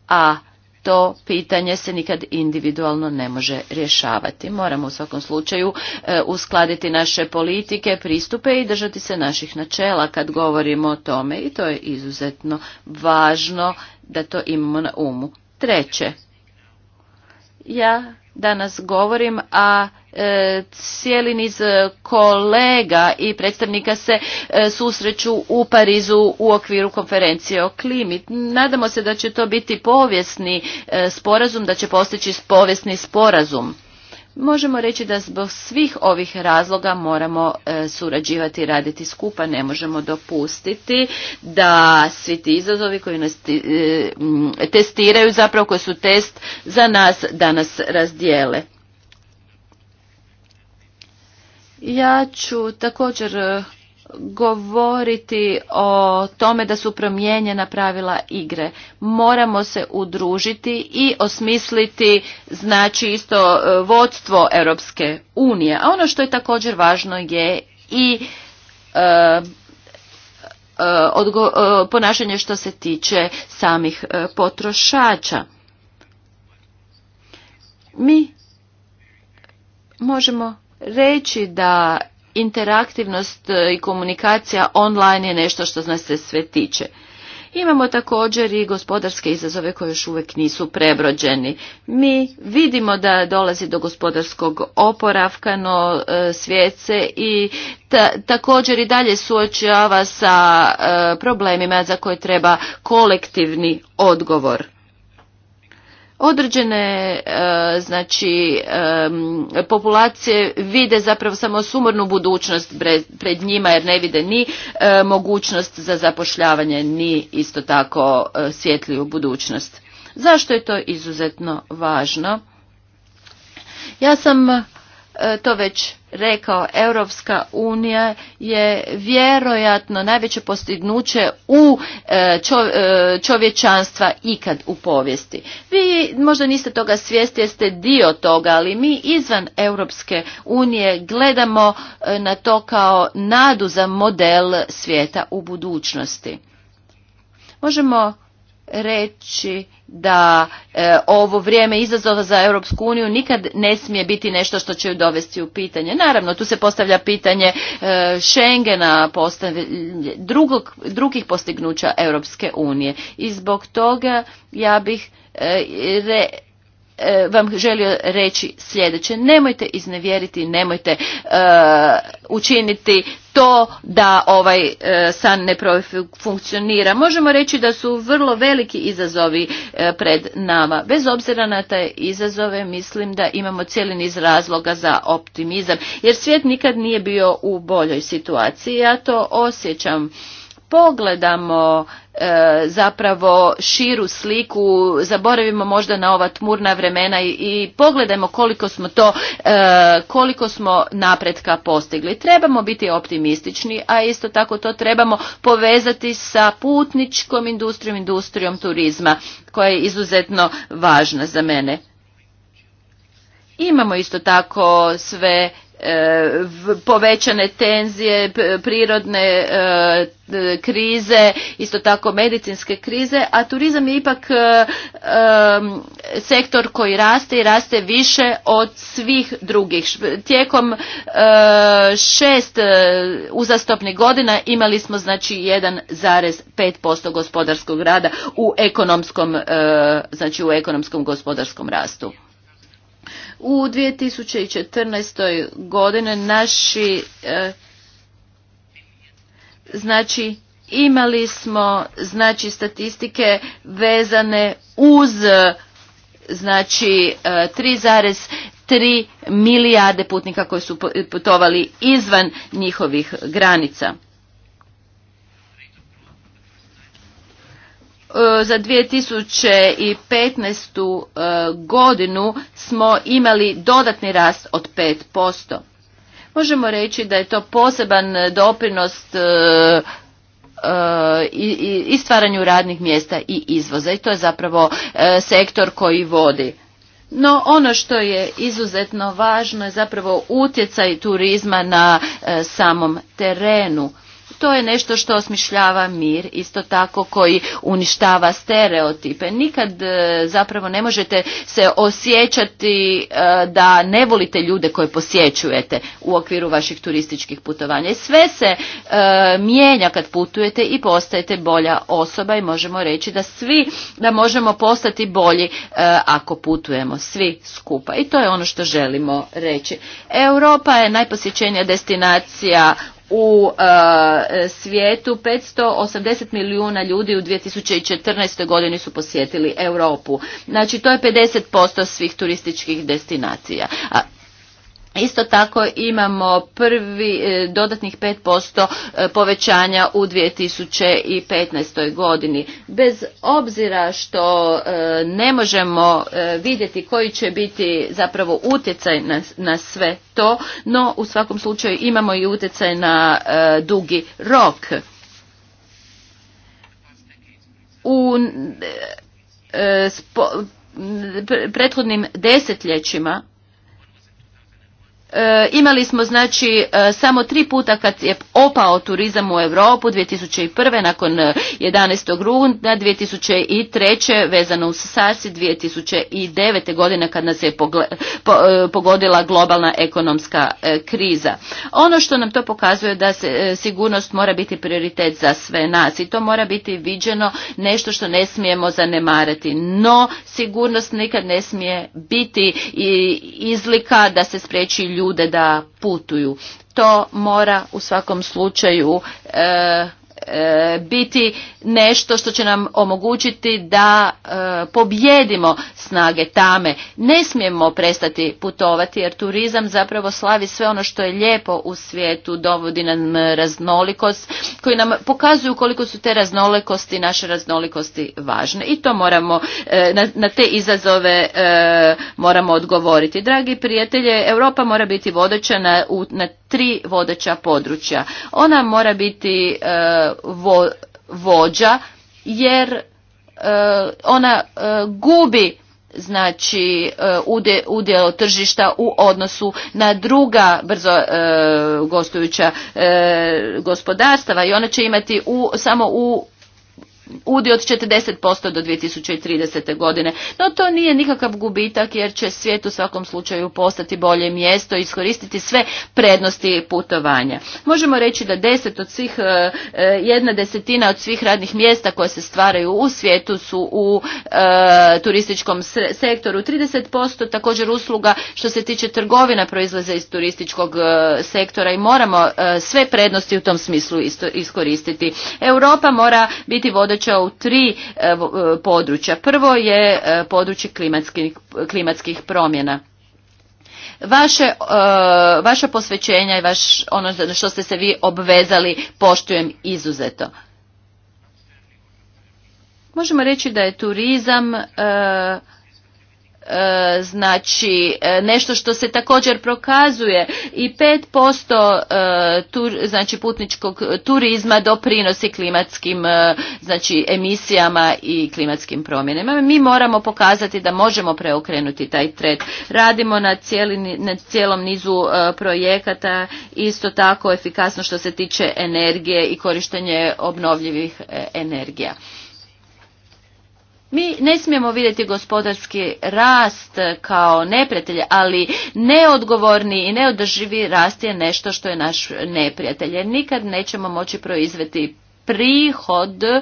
a to pitanje se nikad individualno ne može rješavati. Moramo u svakom slučaju e, uskladiti naše politike, pristupe i držati se naših načela kad govorimo o tome i to je izuzetno važno da to imamo na umu. Treće, ja danas govorim, a E, cijeli niz e, kolega i predstavnika se e, susreću u Parizu u okviru konferencije o klimi. Nadamo se da će to biti povijesni sporazum, da će postići povijesni sporazum. Možemo reći da zbog svih ovih razloga moramo surađivati i raditi skupa, ne možemo dopustiti da svi ti izazovi koji nas testiraju, zapravo koji su test za nas, danas razdijele. Ja ću također e, govoriti o tome da su promijenjena pravila igre. Moramo se udružiti i osmisliti znači isto e, vodstvo Europske unije. A ono što je također važno je i e, ponašanje što se tiče samih potrošača. Mi možemo reći da interaktivnost e, i komunikacija online je nešto što nas se sve tiče. Imamo također i gospodarske izazove koje još uvijek nisu prebrođeni. Mi vidimo da dolazi do gospodarskog oporavka, no e, svijet i također i dalje suočava sa e, problemima za koje treba kolektivni odgovor. Određene e, znači e, populacije vide zapravo samo sumornu budućnost pred njima jer ne vide ni e, mogućnost za zapošljavanje ni isto tako svjetliju budućnost. Zašto je to izuzetno važno? Ja sam E, to već rekao, Europska unija je vjerojatno najveće postignuće u e, e, čovječanstva ikad u povijesti. Vi možda niste toga svijesti, jeste dio toga, ali mi izvan Europske unije gledamo na to kao nadu za model svijeta u budućnosti. Možemo reći da e, ovo vrijeme izazova za Europsku uniju nikad ne smije biti nešto što će ju dovesti u pitanje. Naravno, tu se postavlja pitanje e, Schengena, drugog, drugih postignuća Europske unije. I zbog toga ja bih e, E, vam želio reći sljedeće. Nemojte iznevjeriti, nemojte e, učiniti to da ovaj e, san ne funkcionira. Možemo reći da su vrlo veliki izazovi pred nama. Bez obzira na te izazove mislim da imamo cijeli niz razloga za optimizam. Jer svijet nikad nije bio u boljoj situaciji. Ja to osjećam pogledamo e, zapravo širu sliku, zaboravimo možda na ova tmurna vremena i, pogledajmo koliko smo to, e, koliko smo napretka postigli. Trebamo biti optimistični, a isto tako to trebamo povezati sa putničkom industrijom, industrijom turizma koja je izuzetno važna za mene. Imamo isto tako sve E, povećane tenzije, prirodne e, krize, isto tako medicinske krize, a turizam je ipak e, sektor koji raste i raste više od svih drugih. Tijekom šest uzastopnih godina imali smo znači 1,5% gospodarskog rada u ekonomskom, znači u ekonomskom gospodarskom rastu. U 2014. godine naši e, znači imali smo znači statistike vezane uz znači 3,3 e, milijarde putnika koji su putovali izvan njihovih granica. E, za 2015. E, godinu smo imali dodatni rast od 5%. Možemo reći da je to poseban doprinos e, i stvaranju radnih mjesta i izvoza i to je zapravo sektor koji vodi. No ono što je izuzetno važno je zapravo utjecaj turizma na samom terenu to je nešto što osmišljava mir, isto tako koji uništava stereotipe. Nikad e, zapravo ne možete se osjećati e, da ne volite ljude koje posjećujete u okviru vaših turističkih putovanja. sve se e, mijenja kad putujete i postajete bolja osoba i možemo reći da svi, da možemo postati bolji ako putujemo svi skupa. I to je ono što želimo reći. Europa je najposjećenija destinacija u e, svijetu 580 milijuna ljudi u 2014. godini su posjetili Europu. Znači to je 50% svih turističkih destinacija. A Isto tako imamo prvi e, dodatnih 5% e, povećanja u 2015. godini. Bez obzira što e, ne možemo vidjeti koji će biti zapravo utjecaj na, sve to, no u svakom slučaju imamo i utjecaj na dugi rok. U prethodnim desetljećima E, imali smo znači e, samo tri puta kad je opao turizam u Europu 2001. nakon 11. runda, 2003. vezano uz SARS 2009. godine kad nas je e, pogodila globalna ekonomska kriza. Ono što nam to pokazuje da se sigurnost mora biti prioritet za sve nas i to mora biti viđeno nešto što ne smijemo zanemarati. No, sigurnost nikad ne smije biti izlika da se spreči ljudi ljude da putuju. To mora u svakom slučaju e, E, biti nešto što će nam omogućiti da e, pobjedimo snage tame. Ne smijemo prestati putovati jer turizam zapravo slavi sve ono što je lijepo u svijetu, dovodi nam raznolikost koji nam pokazuju koliko su te raznolikosti, naše raznolikosti važne i to moramo, e, na te izazove moramo odgovoriti. Dragi prijatelje, Europa mora biti vodeća na, na tri vodeća područja. Ona mora biti vo, vođa jer e, ona e, gubi znači e, udjelo tržišta u odnosu na druga brzo gostujuća gospodarstava i ona će imati u, samo u udio od 40% do 2030. godine. No to nije nikakav gubitak jer će svijet u svakom slučaju postati bolje mjesto i iskoristiti sve prednosti putovanja. Možemo reći da deset od svih, e, e, jedna desetina od svih radnih mjesta koje se stvaraju u svijetu su u e, turističkom sektoru. 30% također usluga što se tiče trgovina proizlaze iz turističkog sektora i moramo sve prednosti u tom smislu iskoristiti. Europa mora biti vode u tri e, e, područja. Prvo je e, područje klimatskih, klimatskih promjena. Vaše, vaša posvećenja i vaš, ono na što ste se vi obvezali poštujem izuzeto. Možemo reći da je turizam E, znači e, nešto što se također prokazuje i 5% posto e, znači putničkog turizma doprinosi klimatskim znači emisijama i klimatskim promjenama. Mi moramo pokazati da možemo preokrenuti taj trend. Radimo na, na cijelom nizu projekata, isto tako efikasno što se tiče energije i korištenje obnovljivih energija mi ne smijemo vidjeti gospodarski rast kao neprijatelj, ali neodgovorni i neodrživi rast je nešto što je naš neprijatelj. nikad nećemo moći proizvesti prihod e,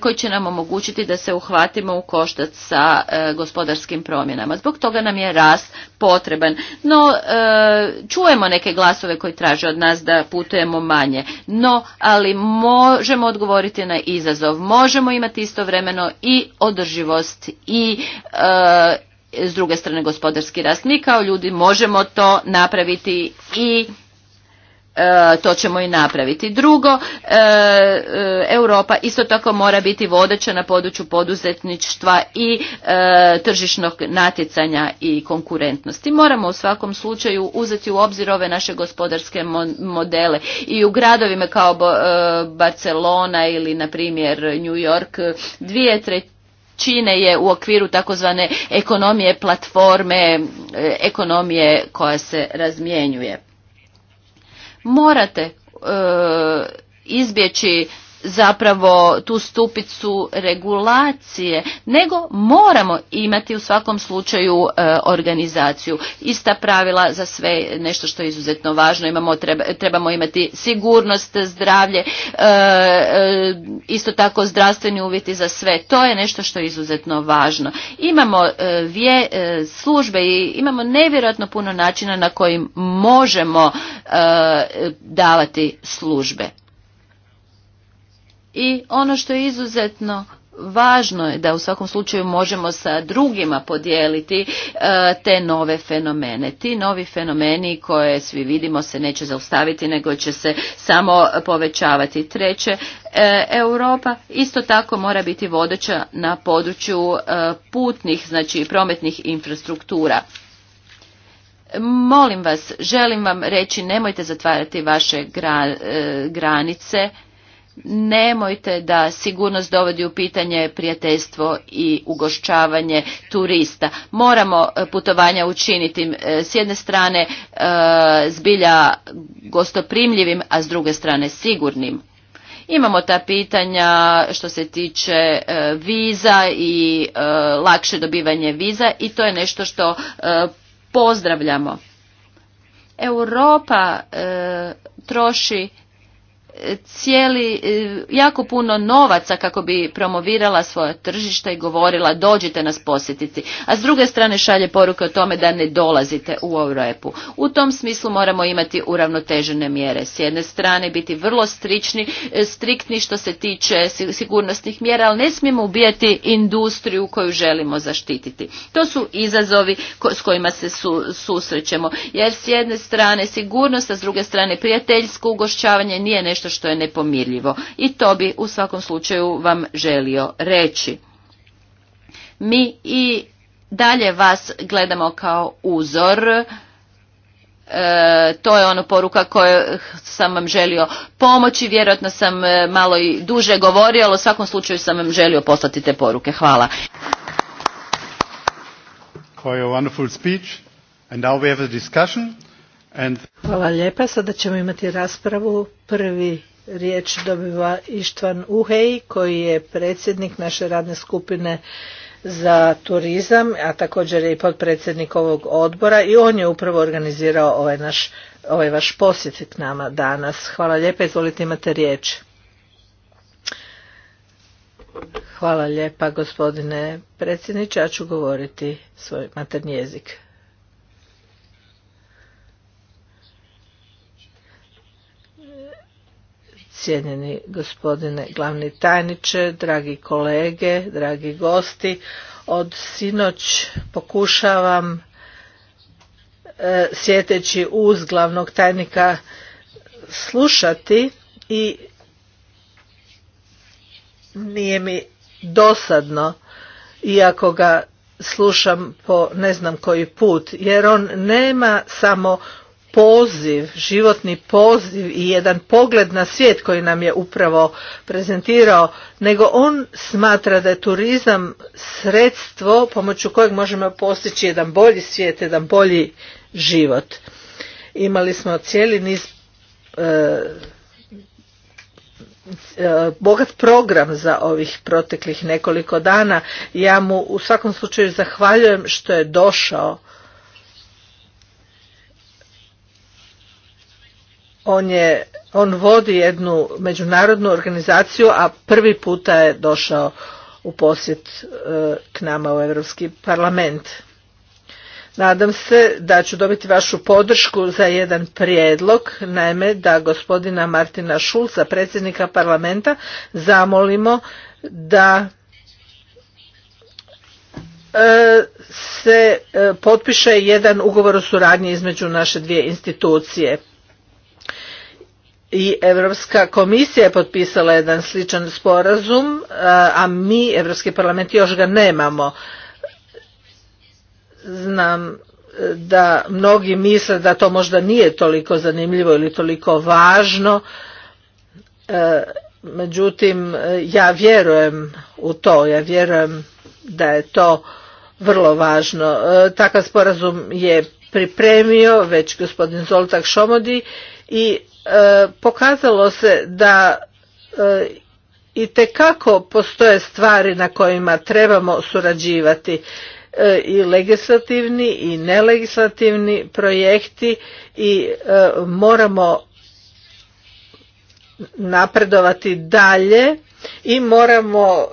koji će nam omogućiti da se uhvatimo u koštac sa e, gospodarskim promjenama. Zbog toga nam je rast potreban. No, e, čujemo neke glasove koji traže od nas da putujemo manje. No, ali možemo odgovoriti na izazov. Možemo imati istovremeno i održivost i s druge strane gospodarski rast. Mi kao ljudi možemo to napraviti i E, to ćemo i napraviti. Drugo, e, e, Europa isto tako mora biti vodeća na području poduzetništva i tržišnog natjecanja i konkurentnosti. Moramo u svakom slučaju uzeti u obzir ove naše gospodarske modele i u gradovima kao Barcelona ili na primjer New York dvije trećine je u okviru takozvane ekonomije platforme, ekonomije koja se razmjenjuje morate e, izbjeći zapravo tu stupicu regulacije, nego moramo imati u svakom slučaju e, organizaciju. Ista pravila za sve, nešto što je izuzetno važno, imamo, treba, trebamo imati sigurnost, zdravlje, e, e, isto tako zdravstveni uvjeti za sve. To je nešto što je izuzetno važno. Imamo vje, službe i imamo nevjerojatno puno načina na kojim možemo davati službe i ono što je izuzetno važno je da u svakom slučaju možemo sa drugima podijeliti e, te nove fenomene. Ti novi fenomeni koje svi vidimo se neće zaustaviti nego će se samo povećavati. Treće, e, Europa isto tako mora biti vodeća na području e, putnih, znači prometnih infrastruktura. Molim vas, želim vam reći, nemojte zatvarati vaše granice nemojte da sigurnost dovodi u pitanje prijateljstvo i ugošćavanje turista. Moramo e, putovanja učiniti e, s jedne strane e, zbilja gostoprimljivim, a s druge strane sigurnim. Imamo ta pitanja što se tiče viza i lakše dobivanje viza i to je nešto što pozdravljamo. Europa troši cijeli, e, jako puno novaca kako bi promovirala svoje tržište i govorila dođite nas posjetiti, a s druge strane šalje poruke o tome da ne dolazite u Europu. U tom smislu moramo imati uravnotežene mjere. S jedne strane biti vrlo strični, e, striktni što se tiče sigurnosnih mjera, ali ne smijemo ubijati industriju koju želimo zaštititi. To su izazovi s kojima se susrećemo, jer s jedne strane sigurnost, a s druge strane prijateljsko ugošćavanje nije nešto što je nepomirljivo. I to bi u svakom slučaju vam želio reći. Mi i dalje vas gledamo kao uzor. E, to je ono poruka koju sam vam želio pomoći. Vjerojatno sam e, malo i duže govorio, ali u svakom slučaju sam vam želio poslati te poruke. Hvala. Hvala Hvala lijepa. Sada ćemo imati raspravu. Prvi riječ dobiva Ištvan Uhej koji je predsjednik naše radne skupine za turizam, a također je i potpredsjednik ovog odbora i on je upravo organizirao ovaj, naš, ovaj vaš posjet nama danas. Hvala lijepa, izvolite imate riječ. Hvala lijepa gospodine predsjedniče, ja ću govoriti svoj materni jezik. cijenjeni gospodine glavni tajniče, dragi kolege, dragi gosti. Od sinoć pokušavam e, sjeteći uz glavnog tajnika slušati i nije mi dosadno iako ga slušam po ne znam koji put jer on nema samo poziv, životni poziv i jedan pogled na svijet koji nam je upravo prezentirao, nego on smatra da je turizam sredstvo pomoću kojeg možemo postići jedan bolji svijet, jedan bolji život. Imali smo cijeli niz e, e, bogat program za ovih proteklih nekoliko dana. Ja mu u svakom slučaju zahvaljujem što je došao on je on vodi jednu međunarodnu organizaciju a prvi puta je došao u posjet e, k nama u europski parlament nadam se da ću dobiti vašu podršku za jedan prijedlog naime da gospodina martina šulca predsjednika parlamenta zamolimo da e, se e, potpiše jedan ugovor o suradnji između naše dvije institucije i Europska komisija je potpisala jedan sličan sporazum, a mi, Europski parlament, još ga nemamo. Znam e, da mnogi misle da to možda nije toliko zanimljivo ili toliko važno, e, međutim e, ja vjerujem u to, ja vjerujem da je to vrlo važno. Takav sporazum je pripremio već gospodin Zoltak Šomodi i E, pokazalo se da e, i kako postoje stvari na kojima trebamo surađivati e, i legislativni i nelegislativni projekti i moramo napredovati dalje i moramo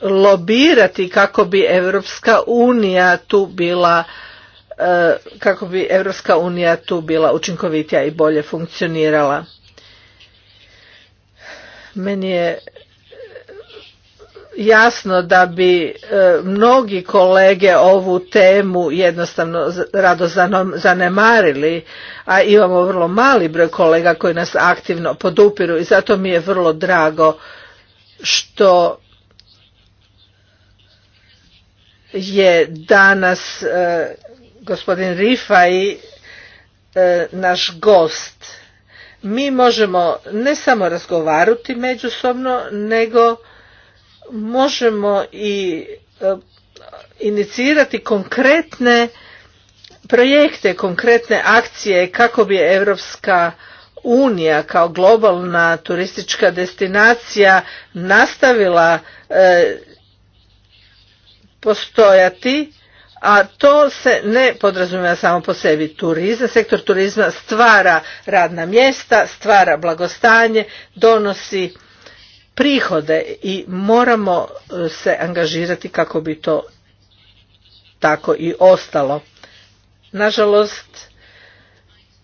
lobirati kako bi Europska unija tu bila E, kako bi Europska unija tu bila učinkovitija i bolje funkcionirala. Meni je jasno da bi e, mnogi kolege ovu temu jednostavno rado zanemarili, a imamo vrlo mali broj kolega koji nas aktivno podupiru i zato mi je vrlo drago što je danas e, gospodin Rifaj e, naš gost. Mi možemo ne samo razgovarati međusobno, nego možemo i e, inicirati konkretne projekte, konkretne akcije kako bi Europska unija kao globalna turistička destinacija nastavila e, postojati a to se ne podrazumijeva samo po sebi turizam. Sektor turizma stvara radna mjesta, stvara blagostanje, donosi prihode i moramo e, se angažirati kako bi to tako i ostalo. Nažalost,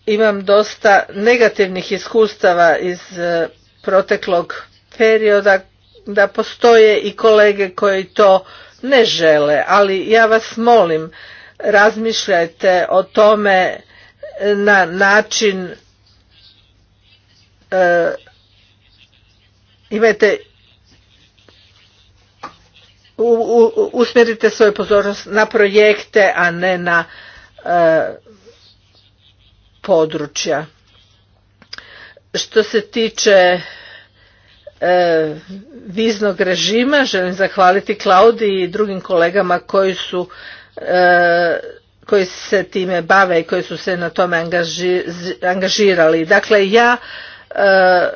imam dosta negativnih iskustava iz e, proteklog perioda da postoje i kolege koji to ne žele, ali ja vas molim razmišljajte o tome na način e, imajte usmjerite svoju pozornost na projekte, a ne na e, područja. Što se tiče E, viznog režima. Želim zahvaliti Klaudi i drugim kolegama koji su e, koji se time bave i koji su se na tome angažirali. Dakle, ja e,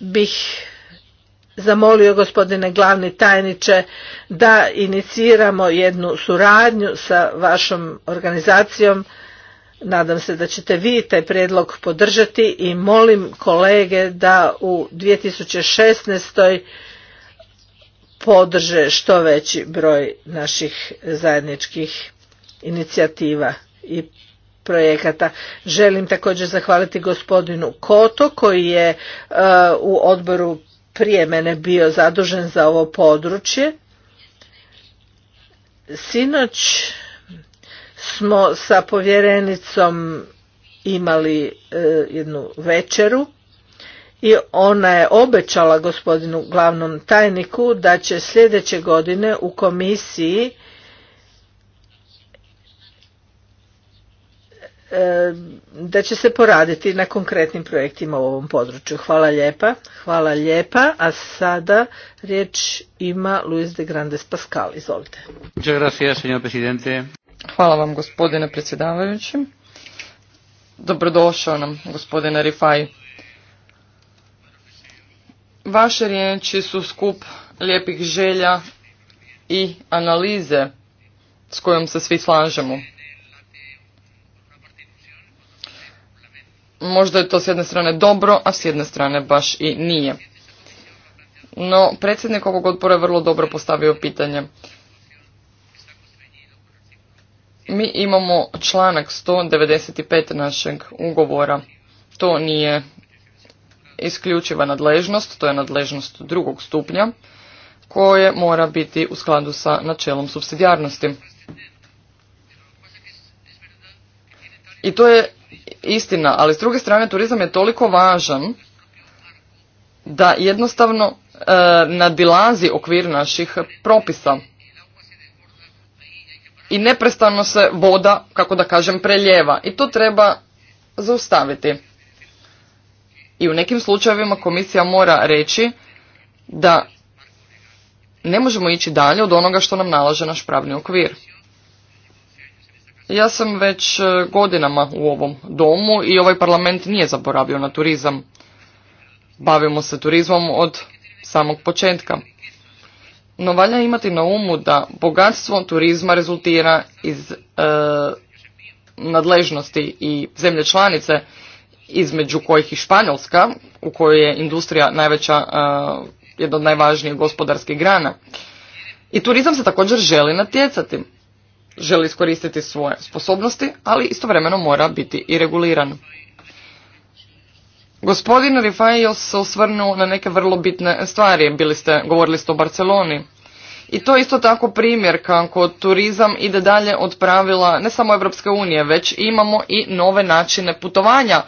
bih zamolio gospodine glavni tajniče da iniciramo jednu suradnju sa vašom organizacijom Nadam se da ćete vi taj prijedlog podržati i molim kolege da u 2016. podrže što veći broj naših zajedničkih inicijativa i projekata. Želim također zahvaliti gospodinu Koto koji je e, u odboru prije mene bio zadužen za ovo područje. Sinoć smo sa povjerenicom imali e, jednu večeru i ona je obećala gospodinu glavnom tajniku da će sljedeće godine u komisiji e, da će se poraditi na konkretnim projektima u ovom području. Hvala lijepa. Hvala lijepa. A sada riječ ima Luis de Grandes Pascal. Izvolite. Hvala vam gospodine predsjedavajući. Dobrodošao nam gospodine Rifaj. Vaše riječi su skup lijepih želja i analize s kojom se svi slažemo. Možda je to s jedne strane dobro, a s jedne strane baš i nije. No, predsjednik ovog odbora je vrlo dobro postavio pitanje. Mi imamo članak 195 našeg ugovora. To nije isključiva nadležnost, to je nadležnost drugog stupnja, koje mora biti u skladu sa načelom subsidijarnosti. I to je istina, ali s druge strane turizam je toliko važan da jednostavno e, nadilazi okvir naših propisa i neprestano se voda, kako da kažem, preljeva i to treba zaustaviti. I u nekim slučajevima komisija mora reći da ne možemo ići dalje od onoga što nam nalaže naš pravni okvir. Ja sam već e, godinama u ovom domu i ovaj parlament nije zaboravio na turizam. Bavimo se turizmom od samog početka. No valja imati na umu da bogatstvo turizma rezultira iz e, nadležnosti i zemlje članice između kojih i Španjolska u kojoj je industrija najveća e, jedna od najvažnijih gospodarskih grana. I turizam se također želi natjecati, želi iskoristiti svoje sposobnosti, ali istovremeno mora biti i reguliran. Gospodin Rifajos se osvrnuo na neke vrlo bitne stvari. Bili ste, govorili ste o Barceloni. I to je isto tako primjer kako turizam ide dalje od pravila ne samo Europske unije, već imamo i nove načine putovanja,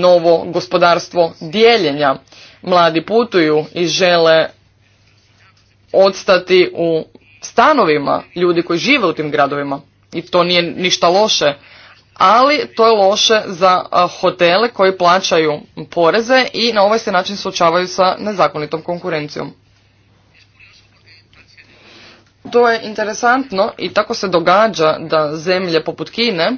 novo gospodarstvo dijeljenja. Mladi putuju i žele odstati u stanovima ljudi koji žive u tim gradovima. I to nije ništa loše ali to je loše za hotele koji plaćaju poreze i na ovaj se način suočavaju sa nezakonitom konkurencijom. To je interesantno i tako se događa da zemlje poput Kine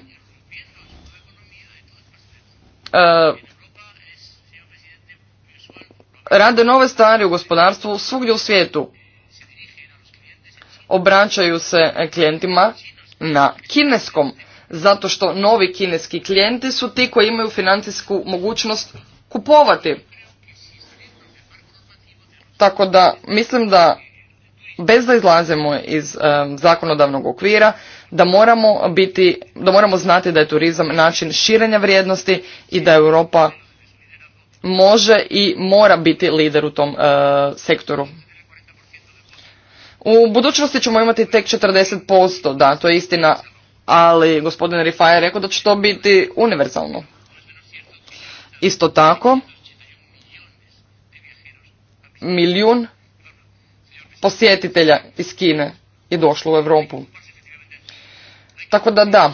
rade nove stvari u gospodarstvu svugdje u svijetu. Obraćaju se klijentima na kineskom zato što novi kineski klijenti su ti koji imaju financijsku mogućnost kupovati. Tako da mislim da bez da izlazimo iz e, zakonodavnog okvira, da moramo biti, da moramo znati da je turizam način širenja vrijednosti i da Europa može i mora biti lider u tom e, sektoru. U budućnosti ćemo imati tek 40%, da, to je istina, ali gospodin Rifaj je rekao da će to biti univerzalno. Isto tako, milijun posjetitelja iz Kine je došlo u Europu. Tako da da,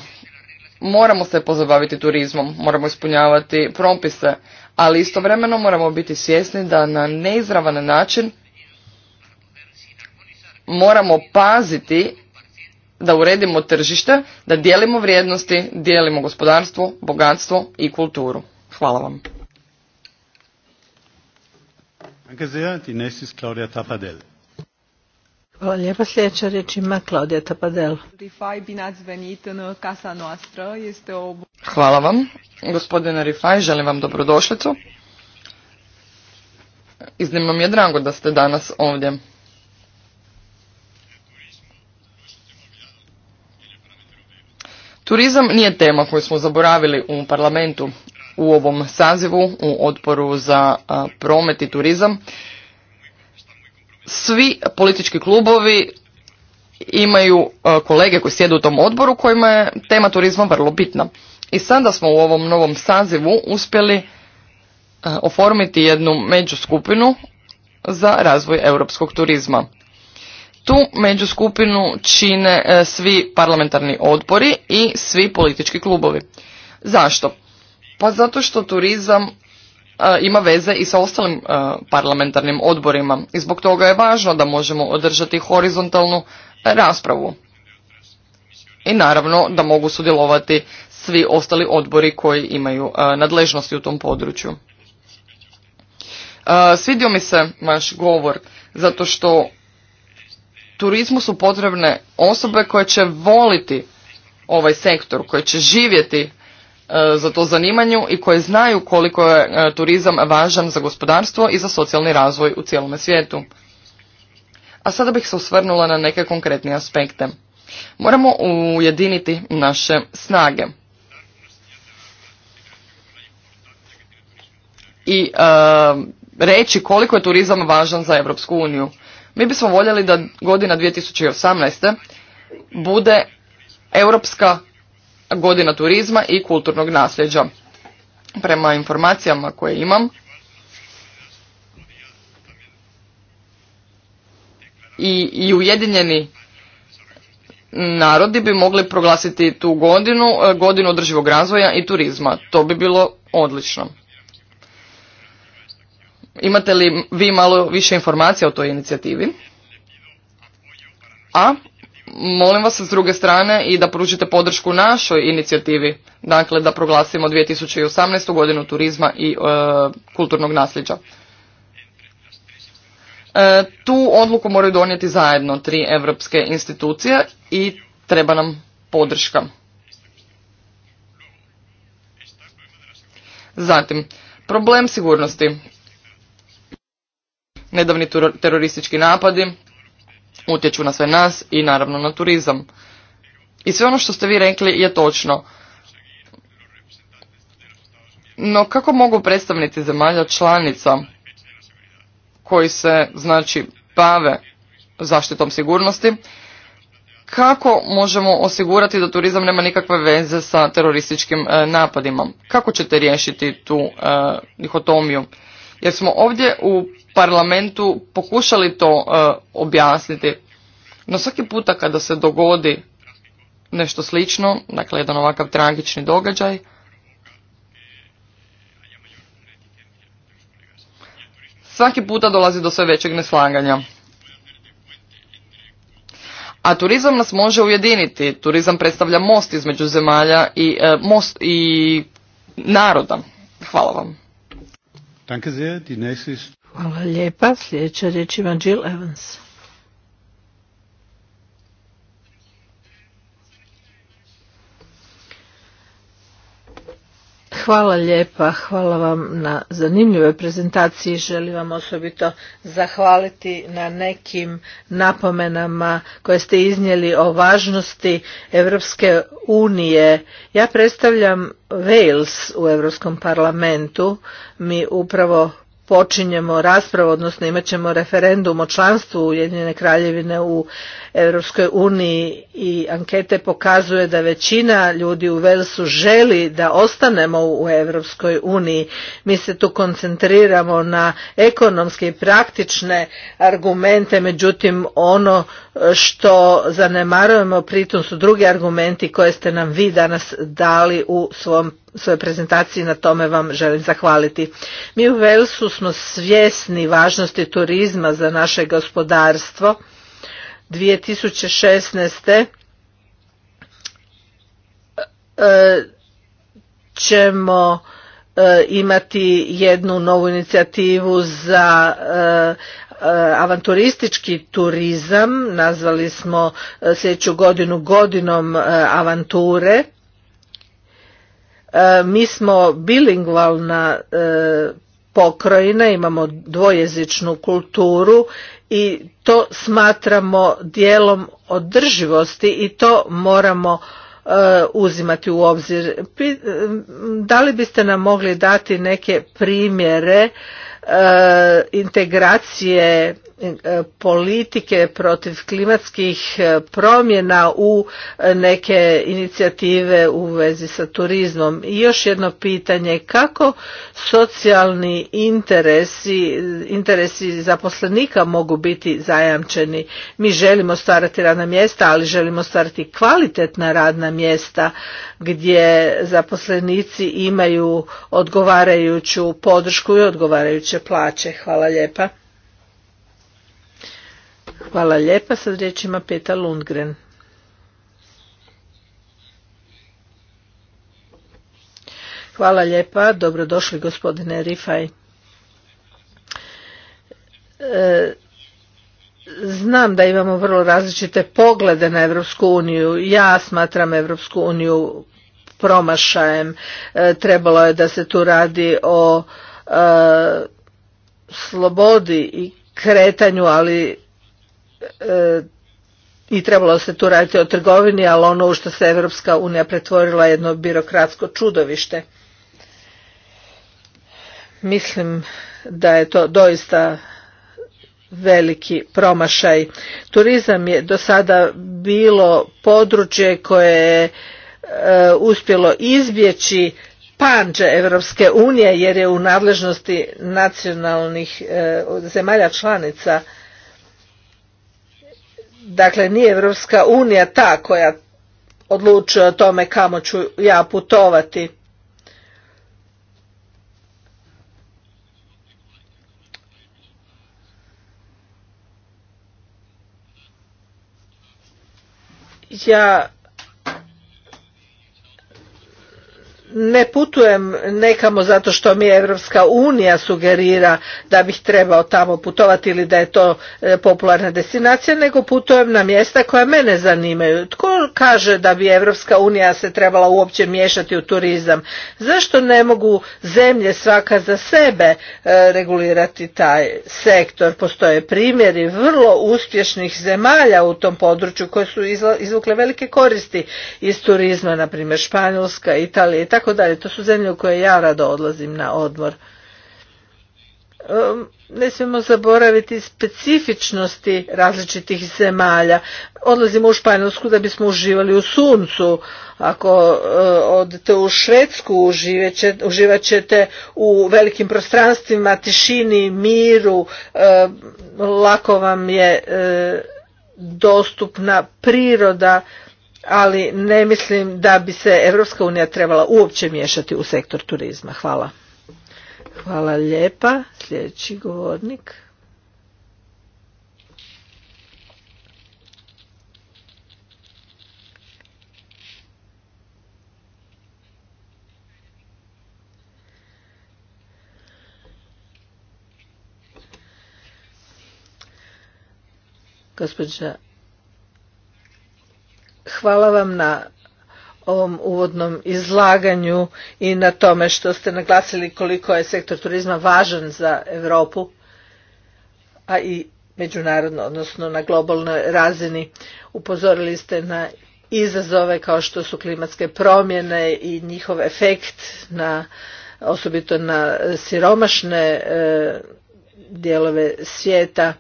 moramo se pozabaviti turizmom, moramo ispunjavati propise, ali istovremeno moramo biti svjesni da na neizravan način moramo paziti da uredimo tržište, da dijelimo vrijednosti, dijelimo gospodarstvo, bogatstvo i kulturu. Hvala vam. Hvala lijepa. Claudia Tapadel. Hvala vam. Gospodine Rifaj, želim vam dobrodošlicu. Iznimno mi je drago da ste danas ovdje. Turizam nije tema koju smo zaboravili u parlamentu u ovom sazivu, u odporu za promet i turizam. Svi politički klubovi imaju kolege koji sjede u tom odboru kojima je tema turizma vrlo bitna. I sada smo u ovom novom sazivu uspjeli oformiti jednu međuskupinu za razvoj europskog turizma. Tu među skupinu čine e, svi parlamentarni odbori i svi politički klubovi. Zašto? Pa zato što turizam e, ima veze i sa ostalim e, parlamentarnim odborima i zbog toga je važno da možemo održati horizontalnu raspravu. I naravno da mogu sudjelovati svi ostali odbori koji imaju nadležnosti u tom području. Svidio mi se vaš govor zato što turizmu su potrebne osobe koje će voliti ovaj sektor, koje će živjeti e, za to zanimanju i koje znaju koliko je e, turizam važan za gospodarstvo i za socijalni razvoj u cijelome svijetu. A sada bih se osvrnula na neke konkretne aspekte. Moramo ujediniti naše snage. I uh, reći koliko je turizam važan za Europsku uniju. Mi bismo voljeli da godina 2018. bude europska godina turizma i kulturnog nasljeđa. Prema informacijama koje imam, i, i ujedinjeni narodi bi mogli proglasiti tu godinu, eh, godinu održivog razvoja i turizma. To bi bilo odlično. Imate li vi malo više informacija o toj inicijativi? A molim vas s druge strane i da pružite podršku našoj inicijativi, dakle da proglasimo 2018. godinu turizma i e, kulturnog nasljeđa. E, tu odluku moraju donijeti zajedno tri evropske institucije i treba nam podrška. Zatim, problem sigurnosti. Nedavni teroristički napadi utječu na sve nas i naravno na turizam. I sve ono što ste vi rekli je točno. No kako mogu predstavnici zemalja članica koji se znači bave zaštitom sigurnosti, kako možemo osigurati da turizam nema nikakve veze sa terorističkim e, napadima? Kako ćete riješiti tu e, dihotomiju? Jer smo ovdje u parlamentu pokušali to e, objasniti. No svaki puta kada se dogodi nešto slično, dakle jedan ovakav tragični događaj, svaki puta dolazi do sve većeg neslaganja. A turizam nas može ujediniti. Turizam predstavlja most između zemalja i, e, most i naroda. Hvala vam. Danke sehr. Die nächste ist Hvala lijepa. Sljedeća riječ ima Jill Evans. Hvala lijepa, hvala vam na zanimljivoj prezentaciji. Želim vam osobito zahvaliti na nekim napomenama koje ste iznijeli o važnosti Europske unije. Ja predstavljam Wales u Europskom parlamentu. Mi upravo počinjemo raspravu, odnosno imat ćemo referendum o članstvu Ujedinjene kraljevine u Europskoj uniji i ankete pokazuje da većina ljudi u Velsu želi da ostanemo u Europskoj uniji. Mi se tu koncentriramo na ekonomske i praktične argumente, međutim ono što zanemarujemo pritom su drugi argumenti koje ste nam vi danas dali u svom svojoj prezentaciji na tome vam želim zahvaliti. Mi u Velsu smo svjesni važnosti turizma za naše gospodarstvo. 2016. E, ćemo e, imati jednu novu inicijativu za e, avanturistički turizam. Nazvali smo sljedeću godinu godinom avanture E, mi smo bilingvalna e, pokrojina, imamo dvojezičnu kulturu i to smatramo dijelom održivosti i to moramo e, uzimati u obzir. Da li biste nam mogli dati neke primjere integracije E, politike protiv klimatskih e, promjena u e, neke inicijative u vezi sa turizmom. I još jedno pitanje, kako socijalni interesi, interesi zaposlenika mogu biti zajamčeni? Mi želimo stvarati radna mjesta, ali želimo stvarati kvalitetna radna mjesta gdje zaposlenici imaju odgovarajuću podršku i odgovarajuće plaće. Hvala lijepa. Hvala lijepa. Sad riječ ima Peta Lundgren. Hvala lijepa. Dobrodošli gospodine Rifaj. E, znam da imamo vrlo različite poglede na Europsku uniju. Ja smatram Evropsku uniju promašajem. E, trebalo je da se tu radi o e, slobodi i kretanju, ali i trebalo se tu raditi o trgovini, ali ono u što se Evropska unija pretvorila je jedno birokratsko čudovište. Mislim da je to doista veliki promašaj. Turizam je do sada bilo područje koje je e, uspjelo izbjeći panđe Evropske unije jer je u nadležnosti nacionalnih e, zemalja članica Dakle, nije Evropska unija ta koja odlučuje o tome kamo ću ja putovati. Ja ne putujem nekamo zato što mi Evropska unija sugerira da bih trebao tamo putovati ili da je to e, popularna destinacija, nego putujem na mjesta koja mene zanimaju. Tko kaže da bi Evropska unija se trebala uopće miješati u turizam? Zašto ne mogu zemlje svaka za sebe e, regulirati taj sektor? Postoje primjeri vrlo uspješnih zemalja u tom području koje su izvukle velike koristi iz turizma, na primjer Španjolska, Italija i tako dalje. To su zemlje u koje ja rado odlazim na odmor. Ne smijemo zaboraviti specifičnosti različitih zemalja. Odlazimo u Španjolsku da bismo uživali u suncu. Ako eh, odete u Švedsku uživat ćete u velikim prostranstvima, tišini, miru, lako vam je eh, dostupna priroda ali ne mislim da bi se Europska unija trebala uopće miješati u sektor turizma. Hvala. Hvala lijepa. Sljedeći govornik. Gospođa Hvala vam na ovom uvodnom izlaganju i na tome što ste naglasili koliko je sektor turizma važan za Europu, a i međunarodno, odnosno na globalnoj razini. Upozorili ste na izazove kao što su klimatske promjene i njihov efekt na osobito na siromašne e, dijelove svijeta.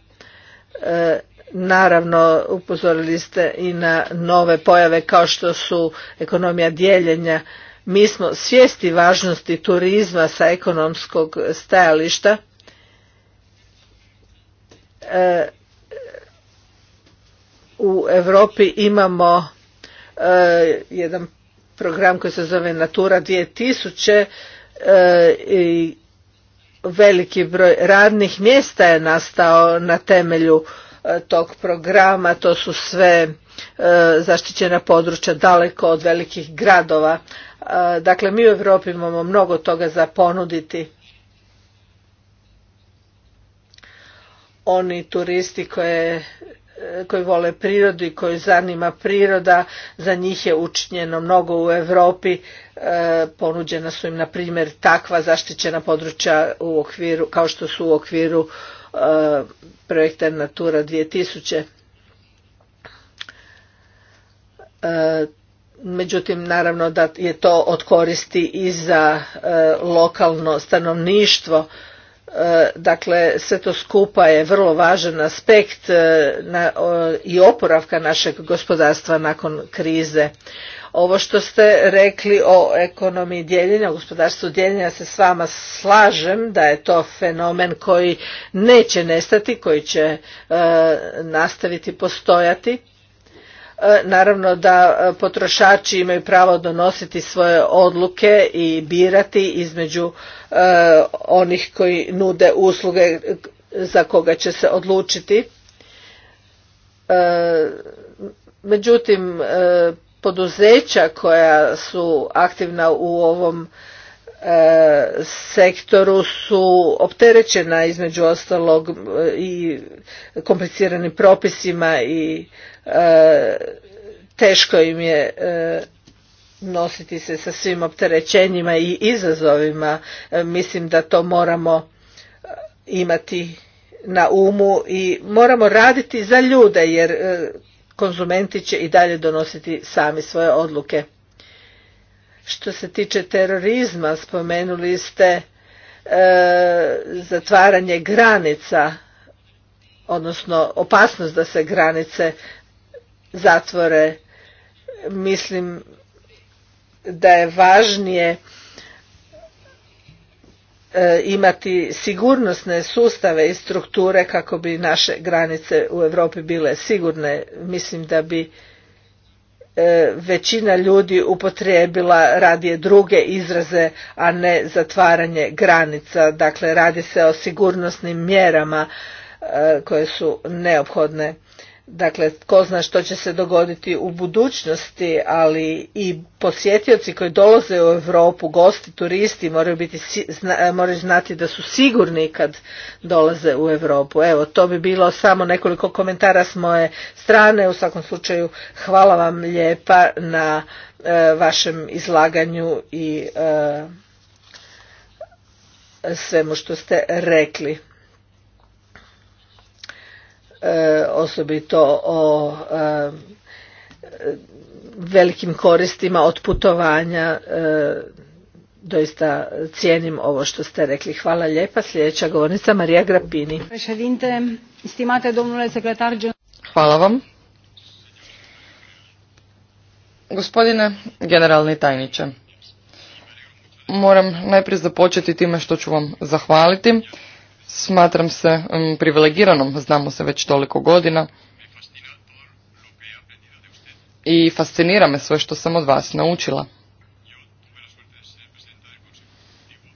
E, Naravno, upozorili ste i na nove pojave kao što su ekonomija dijeljenja. Mi smo svijesti važnosti turizma sa ekonomskog stajališta. E, u Europi imamo e, jedan program koji se zove Natura 2000 e, i veliki broj radnih mjesta je nastao na temelju E, tog programa to su sve e, zaštićena područja daleko od velikih gradova e, dakle mi u Europi imamo mnogo toga za ponuditi oni turisti koje koji vole prirodu i koji zanima priroda, za njih je učinjeno mnogo u Europi, ponuđena su im na primjer takva zaštićena područja u okviru, kao što su u okviru projekta Natura 2000. E, međutim, naravno da je to od koristi i za e, lokalno stanovništvo. E, dakle, sve to skupa je vrlo važan aspekt i oporavka našeg gospodarstva nakon krize. Ovo što ste rekli o ekonomiji dijeljenja, o gospodarstvu dijeljenja se s vama slažem da je to fenomen koji neće nestati, koji će e, nastaviti postojati. E, naravno da e, potrošači imaju pravo donositi svoje odluke i birati između onih koji nude usluge za koga će se odlučiti. Međutim, poduzeća koja su aktivna u ovom e, sektoru su opterećena između ostalog e, i kompliciranim propisima i e, teško im je nositi se sa svim opterećenjima i izazovima mislim da to moramo imati na umu i moramo raditi za ljude jer konzumenti će i dalje donositi sami svoje odluke. Što se tiče terorizma, spomenuli ste e, zatvaranje granica, odnosno opasnost da se granice zatvore. Mislim da je važnije E, imati sigurnosne sustave i strukture kako bi naše granice u Europi bile sigurne. Mislim da bi e, većina ljudi upotrijebila radije druge izraze, a ne zatvaranje granica. Dakle, radi se o sigurnosnim mjerama e, koje su neophodne. Dakle, tko zna što će se dogoditi u budućnosti, ali i posjetioci koji dolaze u Europu, gosti, turisti, moraju, biti, znati da su sigurni kad dolaze u Europu. Evo, to bi bilo samo nekoliko komentara s moje strane. U svakom slučaju, hvala vam lijepa na e, vašem izlaganju i e, svemu što ste rekli. E, osobito o e, velikim koristima od putovanja e, doista cijenim ovo što ste rekli. Hvala lijepa. Sljedeća govornica Marija Grapini. Hvala vam. Gospodine generalni tajniče, moram najprije započeti time što ću vam zahvaliti Smatram se mm, privilegiranom, znamo se već toliko godina i fascinira me sve što sam od vas naučila.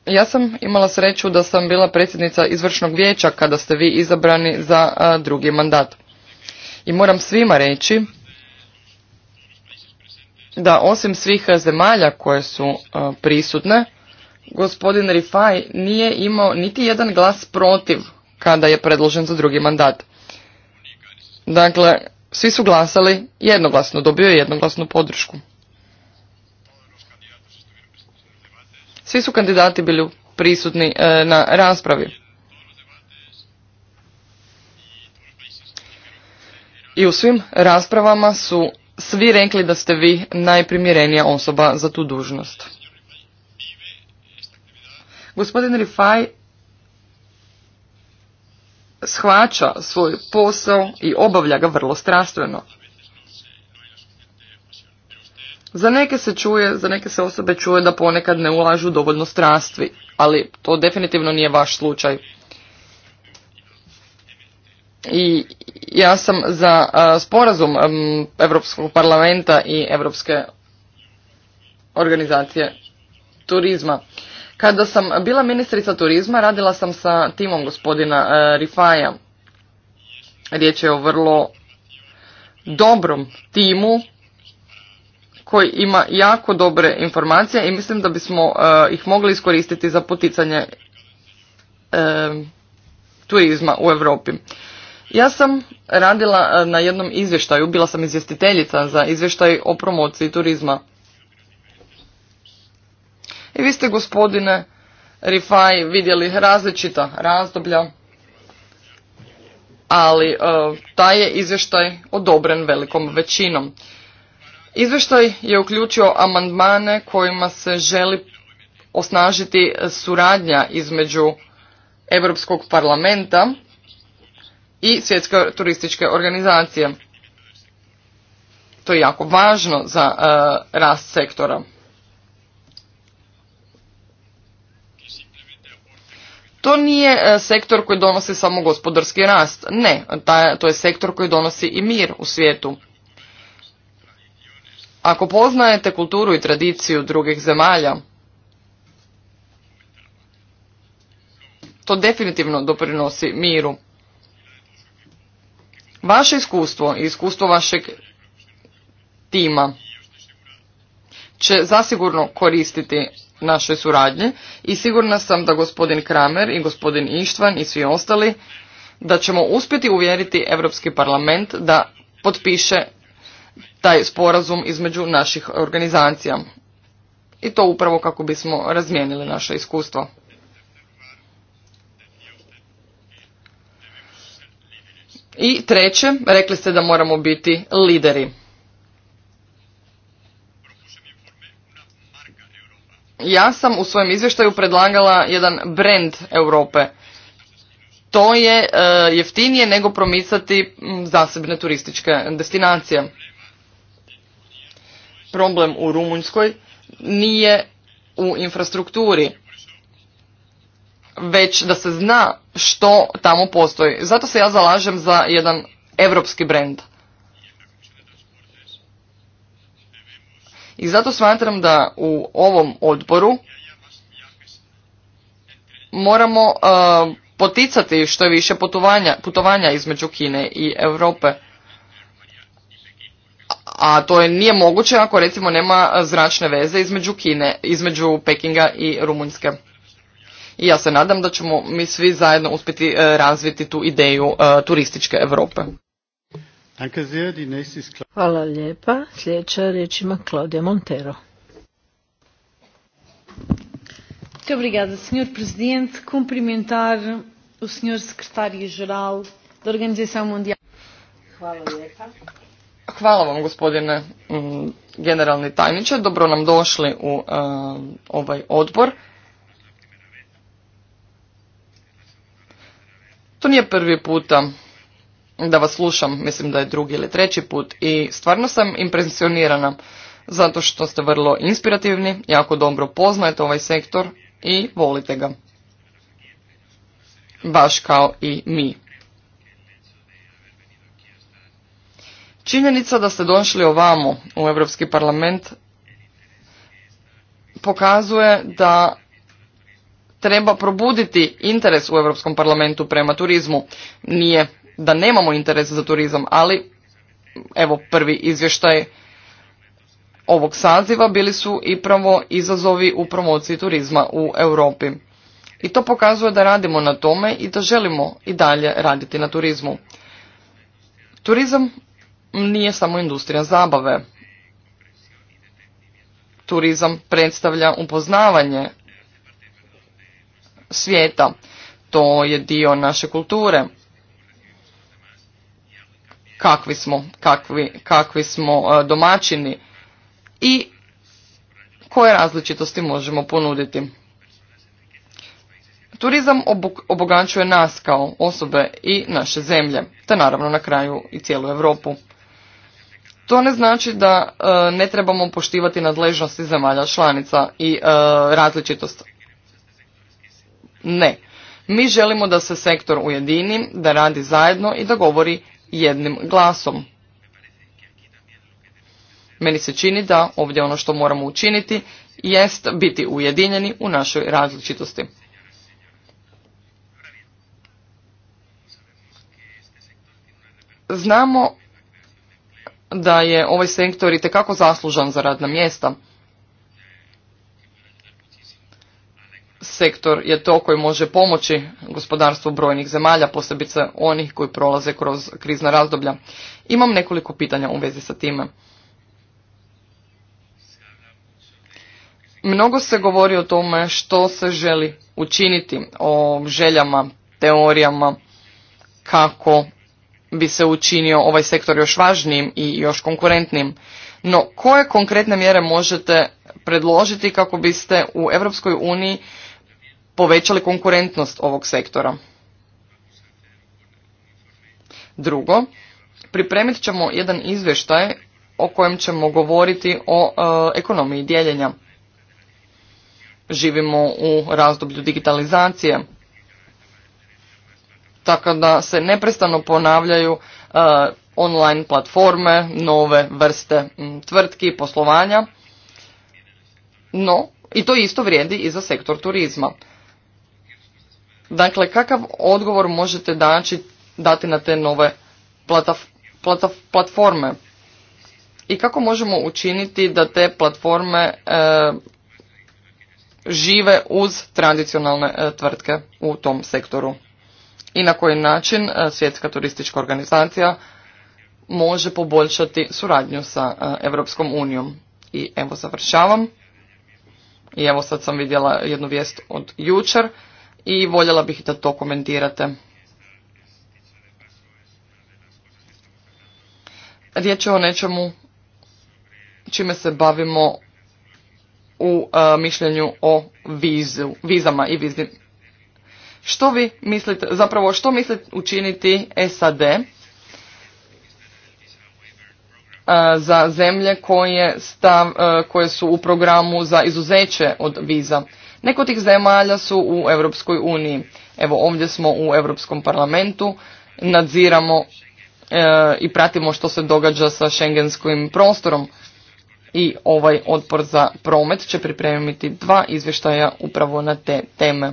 Ja sam imala sreću da sam bila predsjednica izvršnog vijeća kada ste vi izabrani za drugi mandat. I moram svima reći da osim svih zemalja koje su prisutne, gospodin Rifaj nije imao niti jedan glas protiv kada je predložen za drugi mandat. Dakle, svi su glasali jednoglasno, dobio je jednoglasnu podršku. Svi su kandidati bili prisutni e, na raspravi. I u svim raspravama su svi rekli da ste vi najprimjerenija osoba za tu dužnost. Gospodin Rifaj shvaća svoj posao i obavlja ga vrlo strastveno. Za neke se čuje, za neke se osobe čuje da ponekad ne ulažu dovoljno strastvi, ali to definitivno nije vaš slučaj. I ja sam za sporazum Europskog parlamenta i Europske organizacije turizma. Kada sam bila ministrica turizma, radila sam sa timom gospodina e, Rifaja. Riječ je o vrlo dobrom timu koji ima jako dobre informacije i mislim da bismo e, ih mogli iskoristiti za poticanje e, turizma u Europi. Ja sam radila na jednom izvještaju, bila sam izvjestiteljica za izvještaj o promociji turizma. I vi ste gospodine Rifaj vidjeli različita razdoblja, ali e, taj je izvještaj odobren velikom većinom. Izvještaj je uključio amandmane kojima se želi osnažiti suradnja između Europskog parlamenta i Svjetske turističke organizacije. To je jako važno za e, rast sektora. To nije e, sektor koji donosi samo gospodarski rast, ne, to je sektor koji donosi i mir u svijetu. Ako poznajete kulturu i tradiciju drugih zemalja, to definitivno doprinosi miru. Vaše iskustvo i iskustvo vašeg tima će zasigurno koristiti našoj suradnje i sigurna sam da gospodin Kramer i gospodin Ištvan i svi ostali da ćemo uspjeti uvjeriti Europski parlament da potpiše taj sporazum između naših organizacija. I to upravo kako bismo razmijenili naše iskustvo. I treće, rekli ste da moramo biti lideri. ja sam u svojem izvještaju predlagala jedan brand Europe. To je e, jeftinije nego promicati zasebne turističke destinacije. Problem u Rumunjskoj nije u infrastrukturi, već da se zna što tamo postoji. Zato se ja zalažem za jedan europski brend. I zato smatram da u ovom odboru moramo e, poticati što je više putovanja, putovanja između Kine i Europe. A to je nije moguće ako recimo nema zračne veze između Kine, između Pekinga i Rumunjske. I ja se nadam da ćemo mi svi zajedno uspjeti e, razviti tu ideju e, turističke Europe. Hvala lijepa. Sljedeća riječ ima Claudia Montero. Muito obrigada, Sr. Presidente. Cumprimentar o Sr. Secretário-Geral da Organização Mundial. Hvala vam, gospodine mm, generalni tajniče. Dobro nam došli u eh, ovaj odbor. To nije prvi puta da vas slušam, mislim da je drugi ili treći put i stvarno sam impresionirana zato što ste vrlo inspirativni, jako dobro poznajete ovaj sektor i volite ga. Baš kao i mi. Činjenica da ste došli ovamo u Europski parlament pokazuje da treba probuditi interes u Europskom parlamentu prema turizmu. Nije da nemamo interes za turizam, ali evo prvi izvještaj ovog saziva bili su i pravo izazovi u promociji turizma u Europi. I to pokazuje da radimo na tome i da želimo i dalje raditi na turizmu. Turizam nije samo industrija zabave. Turizam predstavlja upoznavanje svijeta. To je dio naše kulture kakvi smo, kakvi, kakvi smo e, domaćini i koje različitosti možemo ponuditi. Turizam obogančuje nas kao osobe i naše zemlje, te naravno na kraju i cijelu Europu. To ne znači da e, ne trebamo poštivati nadležnosti zemalja članica i e, različitosti. Ne. Mi želimo da se sektor ujedini, da radi zajedno i da govori jednim glasom. Meni se čini da ovdje ono što moramo učiniti jest biti ujedinjeni u našoj različitosti. Znamo da je ovaj sektor i tekako zaslužan za radna mjesta. sektor je to koji može pomoći gospodarstvu brojnih zemalja, posebice onih koji prolaze kroz krizna razdoblja. Imam nekoliko pitanja u vezi sa time. Mnogo se govori o tome što se želi učiniti, o željama, teorijama, kako bi se učinio ovaj sektor još važnijim i još konkurentnim. No, koje konkretne mjere možete predložiti kako biste u Europskoj uniji povećali konkurentnost ovog sektora. Drugo, pripremit ćemo jedan izvještaj o kojem ćemo govoriti o e, ekonomiji dijeljenja. Živimo u razdoblju digitalizacije, tako da se neprestano ponavljaju e, online platforme, nove vrste m, tvrtki, poslovanja, no i to isto vrijedi i za sektor turizma. Dakle, kakav odgovor možete daći, dati na te nove plataf, platforme? I kako možemo učiniti da te platforme e, žive uz tradicionalne e, tvrtke u tom sektoru? I na koji način e, svjetska turistička organizacija može poboljšati suradnju sa Europskom unijom? I evo završavam. I evo sad sam vidjela jednu vijest od jučer i voljela bih da to komentirate. Riječ je o nečemu čime se bavimo u e, mišljenju o vizu, vizama i vizim. Što vi mislite, zapravo što mislite učiniti SAD e, za zemlje koje, stav, e, koje su u programu za izuzeće od viza? Neko tih zemalja su u Europskoj uniji. Evo ovdje smo u Europskom parlamentu, nadziramo e, i pratimo što se događa sa šengenskim prostorom i ovaj odpor za promet će pripremiti dva izvještaja upravo na te teme.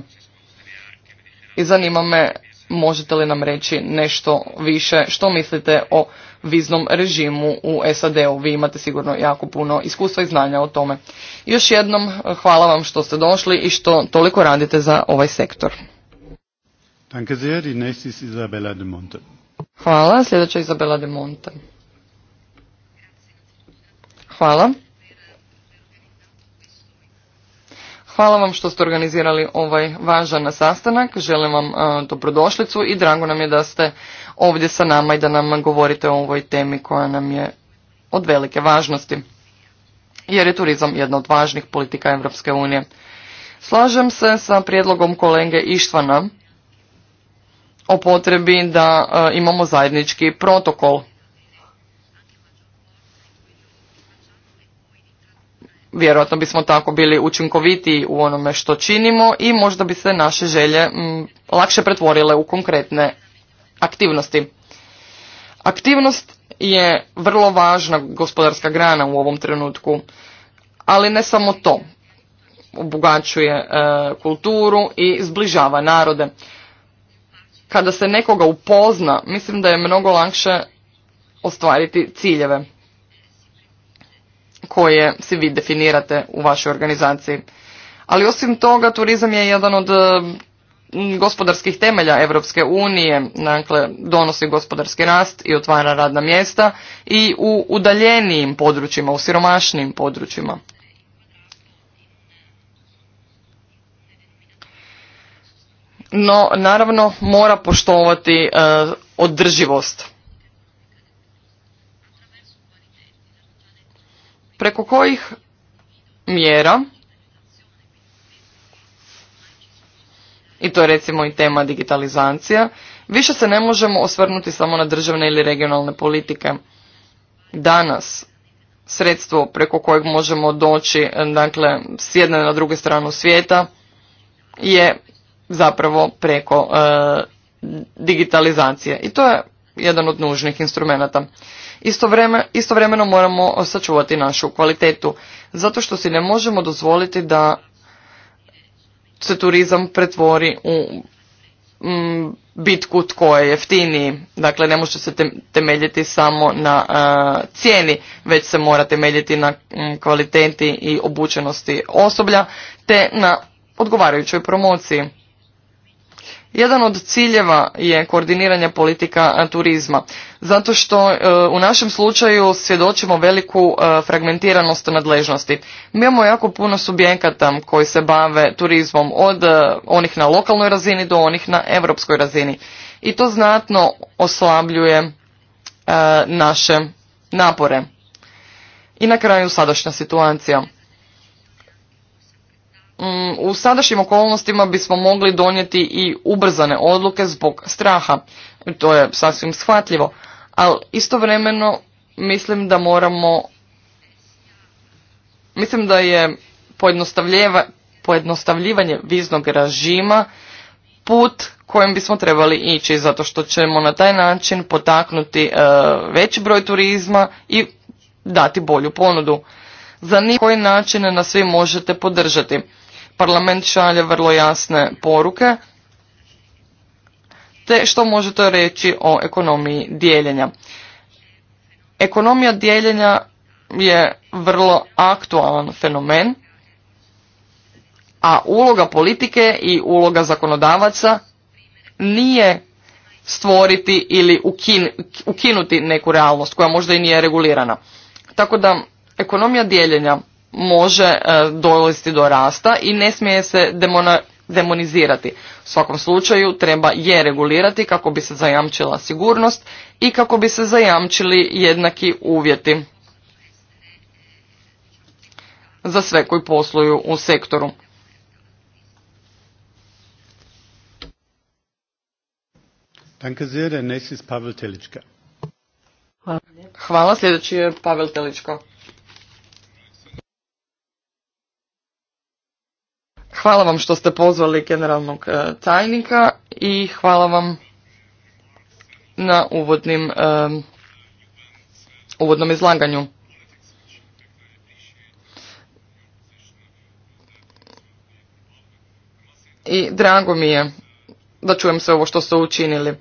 I zanima me, možete li nam reći nešto više što mislite o viznom režimu u SAD-u. Vi imate sigurno jako puno iskustva i znanja o tome. Još jednom eh, hvala vam što ste došli i što toliko radite za ovaj sektor. Danke sehr, die Hvala, sljedeća je Isabella de Monte. Hvala. Hvala vam što ste organizirali ovaj važan sastanak. Želim vam eh, dobrodošlicu i drago nam je da ste ovdje sa nama i da nam govorite o ovoj temi koja nam je od velike važnosti. Jer je turizam jedna od važnih politika Europske unije. Slažem se sa prijedlogom kolege Ištvana o potrebi da e, imamo zajednički protokol. Vjerojatno bismo tako bili učinkovitiji u onome što činimo i možda bi se naše želje lakše pretvorile u konkretne aktivnosti. Aktivnost je vrlo važna gospodarska grana u ovom trenutku, ali ne samo to. Obogaćuje e, kulturu i zbližava narode. Kada se nekoga upozna, mislim da je mnogo lakše ostvariti ciljeve koje si vi definirate u vašoj organizaciji. Ali osim toga, turizam je jedan od e, gospodarskih temelja Europske unije, dakle donosi gospodarski rast i otvara radna mjesta i u udaljenijim područjima, u siromašnijim područjima. No, naravno, mora poštovati e, održivost. Preko kojih mjera i to je recimo i tema digitalizacija, više se ne možemo osvrnuti samo na državne ili regionalne politike. Danas sredstvo preko kojeg možemo doći dakle, s jedne na druge stranu svijeta je zapravo preko e, digitalizacije. I to je jedan od nužnih instrumenata. Istovremeno, istovremeno moramo sačuvati našu kvalitetu, zato što si ne možemo dozvoliti da se turizam pretvori u mm, bitku tko je jeftiniji. Dakle, ne može se temeljiti samo na e, cijeni, već se mora temeljiti na mm, kvaliteti i obučenosti osoblja te na odgovarajućoj promociji. Jedan od ciljeva je koordiniranje politika turizma, zato što e, u našem slučaju svjedočimo veliku e, fragmentiranost nadležnosti. Mi imamo jako puno subjekata koji se bave turizmom od e, onih na lokalnoj razini do onih na europskoj razini i to znatno oslabljuje naše napore. I na kraju sadašnja situacija. Mm, u sadašnjim okolnostima bismo mogli donijeti i ubrzane odluke zbog straha. To je sasvim shvatljivo. Ali istovremeno mislim da moramo, mislim da je pojednostavljivanje viznog režima put kojim bismo trebali ići, zato što ćemo na taj način potaknuti e, veći broj turizma i dati bolju ponudu. Za koji način na svi možete podržati parlament šalje vrlo jasne poruke, te što možete reći o ekonomiji dijeljenja. Ekonomija dijeljenja je vrlo aktualan fenomen, a uloga politike i uloga zakonodavaca nije stvoriti ili ukinuti neku realnost koja možda i nije regulirana. Tako da ekonomija dijeljenja može e, dovesti do rasta i ne smije se demonizirati. U svakom slučaju treba je regulirati kako bi se zajamčila sigurnost i kako bi se zajamčili jednaki uvjeti za sve koji posluju u sektoru. Hvala, sljedeći je Pavel Teličko. Hvala vam što ste pozvali generalnog e, tajnika i hvala vam na uvodnim, e, uvodnom izlaganju. I drago mi je da čujem sve ovo što ste učinili.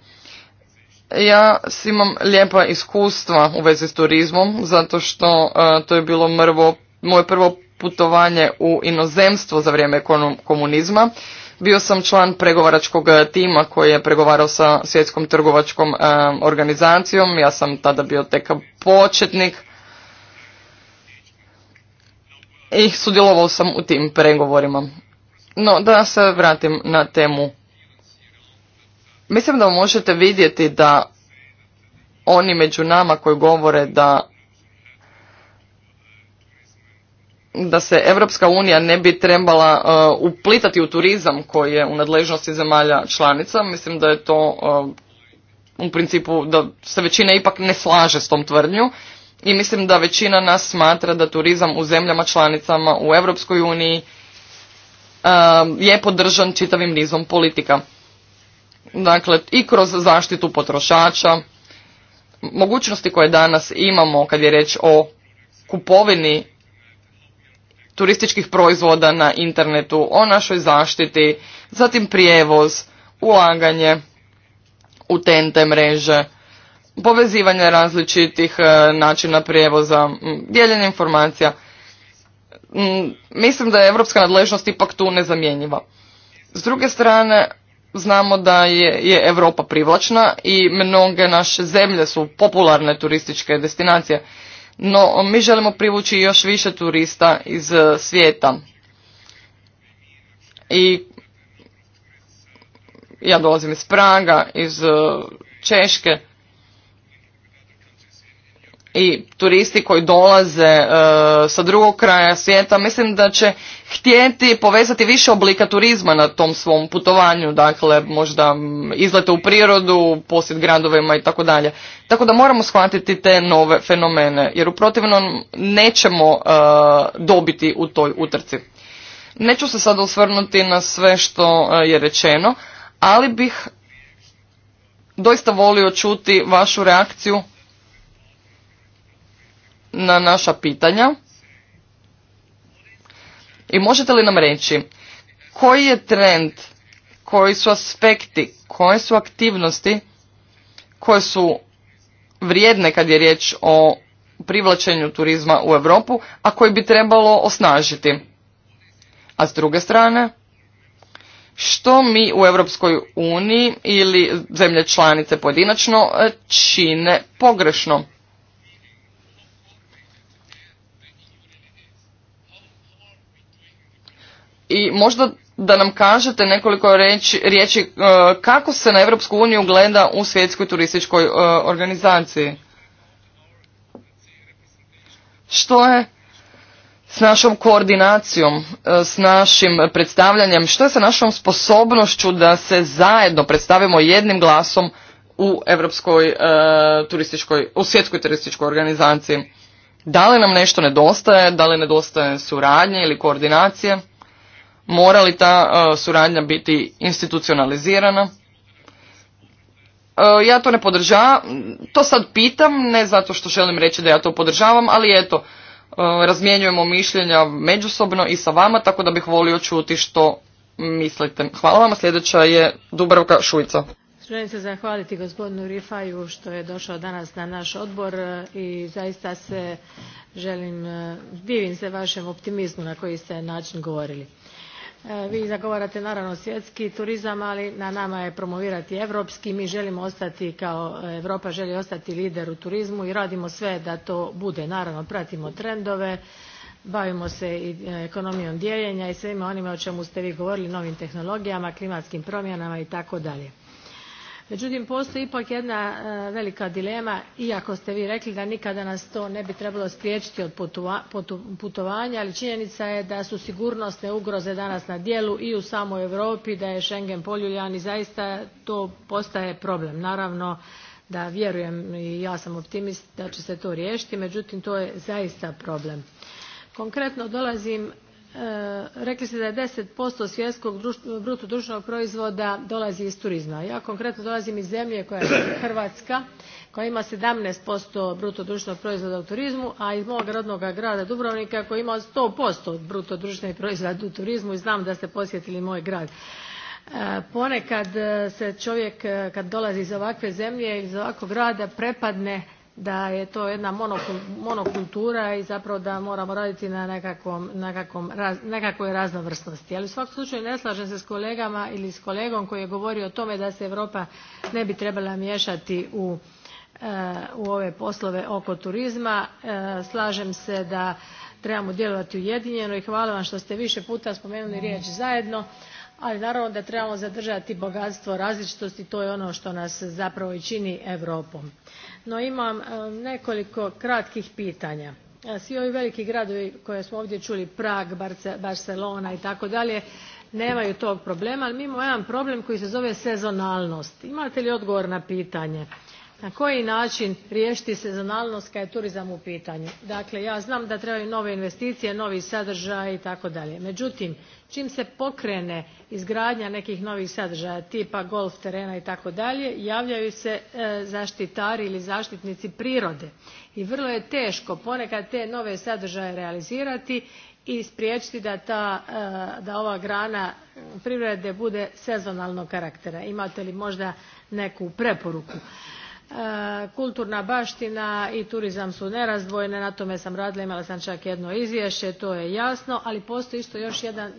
Ja imam lijepa iskustva u vezi s turizmom, zato što e, to je bilo mrvo, moje prvo putovanje u inozemstvo za vrijeme komunizma. Bio sam član pregovaračkog e, tima koji je pregovarao sa svjetskom trgovačkom e, organizacijom. Ja sam tada bio tek početnik i sudjelovao sam u tim pregovorima. No, da se vratim na temu. Mislim da možete vidjeti da oni među nama koji govore da da se Europska unija ne bi trebala uh, uplitati u turizam koji je u nadležnosti zemalja članica. Mislim da je to uh, u principu da se većina ipak ne slaže s tom tvrdnju i mislim da većina nas smatra da turizam u zemljama članicama u Europskoj uniji uh, je podržan čitavim nizom politika. Dakle, i kroz zaštitu potrošača, mogućnosti koje danas imamo kad je reč o kupovini turističkih proizvoda na internetu, o našoj zaštiti, zatim prijevoz, ulaganje u tente mreže, povezivanje različitih e, načina prijevoza, dijeljenje informacija. Mislim da je evropska nadležnost ipak tu nezamjenjiva. S druge strane, znamo da je, je Europa privlačna i mnoge naše zemlje su popularne turističke destinacije no mi želimo privući još više turista iz e, svijeta. I ja dolazim iz Praga, iz e, Češke i turisti koji dolaze e, sa drugog kraja svijeta mislim da će htjeti povezati više oblika turizma na tom svom putovanju dakle možda izlete u prirodu posjet gradovima i tako dalje tako da moramo shvatiti te nove fenomene jer u protivnom nećemo e, dobiti u toj utrci neću se sad osvrnuti na sve što e, je rečeno ali bih doista volio čuti vašu reakciju na naša pitanja i možete li nam reći koji je trend, koji su aspekti, koje su aktivnosti koje su vrijedne kad je riječ o privlačenju turizma u Europu, a koji bi trebalo osnažiti. A s druge strane, što mi u Europskoj uniji ili zemlje članice pojedinačno čine pogrešno? i možda da nam kažete nekoliko riječi e, kako se na Europsku uniju gleda u svjetskoj turističkoj e, organizaciji. Što je s našom koordinacijom, e, s našim predstavljanjem, što je sa našom sposobnošću da se zajedno predstavimo jednim glasom u Europskoj turističkoj, u svjetskoj turističkoj organizaciji. Da li nam nešto nedostaje, da li nedostaje suradnje ili koordinacije? mora li ta e, suradnja biti institucionalizirana. E, ja to ne podržavam, to sad pitam, ne zato što želim reći da ja to podržavam, ali eto, e, razmjenjujemo mišljenja međusobno i sa vama, tako da bih volio čuti što mislite. Hvala vam, sljedeća je Dubravka Šujica. Želim se zahvaliti gospodinu Rifaju što je došao danas na naš odbor i zaista se želim, divim se vašem optimizmu na koji ste način govorili E, vi zagovarate naravno svjetski turizam ali na nama je promovirati europski mi želimo ostati kao europa želi ostati lider u turizmu i radimo sve da to bude naravno pratimo trendove bavimo se i e, ekonomijom dijeljenja i svime onime o čemu ste vi govorili novim tehnologijama klimatskim promjenama i tako dalje međutim postoji ipak jedna e, velika dilema iako ste vi rekli da nikada nas to ne bi trebalo spriječiti od putovanja ali činjenica je da su sigurnosne ugroze danas na djelu i u samoj europi da je schengen poljuljan i zaista to postaje problem. naravno da vjerujem i ja sam optimist da će se to riješiti međutim to je zaista problem. konkretno dolazim E, rekli ste da je ten svjetskog bruto drutvenog proizvoda dolazi iz turizma. ja konkretno dolazim iz zemlje koja je hrvatska koja ima seventeen bruto drutvenog proizvoda u turizmu a iz mog rodnoga grada dubrovnika koji ima one bruto proizvoda proizvoda u turizmu i znam da ste posjetili moj grad. E, ponekad se čovjek e, kad dolazi iz ovakve zemlje iz ovakvog grada prepadne da je to jedna monokultura i zapravo da moramo raditi na nekakvoj raznovrsnosti. ali u svakom slučaju ne slažem se s kolegama ili s kolegom koji je govorio o tome da se europa ne bi trebala miješati u, eh, u ove poslove oko turizma. Eh, slažem se da trebamo djelovati ujedinjeno i hvala vam što ste više puta spomenuli riječ zajedno ali naravno da trebamo zadržati bogatstvo različitosti to je ono što nas zapravo i čini europom no imam e, nekoliko kratkih pitanja. E, svi ovi veliki gradovi koje smo ovdje čuli prag barcelona i tako dalje nemaju tog problema ali mi imamo jedan problem koji se zove sezonalnost. imate li odgovor na pitanje na koji način riješiti sezonalnost kad je turizam u pitanju. dakle ja znam da trebaju nove investicije novi sadržaji dalje. međutim čim se pokrene izgradnja nekih novih sadržaja tipa golf terena dalje, javljaju se e, zaštitari ili zaštitnici prirode i vrlo je teško ponekad te nove sadržaje realizirati i spriječiti da, ta, e, da ova grana privrede bude sezonalnog karaktera. imate li možda neku preporuku? E, kulturna baština i turizam su nerazdvojene, na tome sam radila imala sam čak jedno izvješće to je jasno ali postoji isto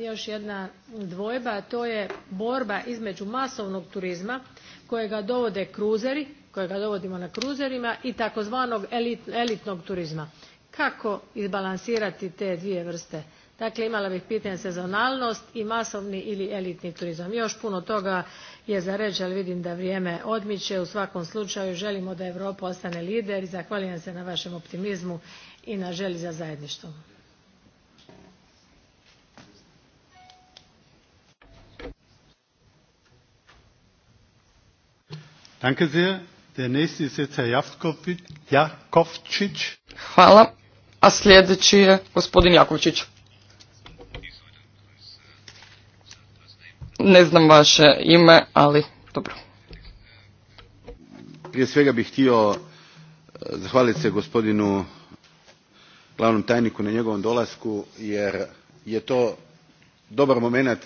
još, jedna dvojba a to je borba između masovnog turizma kojega dovode kruzeri kojega dovodimo na kruzerima i takozvanog elitnog turizma kako izbalansirati te dvije vrste dakle imala bih pitanje sezonalnost i masovni ili elitni turizam još puno toga je za reći ali vidim da vrijeme odmiče. u svakom slučaju želimo da europa ostane lider i zahvaljujem se na vašem optimizmu i na želji za zajedništvom. Hvala. A sljedeći je gospodin Jakovčić. Ne znam vaše ime, ali dobro. Prije svega bih htio e, zahvaliti se gospodinu glavnom tajniku na njegovom dolasku jer je to dobar momenat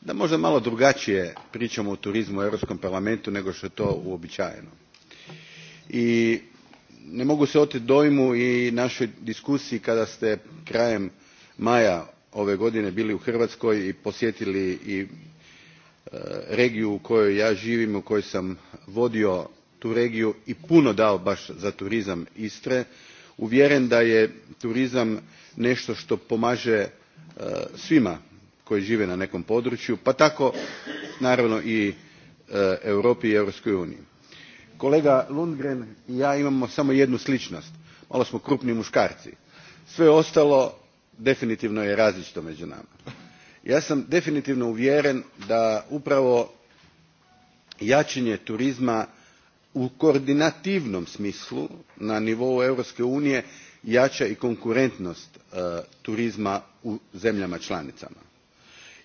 da možda malo drugačije pričamo o turizmu u europskom parlamentu nego što je to uobičajeno. I ne mogu se oteti dojmu i našoj diskusiji kada ste krajem maja ove godine bili u hrvatskoj i posjetili i Eh, regiju u kojoj ja živim u kojoj sam vodio tu regiju i puno dao baš za turizam istre uvjeren da je turizam nešto što pomaže eh, svima koji žive na nekom području pa tako naravno i eh, europi i europskoj uniji. kolega lundgren i ja imamo samo jednu sličnost malo smo krupni muškarci. sve ostalo definitivno je različito među nama ja sam definitivno uvjeren da upravo jačanje turizma u koordinativnom smislu na nivou europske unije jača i konkurentnost e, turizma u zemljama članicama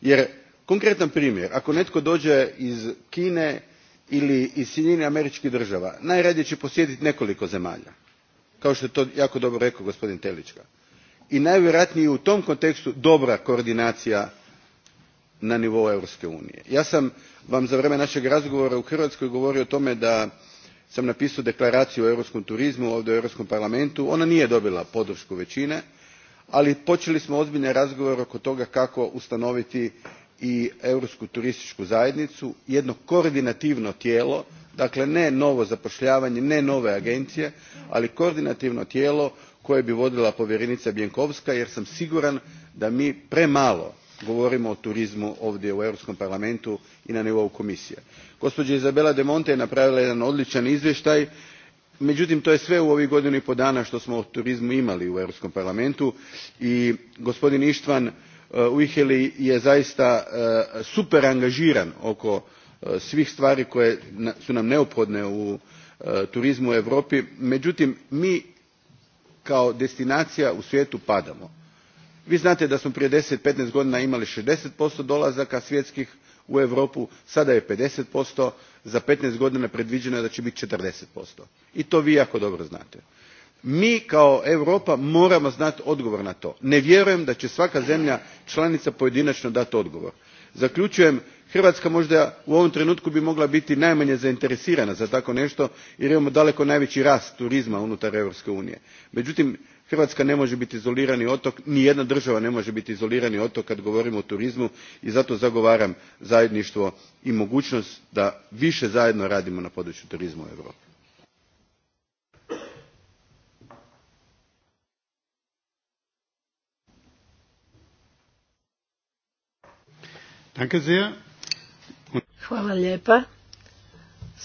jer konkretan primjer ako netko dođe iz kine ili iz sjedinjenih američkih država najradije će posjetiti nekoliko zemalja kao što je to jako dobro rekao gospodin telika i najvjerojatnije je u tom kontekstu dobra koordinacija na nivou europske unije. ja sam vam za vrijeme našeg razgovora u hrvatskoj govorio o tome da sam napisao deklaraciju o europskom turizmu ovdje u europskom parlamentu ona nije dobila podršku većine ali počeli smo ozbiljne razgovore oko toga kako ustanoviti i europsku turističku zajednicu jedno koordinativno tijelo dakle ne novo zapošljavanje ne nove agencije ali koordinativno tijelo koje bi vodila povjerenica bjenkovska jer sam siguran da mi premalo govorimo o turizmu ovdje u europskom parlamentu i na nivou komisije. gospođa Izabela de monte je napravila jedan odličan izvještaj međutim to je sve u ovih godinu i pol dana što smo o turizmu imali u europskom parlamentu i gospodin istvan e, ujhelyi je zaista e, super angažiran oko e, svih stvari koje su nam neophodne u turizmu u europi međutim mi kao destinacija u svijetu padamo vi znate da smo prije ten fifteen godina imali sixty dolazaka svjetskih u europu sada je fifty za fifteen godina predvieno je da e biti forty i to vi jako dobro znate. mi kao europa moramo znati odgovor na to. ne vjerujem da će svaka zemlja lanica pojedinano dati odgovor. Zaključujem, hrvatska možda u ovom trenutku bi mogla biti najmanje zainteresirana za tako neto jer imamo daleko najvei rast turizma unutar europske unije hrvatska ne može biti izolirani otok nijedna država ne može biti izolirani otok kad govorimo o turizmu i zato zagovaram zajedništvo i mogućnost da više zajedno radimo na području turizma u europi.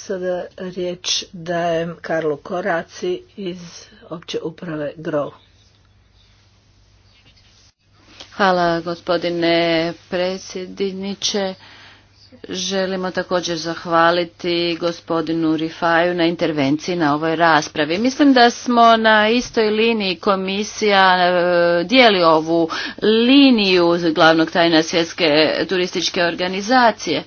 Sada riječ dajem Karlu Koraci iz opće uprave GROW. Hvala gospodine predsjedniče. Želimo također zahvaliti gospodinu Rifaju na intervenciji na ovoj raspravi. Mislim da smo na istoj liniji komisija e, dijeli ovu liniju glavnog tajna svjetske turističke organizacije.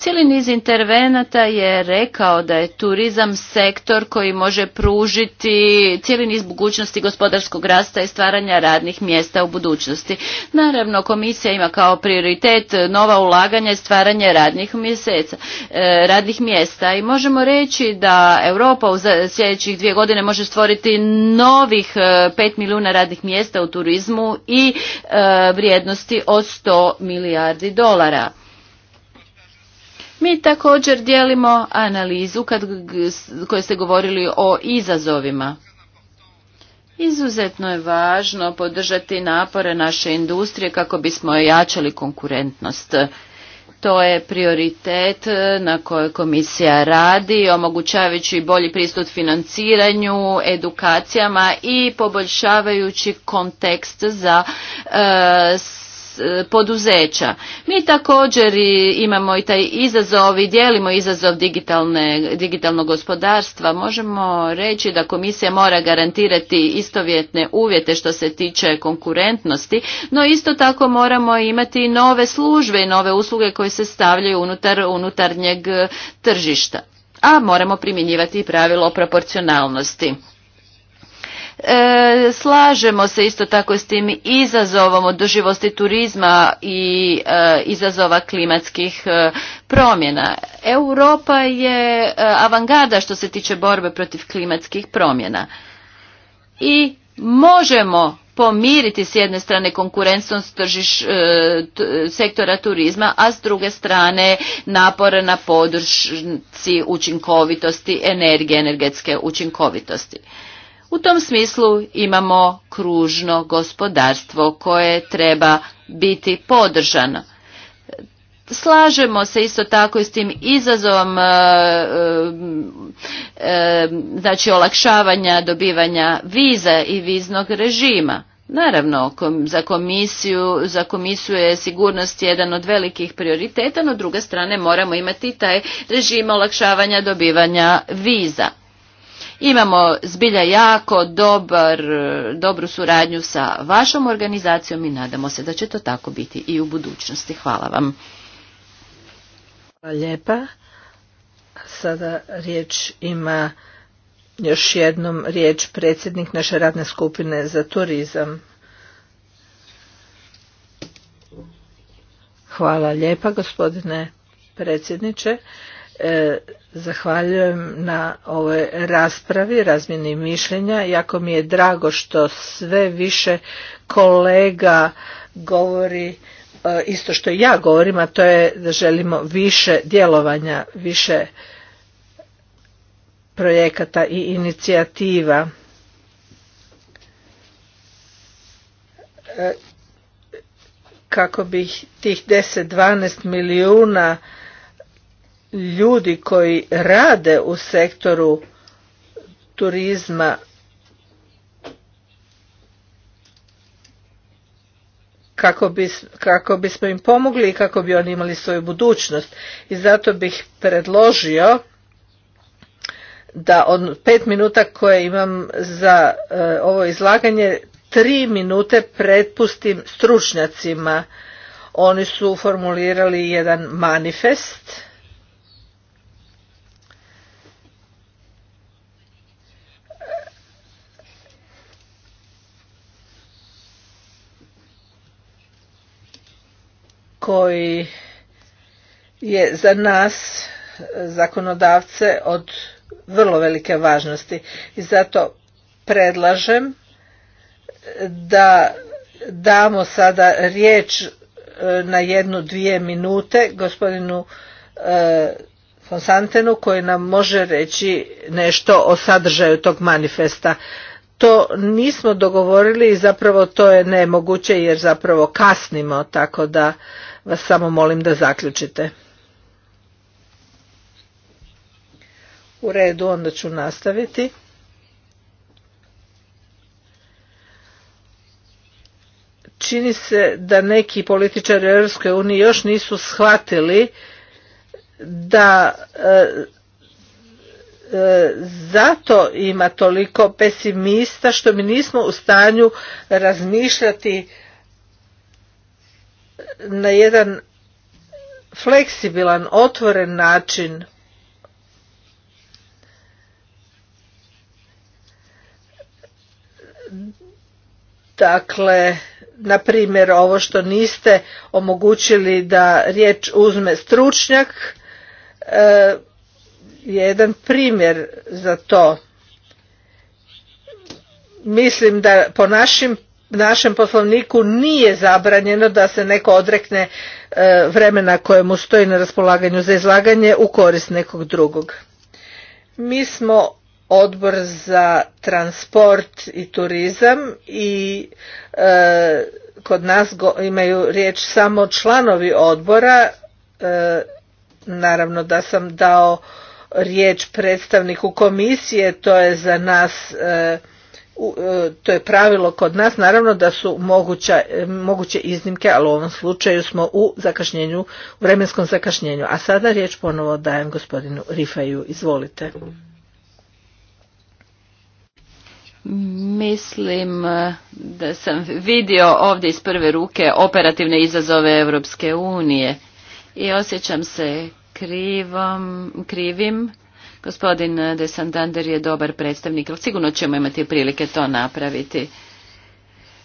Cijeli niz intervenata je rekao da je turizam sektor koji može pružiti cijeli niz mogućnosti gospodarskog rasta i stvaranja radnih mjesta u budućnosti. Naravno, komisija ima kao prioritet nova ulaganja i stvaranje radnih, mjeseca, e, radnih mjesta i možemo reći da Europa u sljedećih dvije godine može stvoriti novih 5 e, milijuna radnih mjesta u turizmu i e, vrijednosti od 100 milijardi dolara. Mi također dijelimo analizu kad, koje ste govorili o izazovima. Izuzetno je važno podržati napore naše industrije kako bismo jačali konkurentnost. To je prioritet e, na kojoj komisija radi, omogućavajući bolji pristup financiranju, edukacijama i poboljšavajući kontekst za e, E, poduzeća. Mi također imamo i taj izazov i dijelimo izazov digitalnog gospodarstva. Možemo reći da komisija mora garantirati istovjetne uvjete što se tiče konkurentnosti, no isto tako moramo imati nove službe i nove usluge koje se stavljaju unutar unutarnjeg e, tržišta. A moramo primjenjivati i pravilo proporcionalnosti. E, slažemo se isto tako s tim izazovom održivosti turizma i e, izazova klimatskih e, promjena. Europa je e, avangarda što se tiče borbe protiv klimatskih promjena. I možemo pomiriti s jedne strane konkurentnost sektora turizma, a s druge strane napore na podršci učinkovitosti, energije, energetske učinkovitosti. U tom smislu imamo kružno gospodarstvo koje treba biti podržano. Slažemo se isto tako i s tim izazovom e, e, e, znači olakšavanja dobivanja viza i viznog režima. Naravno, za komisiju, za komisiju je sigurnost jedan od velikih prioriteta, no druge strane moramo imati taj režim olakšavanja dobivanja viza. Imamo zbilja jako dobar, dobru suradnju sa vašom organizacijom i nadamo se da će to tako biti i u budućnosti. Hvala vam. Hvala lijepa. Sada riječ ima još jednom riječ predsjednik naše radne skupine za turizam. Hvala lijepa gospodine predsjedniče. E, zahvaljujem na ovoj raspravi, razmjeni mišljenja. Jako mi je drago što sve više kolega govori e, isto što i ja govorim, a to je da želimo više djelovanja, više projekata i inicijativa. E, kako bih tih 10-12 milijuna ljudi koji rade u sektoru turizma kako, kako bismo im pomogli i kako bi oni imali svoju budućnost. I zato bih predložio da od pet minuta koje imam za eh, ovo izlaganje, tri minute pretpustim stručnjacima. Oni su formulirali jedan manifest koji je za nas zakonodavce od vrlo velike važnosti i zato predlažem da damo sada riječ e, na jednu dvije minute gospodinu Fonsantenu e, koji nam može reći nešto o sadržaju tog manifesta to nismo dogovorili i zapravo to je nemoguće jer zapravo kasnimo, tako da vas samo molim da zaključite. U redu, onda ću nastaviti. Čini se da neki političari EU još nisu shvatili da e, zato ima toliko pesimista što mi nismo u stanju razmišljati na jedan fleksibilan, otvoren način dakle na primjer ovo što niste omogućili da riječ uzme stručnjak e, jedan primjer za to. Mislim da po našim, našem poslovniku nije zabranjeno da se neko odrekne e, vremena koje mu stoji na raspolaganju za izlaganje u korist nekog drugog. Mi smo odbor za transport i turizam i e, kod nas go, imaju riječ samo članovi odbora. E, naravno da sam dao riječ predstavniku komisije, to je za nas e, e, to je pravilo kod nas, naravno da su moguća, e, moguće iznimke, ali u ovom slučaju smo u zakašnjenju, u vremenskom zakašnjenju. A sada riječ ponovo dajem gospodinu Rifaju, izvolite. Mislim da sam vidio ovdje iz prve ruke operativne izazove Europske unije i osjećam se krivom, krivim. Gospodin Desandander je dobar predstavnik, ali sigurno ćemo imati prilike to napraviti.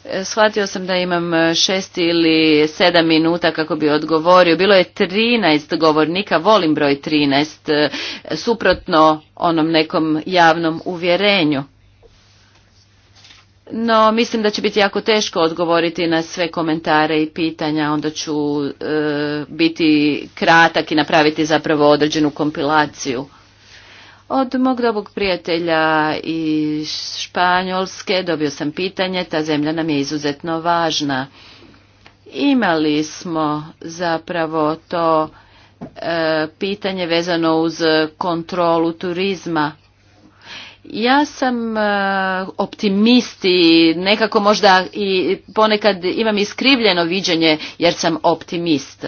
E, shvatio sam da imam šest ili sedam minuta kako bi odgovorio. Bilo je trinaest govornika, volim broj trinaest, e, suprotno onom nekom javnom uvjerenju no mislim da će biti jako teško odgovoriti na sve komentare i pitanja, onda ću e, biti kratak i napraviti zapravo određenu kompilaciju. Od mog dobog prijatelja iz Španjolske dobio sam pitanje, ta zemlja nam je izuzetno važna. Imali smo zapravo to e, pitanje vezano uz kontrolu turizma ja sam e, optimist i nekako možda i ponekad imam iskrivljeno viđenje jer sam optimist.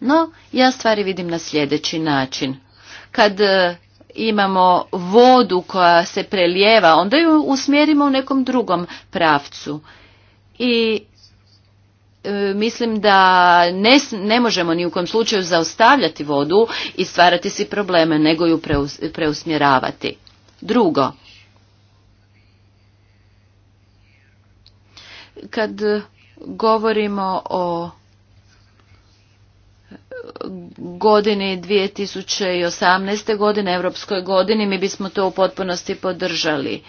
No, ja stvari vidim na sljedeći način. Kad e, imamo vodu koja se prelijeva, onda ju usmjerimo u nekom drugom pravcu. I E, mislim da ne, ne možemo ni u kojem slučaju zaustavljati vodu i stvarati si probleme, nego ju preusmjeravati. Drugo, kad govorimo o godini 2018. godine, europskoj godini, mi bismo to u potpunosti podržali.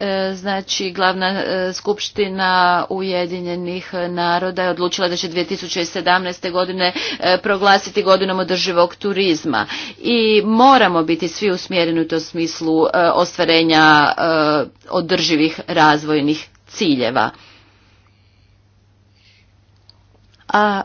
E, znači glavna e, skupština Ujedinjenih naroda je odlučila da će 2017. godine e, proglasiti godinom održivog turizma i moramo biti svi usmjereni u tom smislu ostvarenja održivih razvojnih ciljeva. A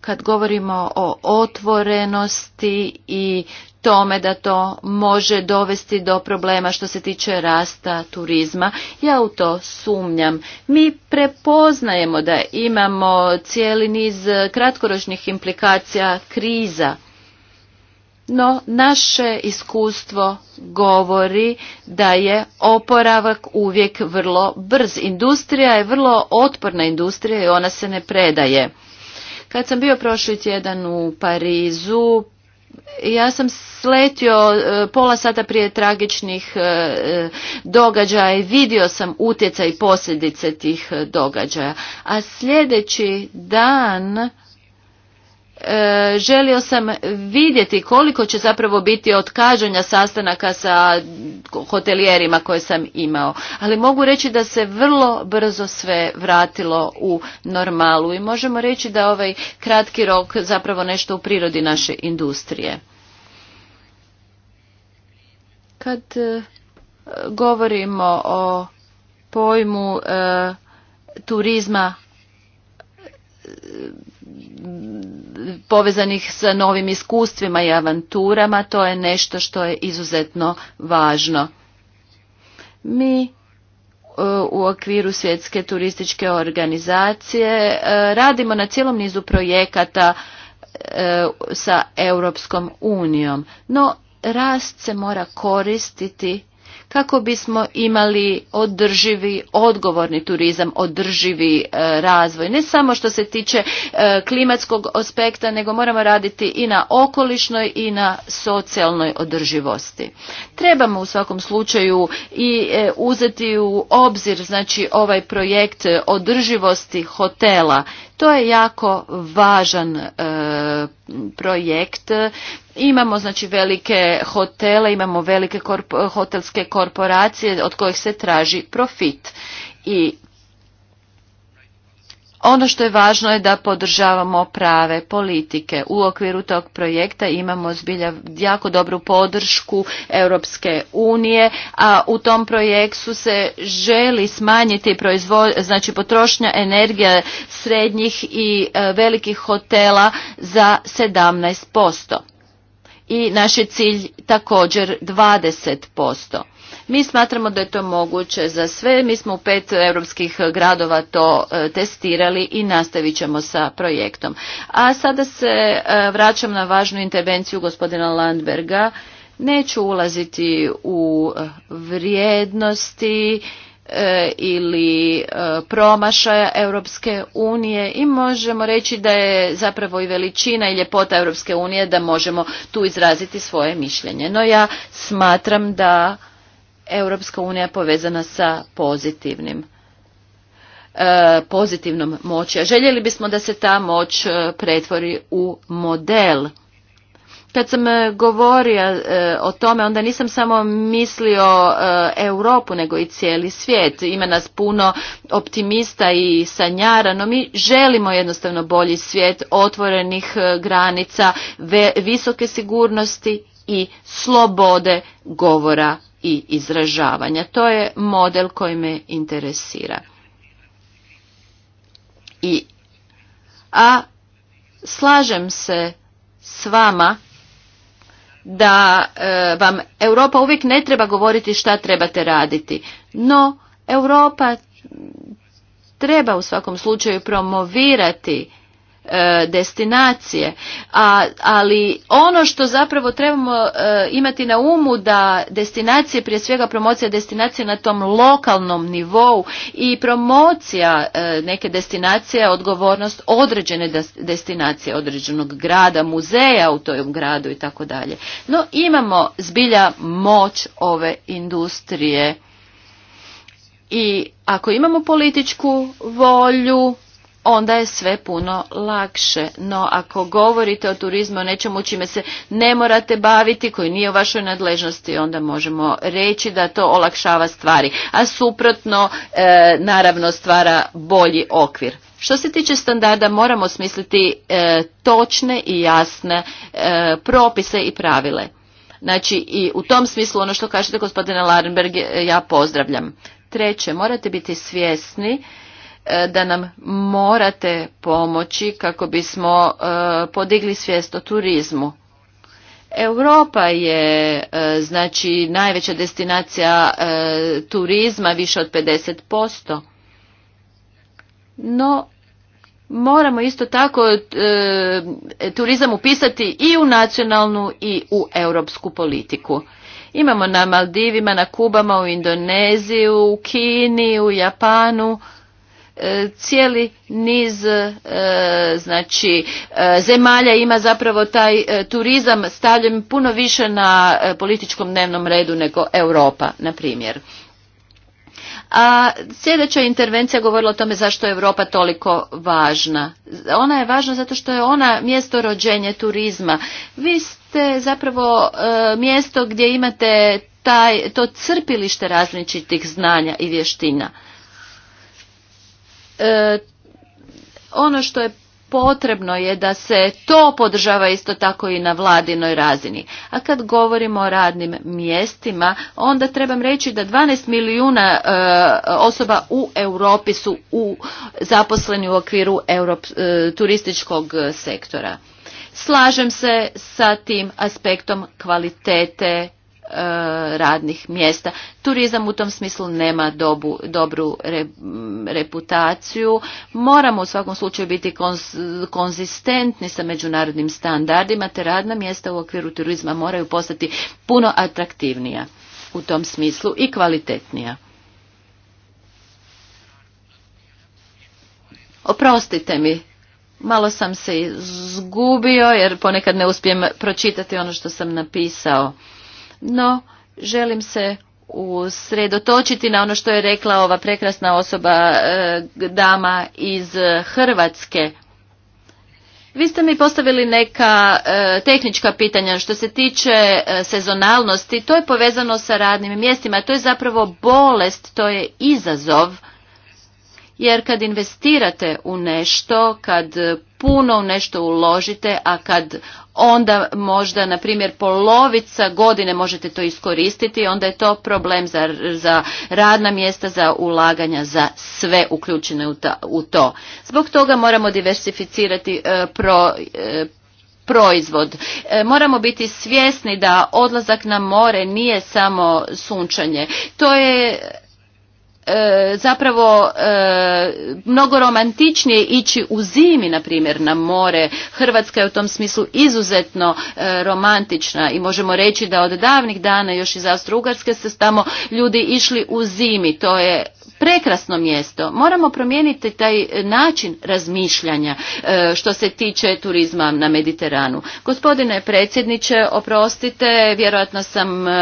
kad govorimo o otvorenosti i tome da to može dovesti do problema što se tiče rasta turizma. Ja u to sumnjam. Mi prepoznajemo da imamo cijeli niz kratkoročnih implikacija kriza. No, naše iskustvo govori da je oporavak uvijek vrlo brz. Industrija je vrlo otporna industrija i ona se ne predaje. Kad sam bio prošli tjedan u Parizu, ja sam sletio e, pola sata prije tragičnih e, e, događaja i vidio sam utjecaj i posljedice tih događaja. A sljedeći dan E, želio sam vidjeti koliko će zapravo biti otkažanja sastanaka sa hotelijerima koje sam imao. Ali mogu reći da se vrlo brzo sve vratilo u normalu i možemo reći da ovaj kratki rok zapravo nešto u prirodi naše industrije. Kad e, govorimo o pojmu e, turizma povezanih sa novim iskustvima i avanturama, to je nešto što je izuzetno važno. Mi e, u okviru svjetske turističke organizacije e, radimo na cijelom nizu projekata e, sa Europskom unijom, no rast se mora koristiti kako bismo imali održivi, odgovorni turizam, održivi e, razvoj. Ne samo što se tiče e, klimatskog aspekta, nego moramo raditi i na okolišnoj i na socijalnoj održivosti. Trebamo u svakom slučaju i e, uzeti u obzir znači ovaj projekt održivosti hotela. To je jako važan projekt Imamo znači velike hotele, imamo velike hotelske korporacije od kojih se traži profit. I ono što je važno je da podržavamo prave politike. U okviru tog projekta imamo zbilja jako dobru podršku Europske unije, a u tom projektu se želi smanjiti znači potrošnja energije srednjih i e, velikih hotela za 17% i naš je cilj također 20%. Mi smatramo da je to moguće za sve. Mi smo u pet europskih gradova to e, testirali i nastavit ćemo sa projektom. A sada se e, vraćam na važnu intervenciju gospodina Landberga. Neću ulaziti u e, vrijednosti E, ili e, promašaja Europske unije i možemo reći da je zapravo i veličina i ljepota Europske unije da možemo tu izraziti svoje mišljenje. No ja smatram da Europska unija povezana sa pozitivnim e, pozitivnom moći. A željeli bismo da se ta moć pretvori u model kad sam e, govorio e, o tome, onda nisam samo mislio e, Europu, nego i cijeli svijet. Ima nas puno optimista i sanjara, no mi želimo jednostavno bolji svijet otvorenih granica, visoke sigurnosti i slobode govora i izražavanja. To je model koji me interesira. I, a slažem se s vama da e, vam Europa uvijek ne treba govoriti šta trebate raditi. No, Europa treba u svakom slučaju promovirati E, destinacije a ali ono što zapravo trebamo e, imati na umu da destinacije prije svega promocija destinacije na tom lokalnom nivou i promocija e, neke destinacije odgovornost određene destinacije određenog grada muzeja u tom gradu i tako dalje no imamo zbilja moć ove industrije i ako imamo političku volju onda je sve puno lakše. No ako govorite o turizmu, o nečemu čime se ne morate baviti, koji nije u vašoj nadležnosti, onda možemo reći da to olakšava stvari. A suprotno, e, naravno, stvara bolji okvir. Što se tiče standarda, moramo smisliti e, točne i jasne e, propise i pravile. Znači, i u tom smislu ono što kažete, gospodine Larenberg, ja pozdravljam. Treće, morate biti svjesni E, da nam morate pomoći kako bismo e, podigli svijest o turizmu. Europa je e, znači najveća destinacija turizma, više od 50%. No, moramo isto tako turizam upisati i u nacionalnu i u europsku politiku. Imamo na Maldivima, na Kubama, u Indoneziju, u Kini, u Japanu cijeli niz e, znači e, zemalja ima zapravo taj e, turizam stavljen puno više na političkom dnevnom redu nego Europa na primjer a sljedeća intervencija govorila o tome zašto je Europa toliko važna. Ona je važna zato što je ona mjesto rođenja, turizma. Vi ste zapravo mjesto gdje imate taj, to crpilište različitih znanja i vještina. E, ono što je potrebno je da se to podržava isto tako i na vladinoj razini. A kad govorimo o radnim mjestima, onda trebam reći da 12 milijuna e, osoba u Europi su u, zaposleni u okviru Europ, e, turističkog sektora. Slažem se sa tim aspektom kvalitete Eh, radnih mjesta. Turizam u tom smislu nema dobu, dobru reputaciju. Moramo u svakom slučaju biti konzistentni sa međunarodnim standardima, te radna mjesta u okviru turizma moraju postati puno atraktivnija u tom smislu i kvalitetnija. Oprostite mi, malo sam se izgubio jer ponekad ne uspijem pročitati ono što sam napisao no želim se usredotočiti na ono što je rekla ova prekrasna osoba e, dama iz Hrvatske. Vi ste mi postavili neka e, tehnička pitanja što se tiče e, sezonalnosti, to je povezano sa radnim mjestima, to je zapravo bolest, to je izazov. Jer kad investirate u nešto, kad puno u nešto uložite, a kad onda možda, na primjer, polovica godine možete to iskoristiti, onda je to problem za, za radna mjesta, za ulaganja, za sve uključene u, to. Zbog toga moramo diversificirati e, e, proizvod. E, moramo biti svjesni da odlazak na more nije samo sunčanje. To je E, zapravo e, mnogo romantičnije ići u zimi, na primjer, na more. Hrvatska je u tom smislu izuzetno e, romantična i možemo reći da od davnih dana još iz Austro-Ugarske se tamo ljudi išli u zimi. To je prekrasno mjesto. Moramo promijeniti taj način razmišljanja e, što se tiče turizma na Mediteranu. Gospodine predsjedniče, oprostite, vjerojatno sam e,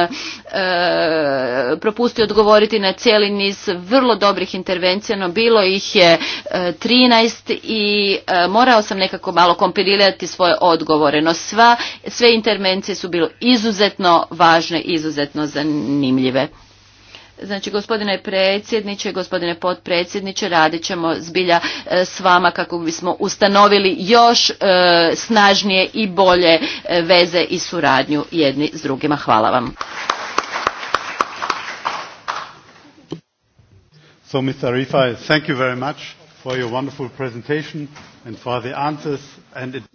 e, propustio odgovoriti na cijeli niz vrlo dobrih intervencija, no bilo ih je e, 13 i morao sam nekako malo kompilirati svoje odgovore, no sva, sve intervencije su bilo izuzetno važne, izuzetno zanimljive. Znači, gospodine predsjedniče, gospodine potpredsjedniče, radit ćemo zbilja e, s vama kako bismo ustanovili još e, snažnije i bolje e, veze i suradnju jedni s drugima. Hvala vam. So, Mr. Rifa, thank you very much.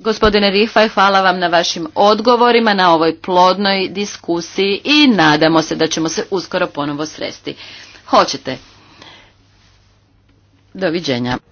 Gospodine Rifaj, hvala vam na vašim odgovorima na ovoj plodnoj diskusiji i nadamo se da ćemo se uskoro ponovo sresti. Hoćete. Doviđenja.